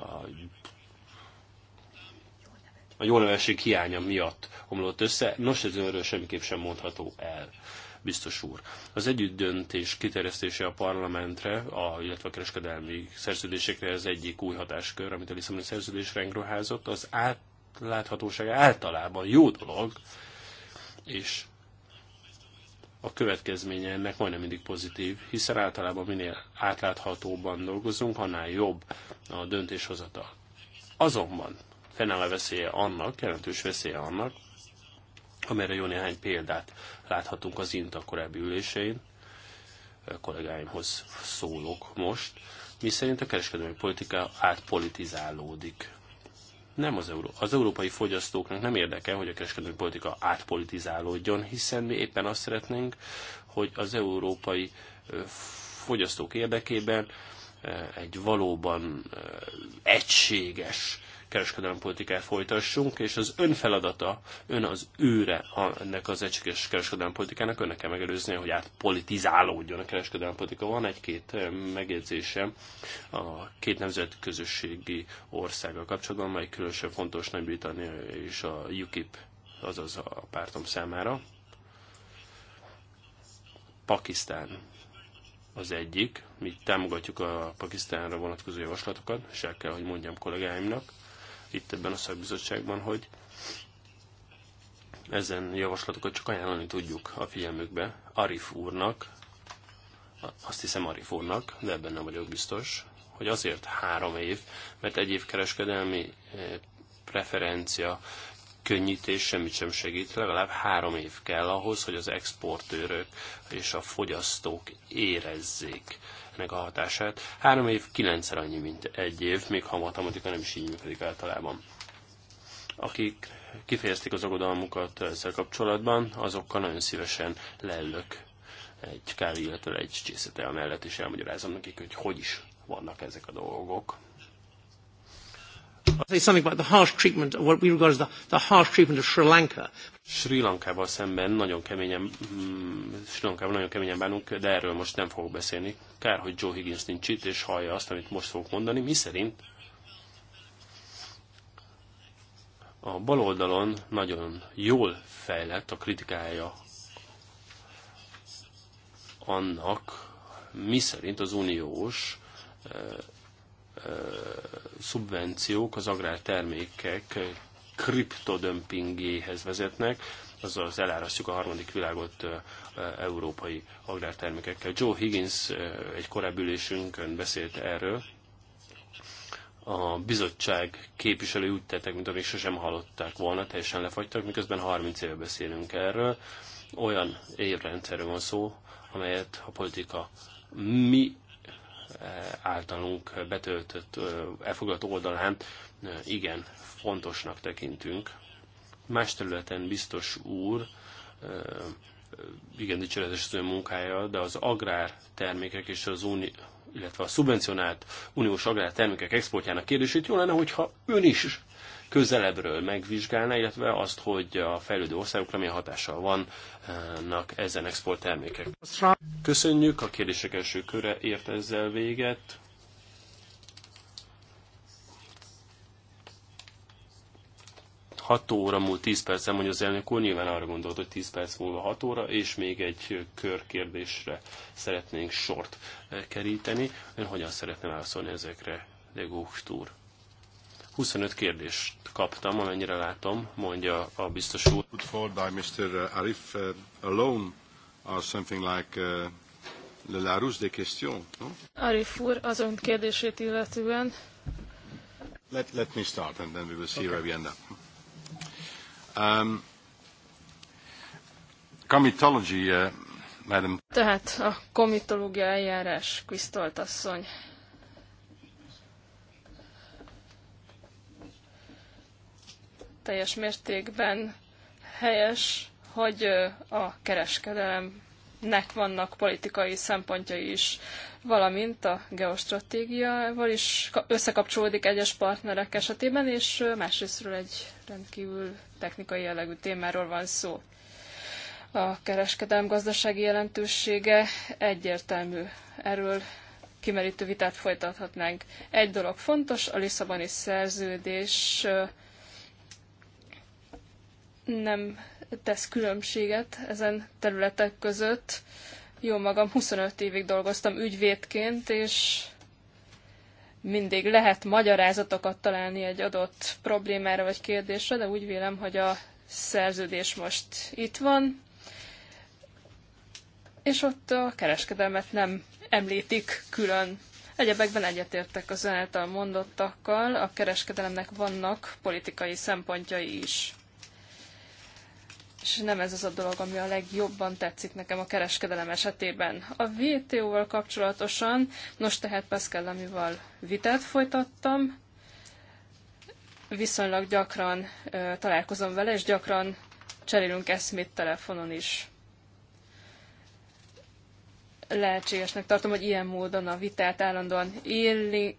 a jó nevesség hiánya miatt omlott össze. Nos, ez önről semmiképp sem mondható el biztos úr. Az együttdöntés kiterjesztése a parlamentre, a, illetve a kereskedelmi szerződésekre ez egyik új hatáskör, amit a Lisszaboni szerződés rengruházott, az átláthatóság általában jó dolog, és a következménye ennek majdnem mindig pozitív, hiszen általában minél átláthatóban dolgozunk, annál jobb a döntéshozata. Azonban fennáll a veszélye annak, jelentős veszélye annak, amelyre jó néhány példát láthatunk az INTA korábbi ülésein. A kollégáimhoz szólok most, mi szerint a kereskedelmi politika átpolitizálódik. Nem az, Euró- az európai fogyasztóknak nem érdeke, hogy a kereskedelmi politika átpolitizálódjon, hiszen mi éppen azt szeretnénk, hogy az európai fogyasztók érdekében egy valóban egységes kereskedelmi politikát folytassunk, és az ön feladata, ön az őre ennek az egységes kereskedelmi politikának, önnek kell megelőzni, hogy átpolitizálódjon a kereskedelmi politika. Van egy-két eh, megjegyzésem a két nemzetközösségi országgal kapcsolatban, amely különösen fontos Nagy-Britannia és a UKIP, azaz a pártom számára. Pakisztán az egyik. Mi támogatjuk a Pakisztánra vonatkozó javaslatokat, és el kell, hogy mondjam kollégáimnak itt ebben a szakbizottságban, hogy ezen javaslatokat csak ajánlani tudjuk a figyelmükbe. Arif úrnak, azt hiszem Arif úrnak, de ebben nem vagyok biztos, hogy azért három év, mert egy év kereskedelmi eh, preferencia könnyítés semmit sem segít, legalább három év kell ahhoz, hogy az exportőrök és a fogyasztók érezzék meg a hatását. Három év kilencszer annyi, mint egy év, még ha a matematika nem is így működik általában. Akik kifejezték az aggodalmukat ezzel kapcsolatban, azokkal nagyon szívesen leellök egy kávé, illetve egy csészete mellett, és elmagyarázom nekik, hogy hogy is vannak ezek a dolgok. I'll say something about the harsh treatment of what we regard as the, the harsh treatment of Sri Lanka. Sri Lankával szemben nagyon keményen, mm, Sri Lankával nagyon keményen bánunk, de erről most nem fogok beszélni. Kár, hogy Joe Higgins nincs itt, és hallja azt, amit most fogok mondani, mi szerint a bal oldalon nagyon jól fejlett a kritikája annak, mi szerint az uniós eh, szubvenciók az agrártermékek kriptodömpingéhez vezetnek, azaz elárasztjuk a harmadik világot európai agrártermékekkel. Joe Higgins egy korábbi ülésünkön beszélt erről. A bizottság képviselői úgy tettek, mint amíg sosem hallották volna, teljesen lefagytak, miközben 30 éve beszélünk erről. Olyan évrendszerről van szó, amelyet a politika mi általunk betöltött, elfoglalt oldalán igen fontosnak tekintünk. Más területen biztos úr, igen dicséretes az ön munkája, de az agrártermékek és az uni, illetve a szubvencionált uniós agrártermékek exportjának kérdését jó lenne, hogyha ön is közelebbről megvizsgálná, illetve azt, hogy a fejlődő országokra milyen hatással vannak ezen exporttermékek. Köszönjük, a kérdések első köre ért ezzel véget. Hat óra múlt 10 percen, mondja az elnök úr, nyilván arra gondolt, hogy 10 perc múlva 6 óra, és még egy körkérdésre szeretnénk sort keríteni. Ön hogyan szeretne válaszolni ezekre, de úr? 25 kérdést kaptam, amennyire látom, mondja a biztos úr. Put forward by Mr. Uh, Arif uh, alone or something like uh, le Larousse des questions, no? Arif úr, az ön kérdését illetően. Let, let me start and then we will see okay. where we end up. Um, comitology, uh, madam. Tehát a komitológia eljárás, Krisztolt asszony, teljes mértékben helyes, hogy a kereskedelemnek vannak politikai szempontjai is, valamint a geostratégiával is összekapcsolódik egyes partnerek esetében, és másrésztről egy rendkívül technikai jellegű témáról van szó. A kereskedelem gazdasági jelentősége egyértelmű. Erről kimerítő vitát folytathatnánk. Egy dolog fontos, a Lisszaboni szerződés nem tesz különbséget ezen területek között. Jó magam, 25 évig dolgoztam ügyvédként, és mindig lehet magyarázatokat találni egy adott problémára vagy kérdésre, de úgy vélem, hogy a szerződés most itt van, és ott a kereskedelmet nem említik külön. Egyebekben egyetértek az által mondottakkal, a kereskedelemnek vannak politikai szempontjai is és nem ez az a dolog, ami a legjobban tetszik nekem a kereskedelem esetében. A vto val kapcsolatosan, nos tehát Pascal amival vitát folytattam, viszonylag gyakran ö, találkozom vele, és gyakran cserélünk eszmét telefonon is. Lehetségesnek tartom, hogy ilyen módon a vitát állandóan éli,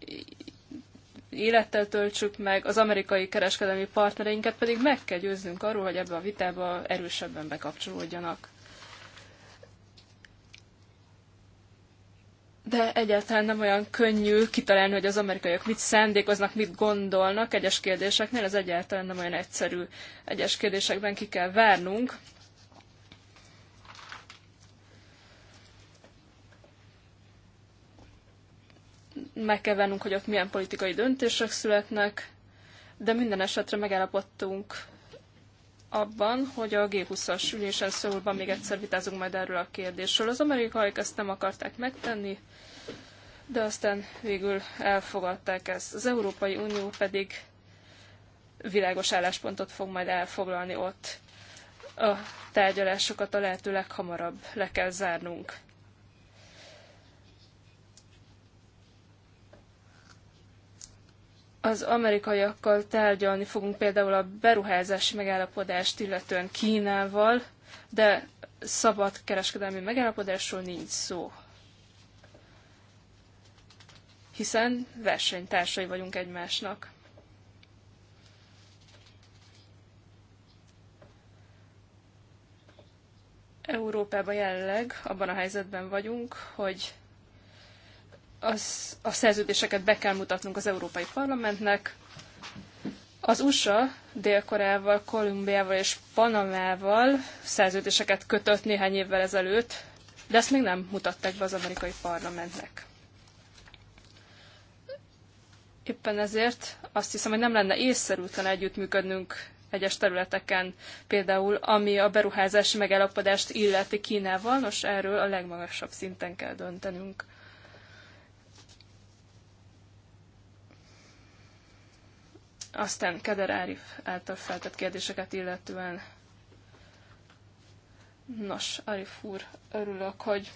élettel töltsük meg, az amerikai kereskedelmi partnereinket pedig meg kell győznünk arról, hogy ebbe a vitába erősebben bekapcsolódjanak. De egyáltalán nem olyan könnyű kitalálni, hogy az amerikaiak mit szándékoznak, mit gondolnak egyes kérdéseknél, ez egyáltalán nem olyan egyszerű. Egyes kérdésekben ki kell várnunk, meg kell vennünk, hogy ott milyen politikai döntések születnek, de minden esetre megállapodtunk abban, hogy a G20-as ülésen Szóban még egyszer vitázunk majd erről a kérdésről. Az amerikaiak ezt nem akarták megtenni, de aztán végül elfogadták ezt. Az Európai Unió pedig világos álláspontot fog majd elfoglalni ott. A tárgyalásokat a lehető leghamarabb le kell zárnunk. Az amerikaiakkal tárgyalni fogunk például a beruházási megállapodást, illetően Kínával, de szabad kereskedelmi megállapodásról nincs szó. Hiszen versenytársai vagyunk egymásnak. Európában jelenleg abban a helyzetben vagyunk, hogy az, a szerződéseket be kell mutatnunk az Európai Parlamentnek. Az USA Dél-Koreával, Kolumbiával és Panamával szerződéseket kötött néhány évvel ezelőtt, de ezt még nem mutatták be az amerikai parlamentnek. Éppen ezért azt hiszem, hogy nem lenne észszerűtlen együttműködnünk egyes területeken, például ami a beruházási megállapodást illeti Kínával, nos erről a legmagasabb szinten kell döntenünk. Aztán Keder Árif által feltett kérdéseket illetően. Nos, Arif úr, örülök, hogy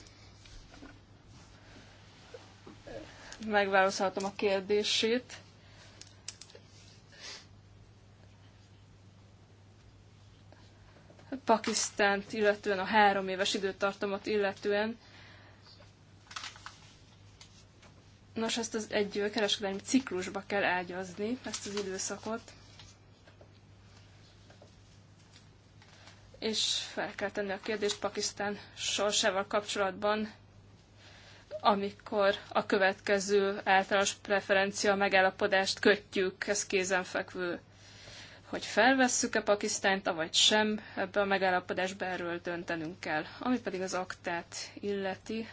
megválaszolhatom a kérdését. Pakisztánt, illetően a három éves időtartamot illetően Nos, ezt az egy kereskedelmi ciklusba kell ágyazni, ezt az időszakot. És fel kell tenni a kérdést Pakisztán sorsával kapcsolatban, amikor a következő általános preferencia megállapodást kötjük, ez kézenfekvő, hogy felvesszük-e Pakisztánt, vagy sem, ebbe a megállapodásba erről döntenünk kell. Ami pedig az aktát illeti,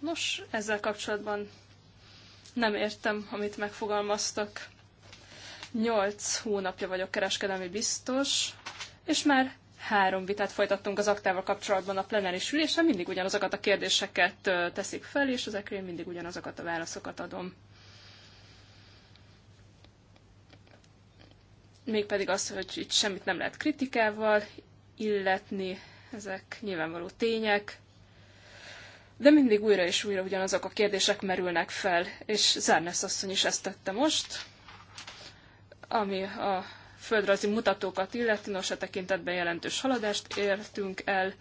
Nos, ezzel kapcsolatban nem értem, amit megfogalmaztak. Nyolc hónapja vagyok kereskedelmi biztos, és már három vitát folytattunk az aktával kapcsolatban a plenáris ülésen, mindig ugyanazokat a kérdéseket teszik fel, és ezekre én mindig ugyanazokat a válaszokat adom. Mégpedig az, hogy itt semmit nem lehet kritikával illetni, ezek nyilvánvaló tények, de mindig újra és újra ugyanazok a kérdések merülnek fel, és Zárnesz asszony is ezt tette most, ami a földrajzi mutatókat illeti, nos, a e tekintetben jelentős haladást értünk el.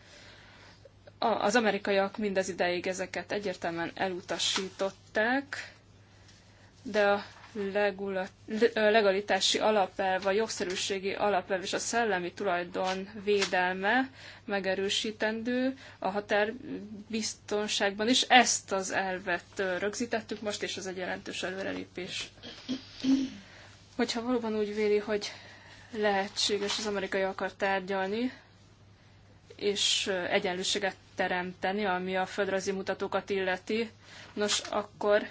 az amerikaiak mindez ideig ezeket egyértelműen elutasították, de a legula, legalitási alapelv, a jogszerűségi alapelv és a szellemi tulajdon védelme megerősítendő a határbiztonságban is. Ezt az elvet rögzítettük most, és ez egy jelentős előrelépés. Hogyha valóban úgy véli, hogy lehetséges az amerikai akar tárgyalni, és egyenlőséget teremteni, ami a földrajzi mutatókat illeti, nos, akkor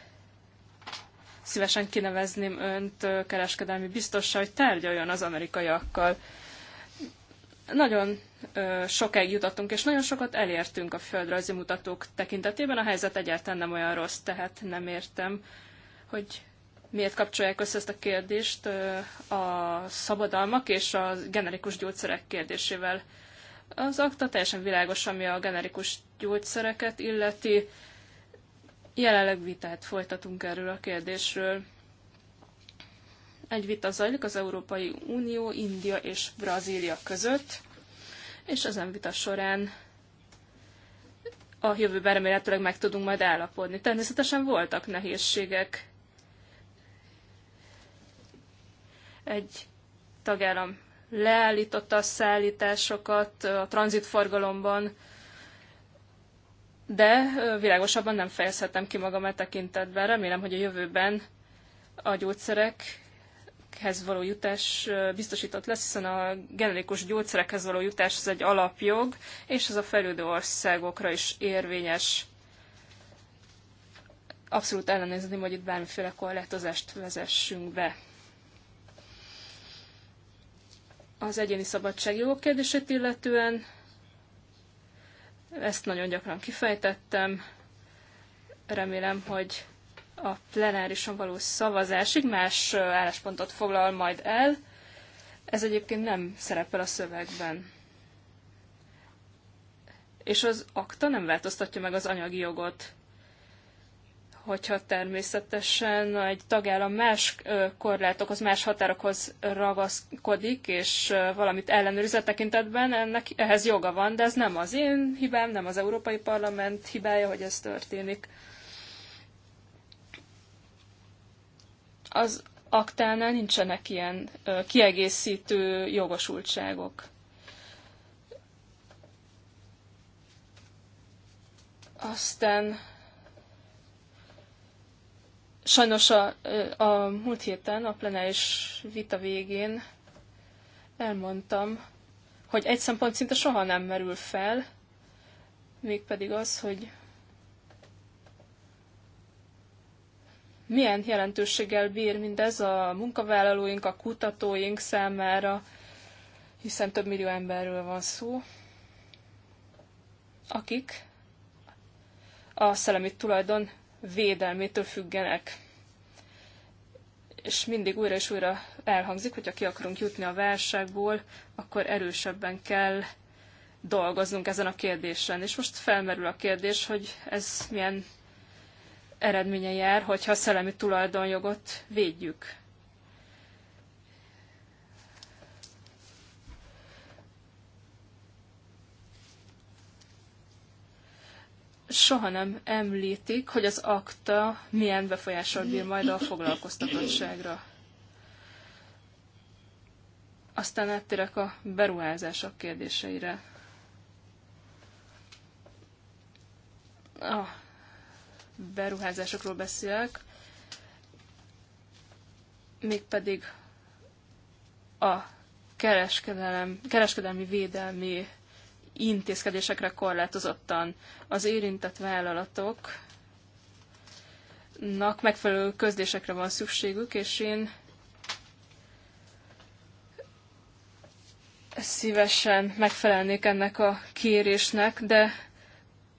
szívesen kinevezném önt kereskedelmi biztossal, hogy tárgyaljon az amerikaiakkal. Nagyon sokáig jutottunk, és nagyon sokat elértünk a földrajzi mutatók tekintetében. A helyzet egyáltalán nem olyan rossz, tehát nem értem, hogy miért kapcsolják össze ezt a kérdést a szabadalmak és a generikus gyógyszerek kérdésével. Az akta teljesen világos, ami a generikus gyógyszereket illeti. Jelenleg vitát folytatunk erről a kérdésről. Egy vita zajlik az Európai Unió, India és Brazília között, és ezen vita során a jövőben remélhetőleg meg tudunk majd állapodni. Természetesen voltak nehézségek. Egy tagállam leállította a szállításokat a tranzitforgalomban, de világosabban nem fejezhetem ki magam e tekintetben. Remélem, hogy a jövőben a gyógyszerekhez való jutás biztosított lesz, hiszen a generikus gyógyszerekhez való jutás az egy alapjog, és ez a fejlődő országokra is érvényes. Abszolút ellenézni, hogy itt bármiféle korlátozást vezessünk be. Az egyéni szabadságjogok kérdését illetően ezt nagyon gyakran kifejtettem. Remélem, hogy a plenárison való szavazásig más álláspontot foglal majd el. Ez egyébként nem szerepel a szövegben. És az akta nem változtatja meg az anyagi jogot hogyha természetesen egy tagállam más korlátokhoz, más határokhoz ragaszkodik, és valamit ellenőrizett tekintetben, ennek, ehhez joga van, de ez nem az én hibám, nem az Európai Parlament hibája, hogy ez történik. Az aktánál nincsenek ilyen kiegészítő jogosultságok. Aztán Sajnos a, a múlt héten, a plenáris vita végén elmondtam, hogy egy szempont szinte soha nem merül fel, mégpedig az, hogy milyen jelentőséggel bír mindez a munkavállalóink, a kutatóink számára, hiszen több millió emberről van szó, akik a szellemi tulajdon védelmétől függenek. És mindig újra és újra elhangzik, hogy ha ki akarunk jutni a válságból, akkor erősebben kell dolgoznunk ezen a kérdésen. És most felmerül a kérdés, hogy ez milyen eredménye jár, hogyha a szellemi tulajdonjogot védjük. soha nem említik, hogy az akta milyen befolyással bír majd a foglalkoztatottságra. Aztán áttérek a beruházások kérdéseire. A beruházásokról beszélek, mégpedig a kereskedelem, kereskedelmi védelmi intézkedésekre korlátozottan az érintett vállalatoknak megfelelő közdésekre van szükségük, és én szívesen megfelelnék ennek a kérésnek, de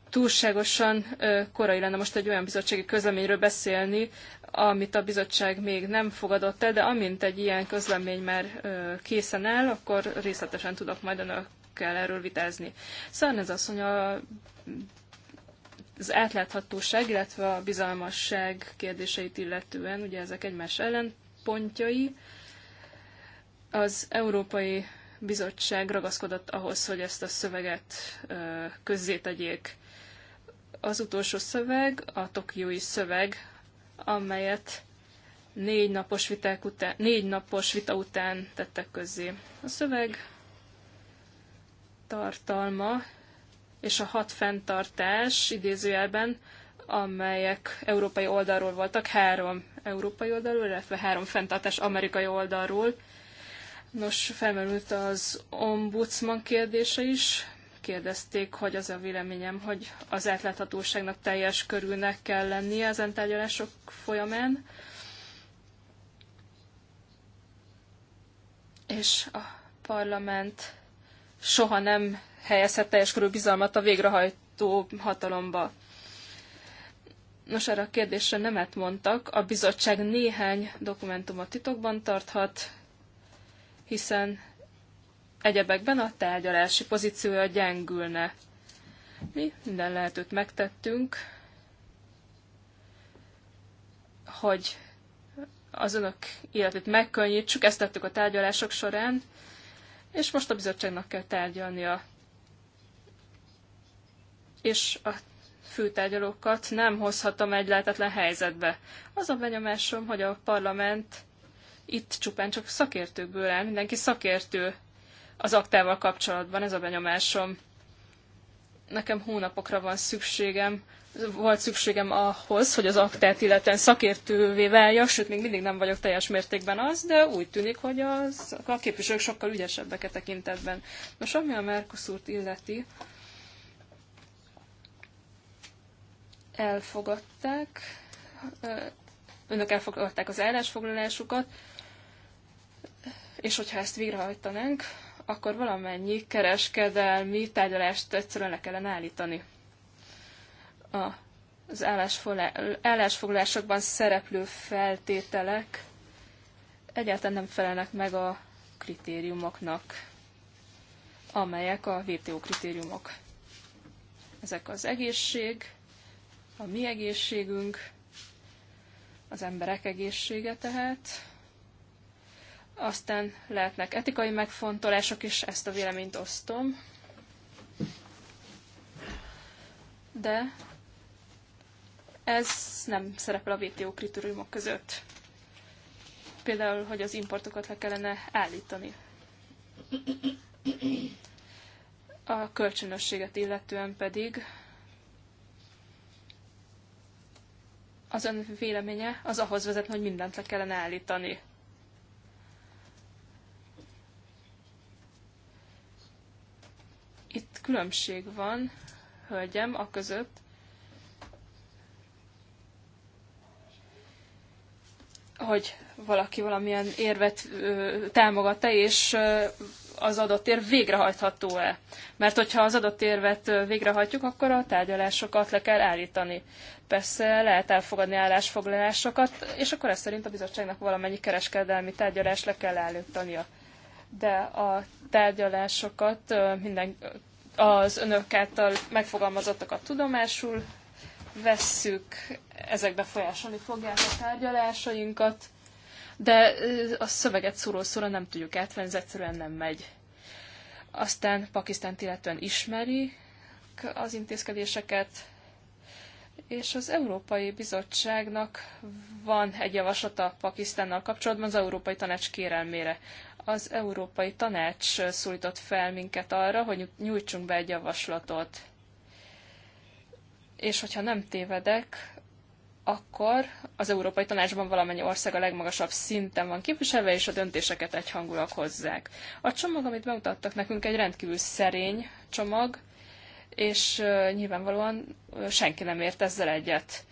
túlságosan korai lenne most egy olyan bizottsági közleményről beszélni, amit a bizottság még nem fogadott el, de amint egy ilyen közlemény már készen áll, akkor részletesen tudok majd önök, kell erről vitázni. az, hogy a az átláthatóság, illetve a bizalmasság kérdéseit illetően, ugye ezek egymás ellenpontjai. Az Európai Bizottság ragaszkodott ahhoz, hogy ezt a szöveget közzétegyék. Az utolsó szöveg, a tokiói szöveg, amelyet négy napos, viták után, négy napos vita után tettek közzé. A szöveg tartalma és a hat fenntartás idézőjelben, amelyek európai oldalról voltak, három európai oldalról, illetve három fenntartás amerikai oldalról. Nos, felmerült az ombudsman kérdése is. Kérdezték, hogy az a véleményem, hogy az átláthatóságnak teljes körülnek kell lennie ezen tárgyalások folyamán. És a parlament soha nem helyezhet teljes körű bizalmat a végrehajtó hatalomba. Nos, erre a kérdésre nemet mondtak. A bizottság néhány dokumentumot titokban tarthat, hiszen egyebekben a tárgyalási pozíciója gyengülne. Mi minden lehetőt megtettünk, hogy az önök életét megkönnyítsük, ezt tettük a tárgyalások során, és most a bizottságnak kell tárgyalnia. És a főtárgyalókat nem hozhatom egy lehetetlen helyzetbe. Az a benyomásom, hogy a parlament itt csupán csak szakértőkből áll, mindenki szakértő az aktával kapcsolatban, ez a benyomásom. Nekem hónapokra van szükségem volt szükségem ahhoz, hogy az aktát illetően szakértővé váljak, sőt, még mindig nem vagyok teljes mértékben az, de úgy tűnik, hogy az, a képviselők sokkal ügyesebbek e tekintetben. Nos, ami a Mercosurt illeti, elfogadták, önök elfogadták az állásfoglalásukat, és hogyha ezt végrehajtanánk, akkor valamennyi kereskedelmi tárgyalást egyszerűen le kellene állítani az állásfoglalásokban szereplő feltételek egyáltalán nem felelnek meg a kritériumoknak, amelyek a WTO kritériumok. Ezek az egészség, a mi egészségünk, az emberek egészsége tehát. Aztán lehetnek etikai megfontolások is, ezt a véleményt osztom. De ez nem szerepel a WTO kritériumok között. Például, hogy az importokat le kellene állítani. A kölcsönösséget illetően pedig az ön véleménye az ahhoz vezetne, hogy mindent le kellene állítani. Itt különbség van, hölgyem, a között, hogy valaki valamilyen érvet támogat és az adott érv végrehajtható-e. Mert hogyha az adott érvet végrehajtjuk, akkor a tárgyalásokat le kell állítani. Persze lehet elfogadni állásfoglalásokat, és akkor ez szerint a bizottságnak valamennyi kereskedelmi tárgyalás le kell állítania. De a tárgyalásokat minden az önök által megfogalmazottakat tudomásul vesszük, ezek befolyásolni fogják a tárgyalásainkat, de a szöveget szóról szóra nem tudjuk átvenni, ez egyszerűen nem megy. Aztán Pakisztán illetően ismeri az intézkedéseket, és az Európai Bizottságnak van egy javaslata Pakisztánnal kapcsolatban az Európai Tanács kérelmére. Az Európai Tanács szólított fel minket arra, hogy nyújtsunk be egy javaslatot és hogyha nem tévedek, akkor az Európai Tanácsban valamennyi ország a legmagasabb szinten van képviselve, és a döntéseket egyhangulak hozzák. A csomag, amit bemutattak nekünk, egy rendkívül szerény csomag, és nyilvánvalóan senki nem ért ezzel egyet.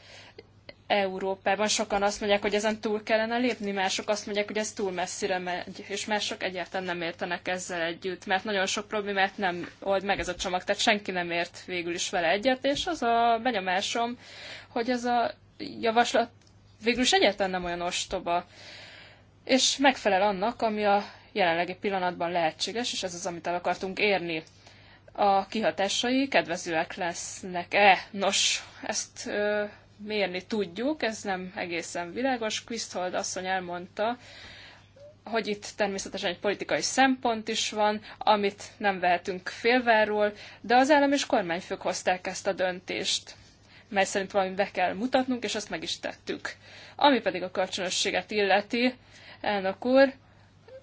Európában sokan azt mondják, hogy ezen túl kellene lépni, mások azt mondják, hogy ez túl messzire megy, és mások egyáltalán nem értenek ezzel együtt, mert nagyon sok problémát nem old meg ez a csomag, tehát senki nem ért végül is vele egyet, és az a benyomásom, hogy ez a javaslat végül is egyáltalán nem olyan ostoba, és megfelel annak, ami a jelenlegi pillanatban lehetséges, és ez az, amit el akartunk érni a kihatásai kedvezőek lesznek-e. Nos, ezt mérni tudjuk, ez nem egészen világos. Quisthold asszony elmondta, hogy itt természetesen egy politikai szempont is van, amit nem vehetünk félváról, de az állam és kormányfők hozták ezt a döntést mely szerint valamit be kell mutatnunk, és azt meg is tettük. Ami pedig a kölcsönösséget illeti, elnök úr,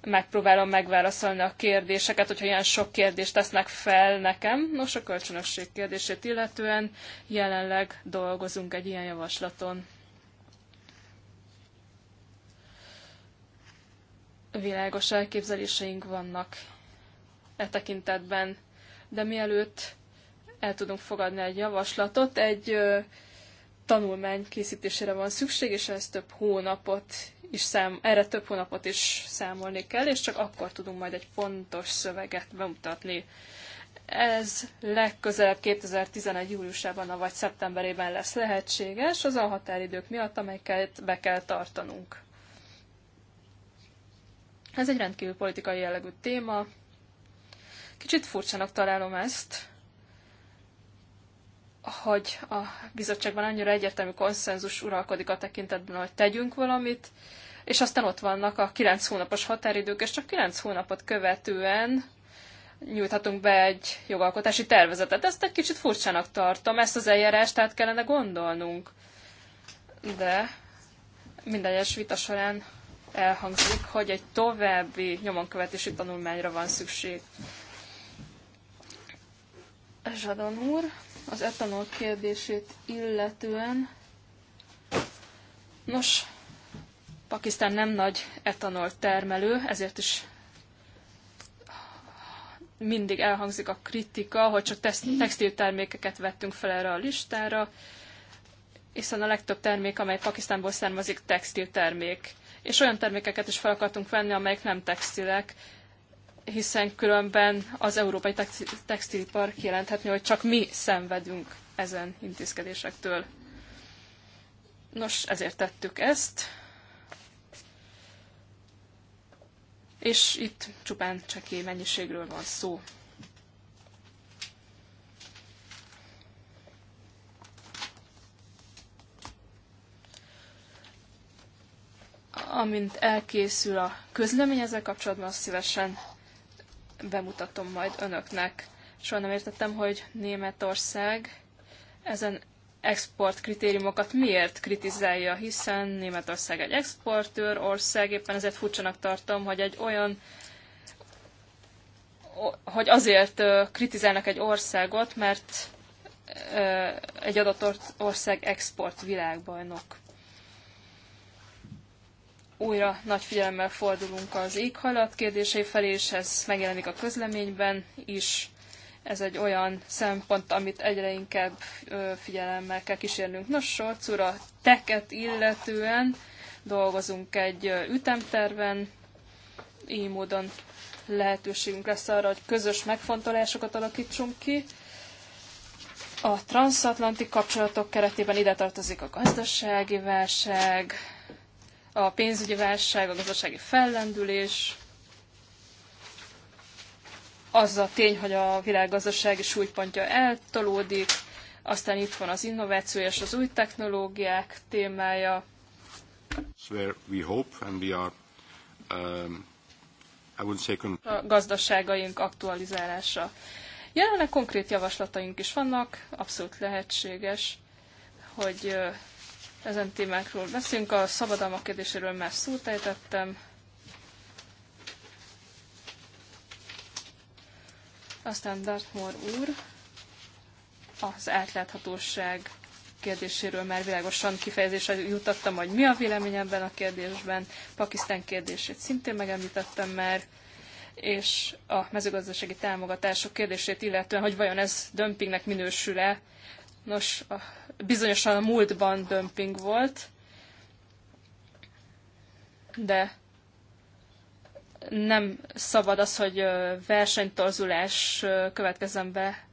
megpróbálom megválaszolni a kérdéseket, hogyha ilyen sok kérdést tesznek fel nekem. Nos, a kölcsönösség kérdését illetően jelenleg dolgozunk egy ilyen javaslaton. Világos elképzeléseink vannak e tekintetben, de mielőtt el tudunk fogadni egy javaslatot, egy tanulmány készítésére van szükség, és ez több hónapot is szám, erre több hónapot is számolni kell, és csak akkor tudunk majd egy pontos szöveget bemutatni. Ez legközelebb 2011. júliusában, vagy szeptemberében lesz lehetséges, a határidők miatt, amelyeket be kell tartanunk. Ez egy rendkívül politikai jellegű téma. Kicsit furcsának találom ezt, hogy a bizottságban annyira egyértelmű konszenzus uralkodik a tekintetben, hogy tegyünk valamit, és aztán ott vannak a 9 hónapos határidők, és csak 9 hónapot követően nyújthatunk be egy jogalkotási tervezetet. Ezt egy kicsit furcsának tartom, ezt az eljárást át kellene gondolnunk. De minden egyes vita során elhangzik, hogy egy további nyomonkövetési tanulmányra van szükség. Zsadon úr, az etanol kérdését illetően. Nos, Pakisztán nem nagy etanol termelő, ezért is mindig elhangzik a kritika, hogy csak textiltermékeket vettünk fel erre a listára, hiszen a legtöbb termék, amely Pakisztánból származik, textiltermék. És olyan termékeket is fel akartunk venni, amelyek nem textilek, hiszen különben az európai textilipar kijelenthetné, hogy csak mi szenvedünk ezen intézkedésektől. Nos, ezért tettük ezt és itt csupán csekély mennyiségről van szó. Amint elkészül a közlemény ezzel kapcsolatban, azt szívesen bemutatom majd önöknek. Soha nem értettem, hogy Németország ezen exportkritériumokat miért kritizálja, hiszen Németország egy exportőr ország, éppen ezért furcsanak tartom, hogy egy olyan hogy azért kritizálnak egy országot, mert egy adott ország export világbajnok. Újra nagy figyelemmel fordulunk az éghajlat kérdései felé, és ez megjelenik a közleményben is ez egy olyan szempont, amit egyre inkább figyelemmel kell kísérnünk. Nos, a teket illetően dolgozunk egy ütemterven, így módon lehetőségünk lesz arra, hogy közös megfontolásokat alakítsunk ki. A transatlanti kapcsolatok keretében ide tartozik a gazdasági válság, a pénzügyi válság, a gazdasági fellendülés, az a tény, hogy a világgazdasági súlypontja eltolódik, aztán itt van az innováció és az új technológiák témája. Um, a gazdaságaink aktualizálása. Jelenleg konkrét javaslataink is vannak, abszolút lehetséges, hogy ezen témákról beszélünk. A szabadalmak kérdéséről már szót ejtettem. Aztán Dartmoor úr az átláthatóság kérdéséről már világosan kifejezésre jutottam, hogy mi a ebben a kérdésben. Pakisztán kérdését szintén megemlítettem már, és a mezőgazdasági támogatások kérdését illetően, hogy vajon ez dömpingnek minősül-e. Nos, a, bizonyosan a múltban dömping volt, de nem szabad az, hogy versenytorzulás következzen be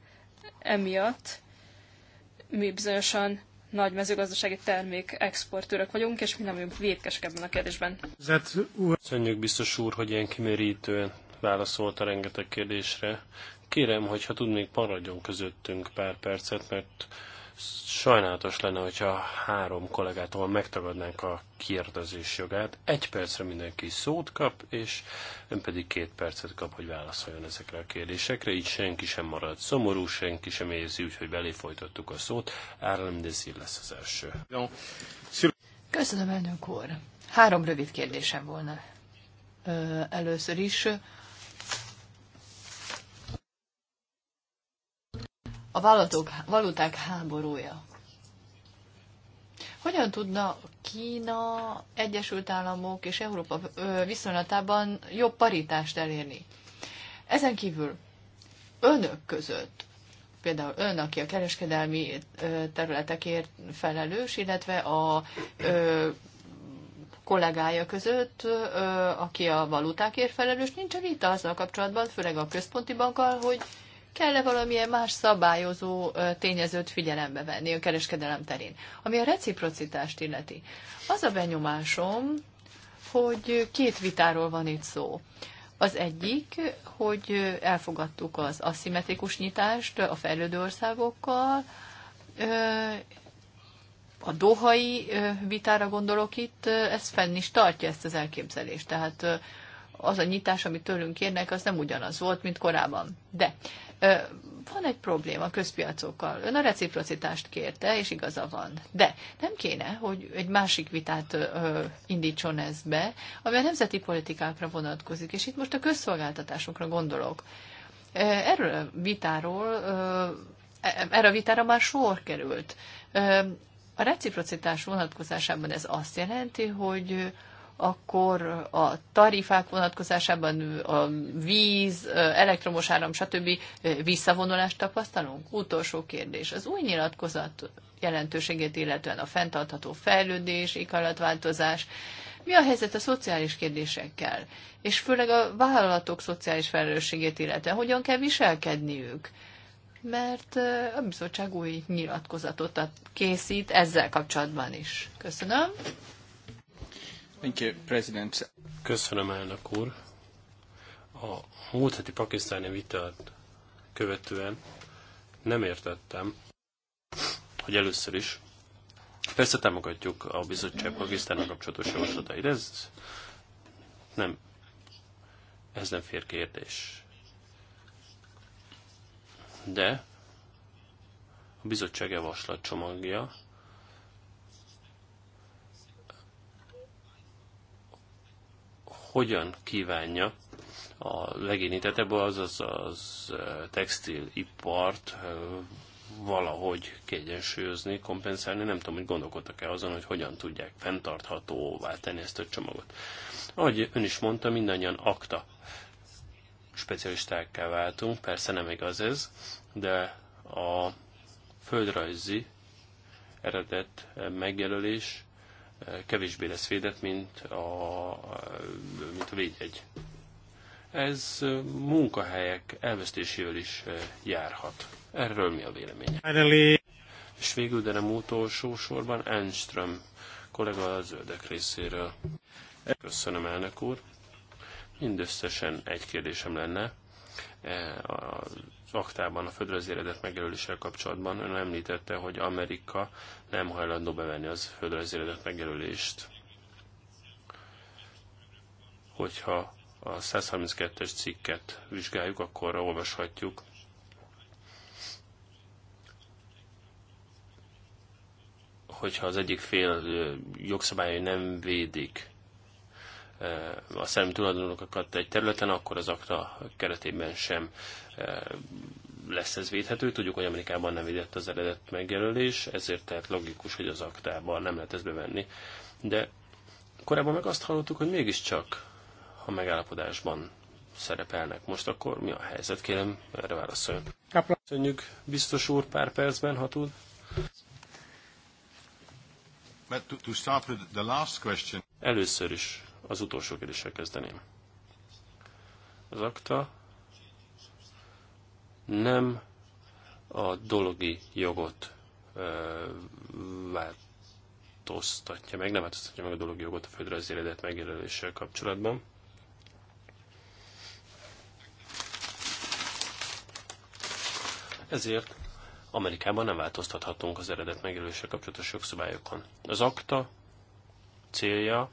emiatt. Mi bizonyosan nagy mezőgazdasági termék exportőrök vagyunk, és mi nem vagyunk védkesek ebben a kérdésben. Köszönjük biztos úr, hogy ilyen kimérítően válaszolt a rengeteg kérdésre. Kérem, hogy tudnék, maradjon közöttünk pár percet, mert Sajnálatos lenne, hogyha három kollégától megtagadnánk a kérdezés jogát. Egy percre mindenki szót kap, és ön pedig két percet kap, hogy válaszoljon ezekre a kérdésekre. Így senki sem marad szomorú, senki sem érzi, úgyhogy belé folytattuk a szót. Árlem Dezir lesz az első. Köszönöm, elnök úr. Három rövid kérdésem volna. Ö, először is a valatok, valuták háborúja. Hogyan tudna Kína, Egyesült Államok és Európa viszonylatában jobb paritást elérni? Ezen kívül önök között, például ön, aki a kereskedelmi területekért felelős, illetve a kollégája között, aki a valutákért felelős, nincsen vita azzal kapcsolatban, főleg a központi bankkal, hogy kell-e valamilyen más szabályozó tényezőt figyelembe venni a kereskedelem terén. Ami a reciprocitást illeti, az a benyomásom, hogy két vitáról van itt szó. Az egyik, hogy elfogadtuk az aszimmetrikus nyitást a fejlődő országokkal, a dohai vitára gondolok itt, ez fenn is tartja ezt az elképzelést. Tehát az a nyitás, amit tőlünk kérnek, az nem ugyanaz volt, mint korábban. De van egy probléma közpiacokkal. Ön a reciprocitást kérte, és igaza van. De nem kéne, hogy egy másik vitát ö, indítson ez be, ami a nemzeti politikákra vonatkozik, és itt most a közszolgáltatásokra gondolok. Erről a vitáról, e, erre a vitára már sor került. A reciprocitás vonatkozásában ez azt jelenti, hogy akkor a tarifák vonatkozásában a víz, elektromos áram, stb. visszavonulást tapasztalunk? Utolsó kérdés. Az új nyilatkozat jelentőségét illetően a fenntartható fejlődés, éghajlatváltozás, mi a helyzet a szociális kérdésekkel, és főleg a vállalatok szociális felelősségét illetően, hogyan kell viselkedniük? Mert a bizottság új nyilatkozatot készít ezzel kapcsolatban is. Köszönöm. Köszönöm, elnök úr. A múlt heti pakisztáni vitát követően nem értettem, hogy először is persze támogatjuk a bizottság Pakisztánnal kapcsolatos javaslatait. Ez nem, ez nem fér kérdés. De a bizottság javaslat csomagja hogyan kívánja a legérintettebb, az az textilipart valahogy kiegyensúlyozni, kompenzálni. Nem tudom, hogy gondolkodtak-e azon, hogy hogyan tudják fenntarthatóvá tenni ezt a csomagot. Ahogy ön is mondta, mindannyian akta specialistákká váltunk, persze nem igaz ez, de a földrajzi eredet megjelölés kevésbé lesz védett, mint a, mint a védjegy. Ez munkahelyek elvesztésével is járhat. Erről mi a vélemény? És végül, de nem utolsó sorban, Enström kollega a zöldek részéről. Köszönöm, elnök úr. Mindösszesen egy kérdésem lenne. E, a aktában a földrajzéredet megjelöléssel kapcsolatban ön említette, hogy Amerika nem hajlandó bevenni az földrajzéredet megjelölést. Hogyha a 132-es cikket vizsgáljuk, akkor olvashatjuk, hogyha az egyik fél jogszabályai nem védik a szellemi tulajdonokat egy területen, akkor az akta keretében sem lesz ez védhető. Tudjuk, hogy Amerikában nem védett az eredet megjelölés, ezért tehát logikus, hogy az aktában nem lehet ezt bevenni. De korábban meg azt hallottuk, hogy mégiscsak a megállapodásban szerepelnek. Most akkor mi a helyzet? Kérem, erre válaszoljon. Köszönjük, biztos úr, pár percben, ha tud. Először is az utolsó kérdéssel kezdeném. Az akta nem a dologi jogot ö, változtatja meg, nem változtatja meg a dologi jogot a földrajzi eredet megjelöléssel kapcsolatban. Ezért Amerikában nem változtathatunk az eredet megjelöléssel kapcsolatos jogszabályokon. Az akta célja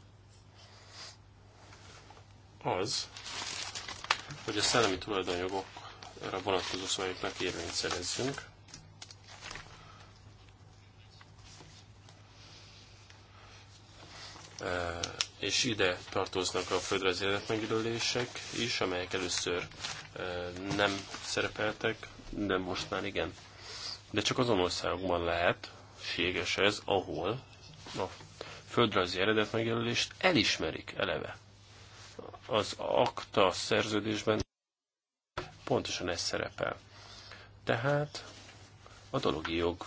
az, hogy a szellemi tulajdonjogokra vonatkozó szabályoknak érvényt szerezzünk. E, és ide tartoznak a földrajzi eredetmegjelölések is, amelyek először e, nem szerepeltek, de most már igen. De csak azon országokban lehetséges ez, ahol a földrajzi eredetmegjelölést elismerik eleve az akta szerződésben pontosan ez szerepel. Tehát a dologi jog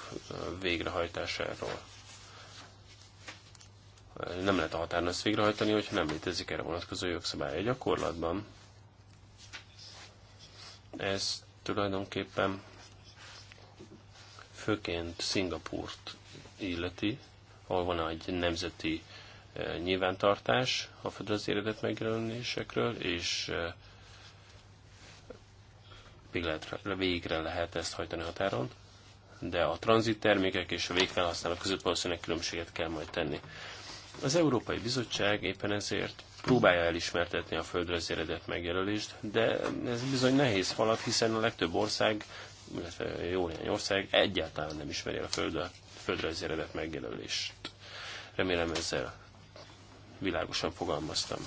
végrehajtásáról. Nem lehet a határon ezt végrehajtani, hogyha nem létezik erre vonatkozó jogszabály a gyakorlatban. Ez tulajdonképpen főként Szingapurt illeti, ahol van egy nemzeti nyilvántartás a földrajzi eredet megjelölésekről, és végre lehet ezt hajtani határon, de a tranzit termékek és a végfelhasználók között valószínűleg különbséget kell majd tenni. Az Európai Bizottság éppen ezért próbálja elismertetni a földrajzi eredet megjelölést, de ez bizony nehéz falat, hiszen a legtöbb ország, illetve jó néhány ország egyáltalán nem ismeri a föld, földrajzi eredet megjelölést. Remélem ezzel világosan fogalmaztam.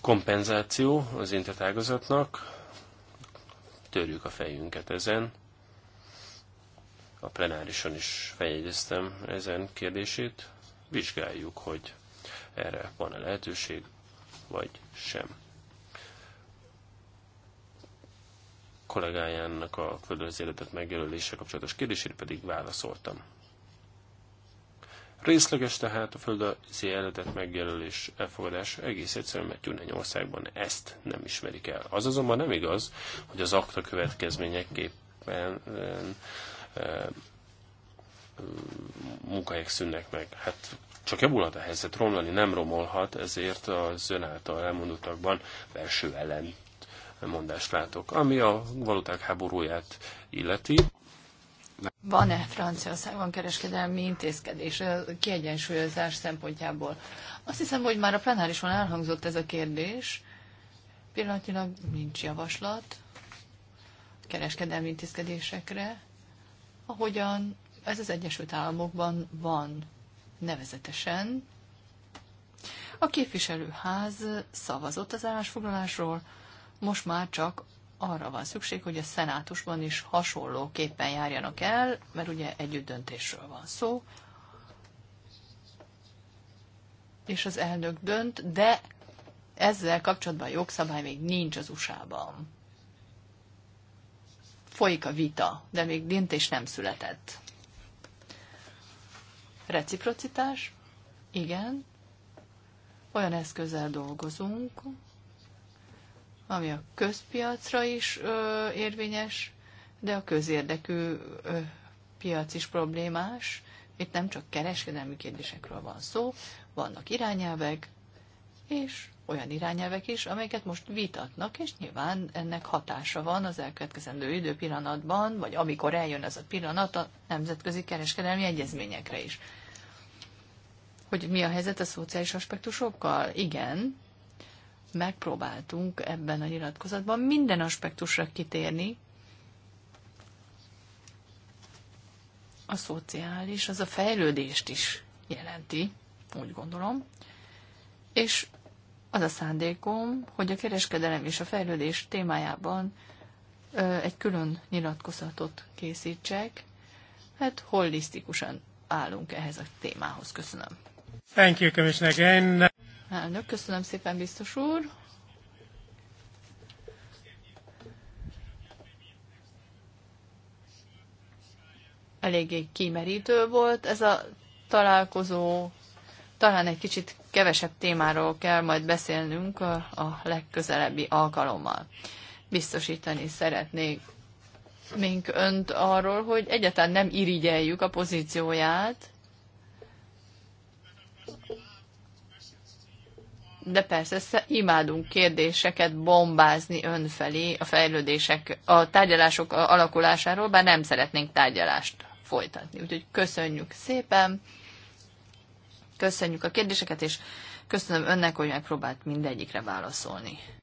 Kompenzáció az intetágazatnak, törjük a fejünket ezen, a plenárison is feljegyeztem ezen kérdését, vizsgáljuk, hogy erre van-e lehetőség, vagy sem. Kollégájának a földrajzi életet megjelölése kapcsolatos kérdésére pedig válaszoltam. Részleges tehát a földrajzi eredet megjelölés elfogadás egész egyszerűen, mert Gyurányországban ezt nem ismerik el. Az azonban nem igaz, hogy az akta következményeképpen e, e, munkahelyek szűnnek meg. Hát csak javulhat a helyzet, romlani nem romolhat, ezért az ön által elmondottakban belső ellen mondást látok, ami a valuták háborúját illeti. Van-e Franciaországban kereskedelmi intézkedés a kiegyensúlyozás szempontjából? Azt hiszem, hogy már a plenárison elhangzott ez a kérdés. Pillanatilag nincs javaslat kereskedelmi intézkedésekre, ahogyan ez az Egyesült Államokban van nevezetesen. A képviselőház szavazott az állásfoglalásról, most már csak arra van szükség, hogy a szenátusban is hasonlóképpen járjanak el, mert ugye együtt döntésről van szó, és az elnök dönt, de ezzel kapcsolatban jogszabály még nincs az USA-ban. Folyik a vita, de még döntés nem született. Reciprocitás? Igen. Olyan eszközzel dolgozunk, ami a közpiacra is ö, érvényes, de a közérdekű ö, piac is problémás. Itt nem csak kereskedelmi kérdésekről van szó, vannak irányelvek, és olyan irányelvek is, amelyeket most vitatnak, és nyilván ennek hatása van az elkövetkezendő időpillanatban, vagy amikor eljön ez a pillanat a nemzetközi kereskedelmi egyezményekre is. Hogy mi a helyzet a szociális aspektusokkal? Igen, megpróbáltunk ebben a nyilatkozatban minden aspektusra kitérni, a szociális, az a fejlődést is jelenti, úgy gondolom. És az a szándékom, hogy a kereskedelem és a fejlődés témájában egy külön nyilatkozatot készítsek, hát holisztikusan állunk ehhez a témához. Köszönöm. Thank you, Commissioner. Elnök, köszönöm szépen, biztos úr. Eléggé kimerítő volt ez a találkozó. Talán egy kicsit kevesebb témáról kell majd beszélnünk a legközelebbi alkalommal. Biztosítani szeretnék mink önt arról, hogy egyáltalán nem irigyeljük a pozícióját, de persze imádunk kérdéseket bombázni önfelé a fejlődések, a tárgyalások alakulásáról, bár nem szeretnénk tárgyalást folytatni. Úgyhogy köszönjük szépen, köszönjük a kérdéseket, és köszönöm önnek, hogy megpróbált mindegyikre válaszolni.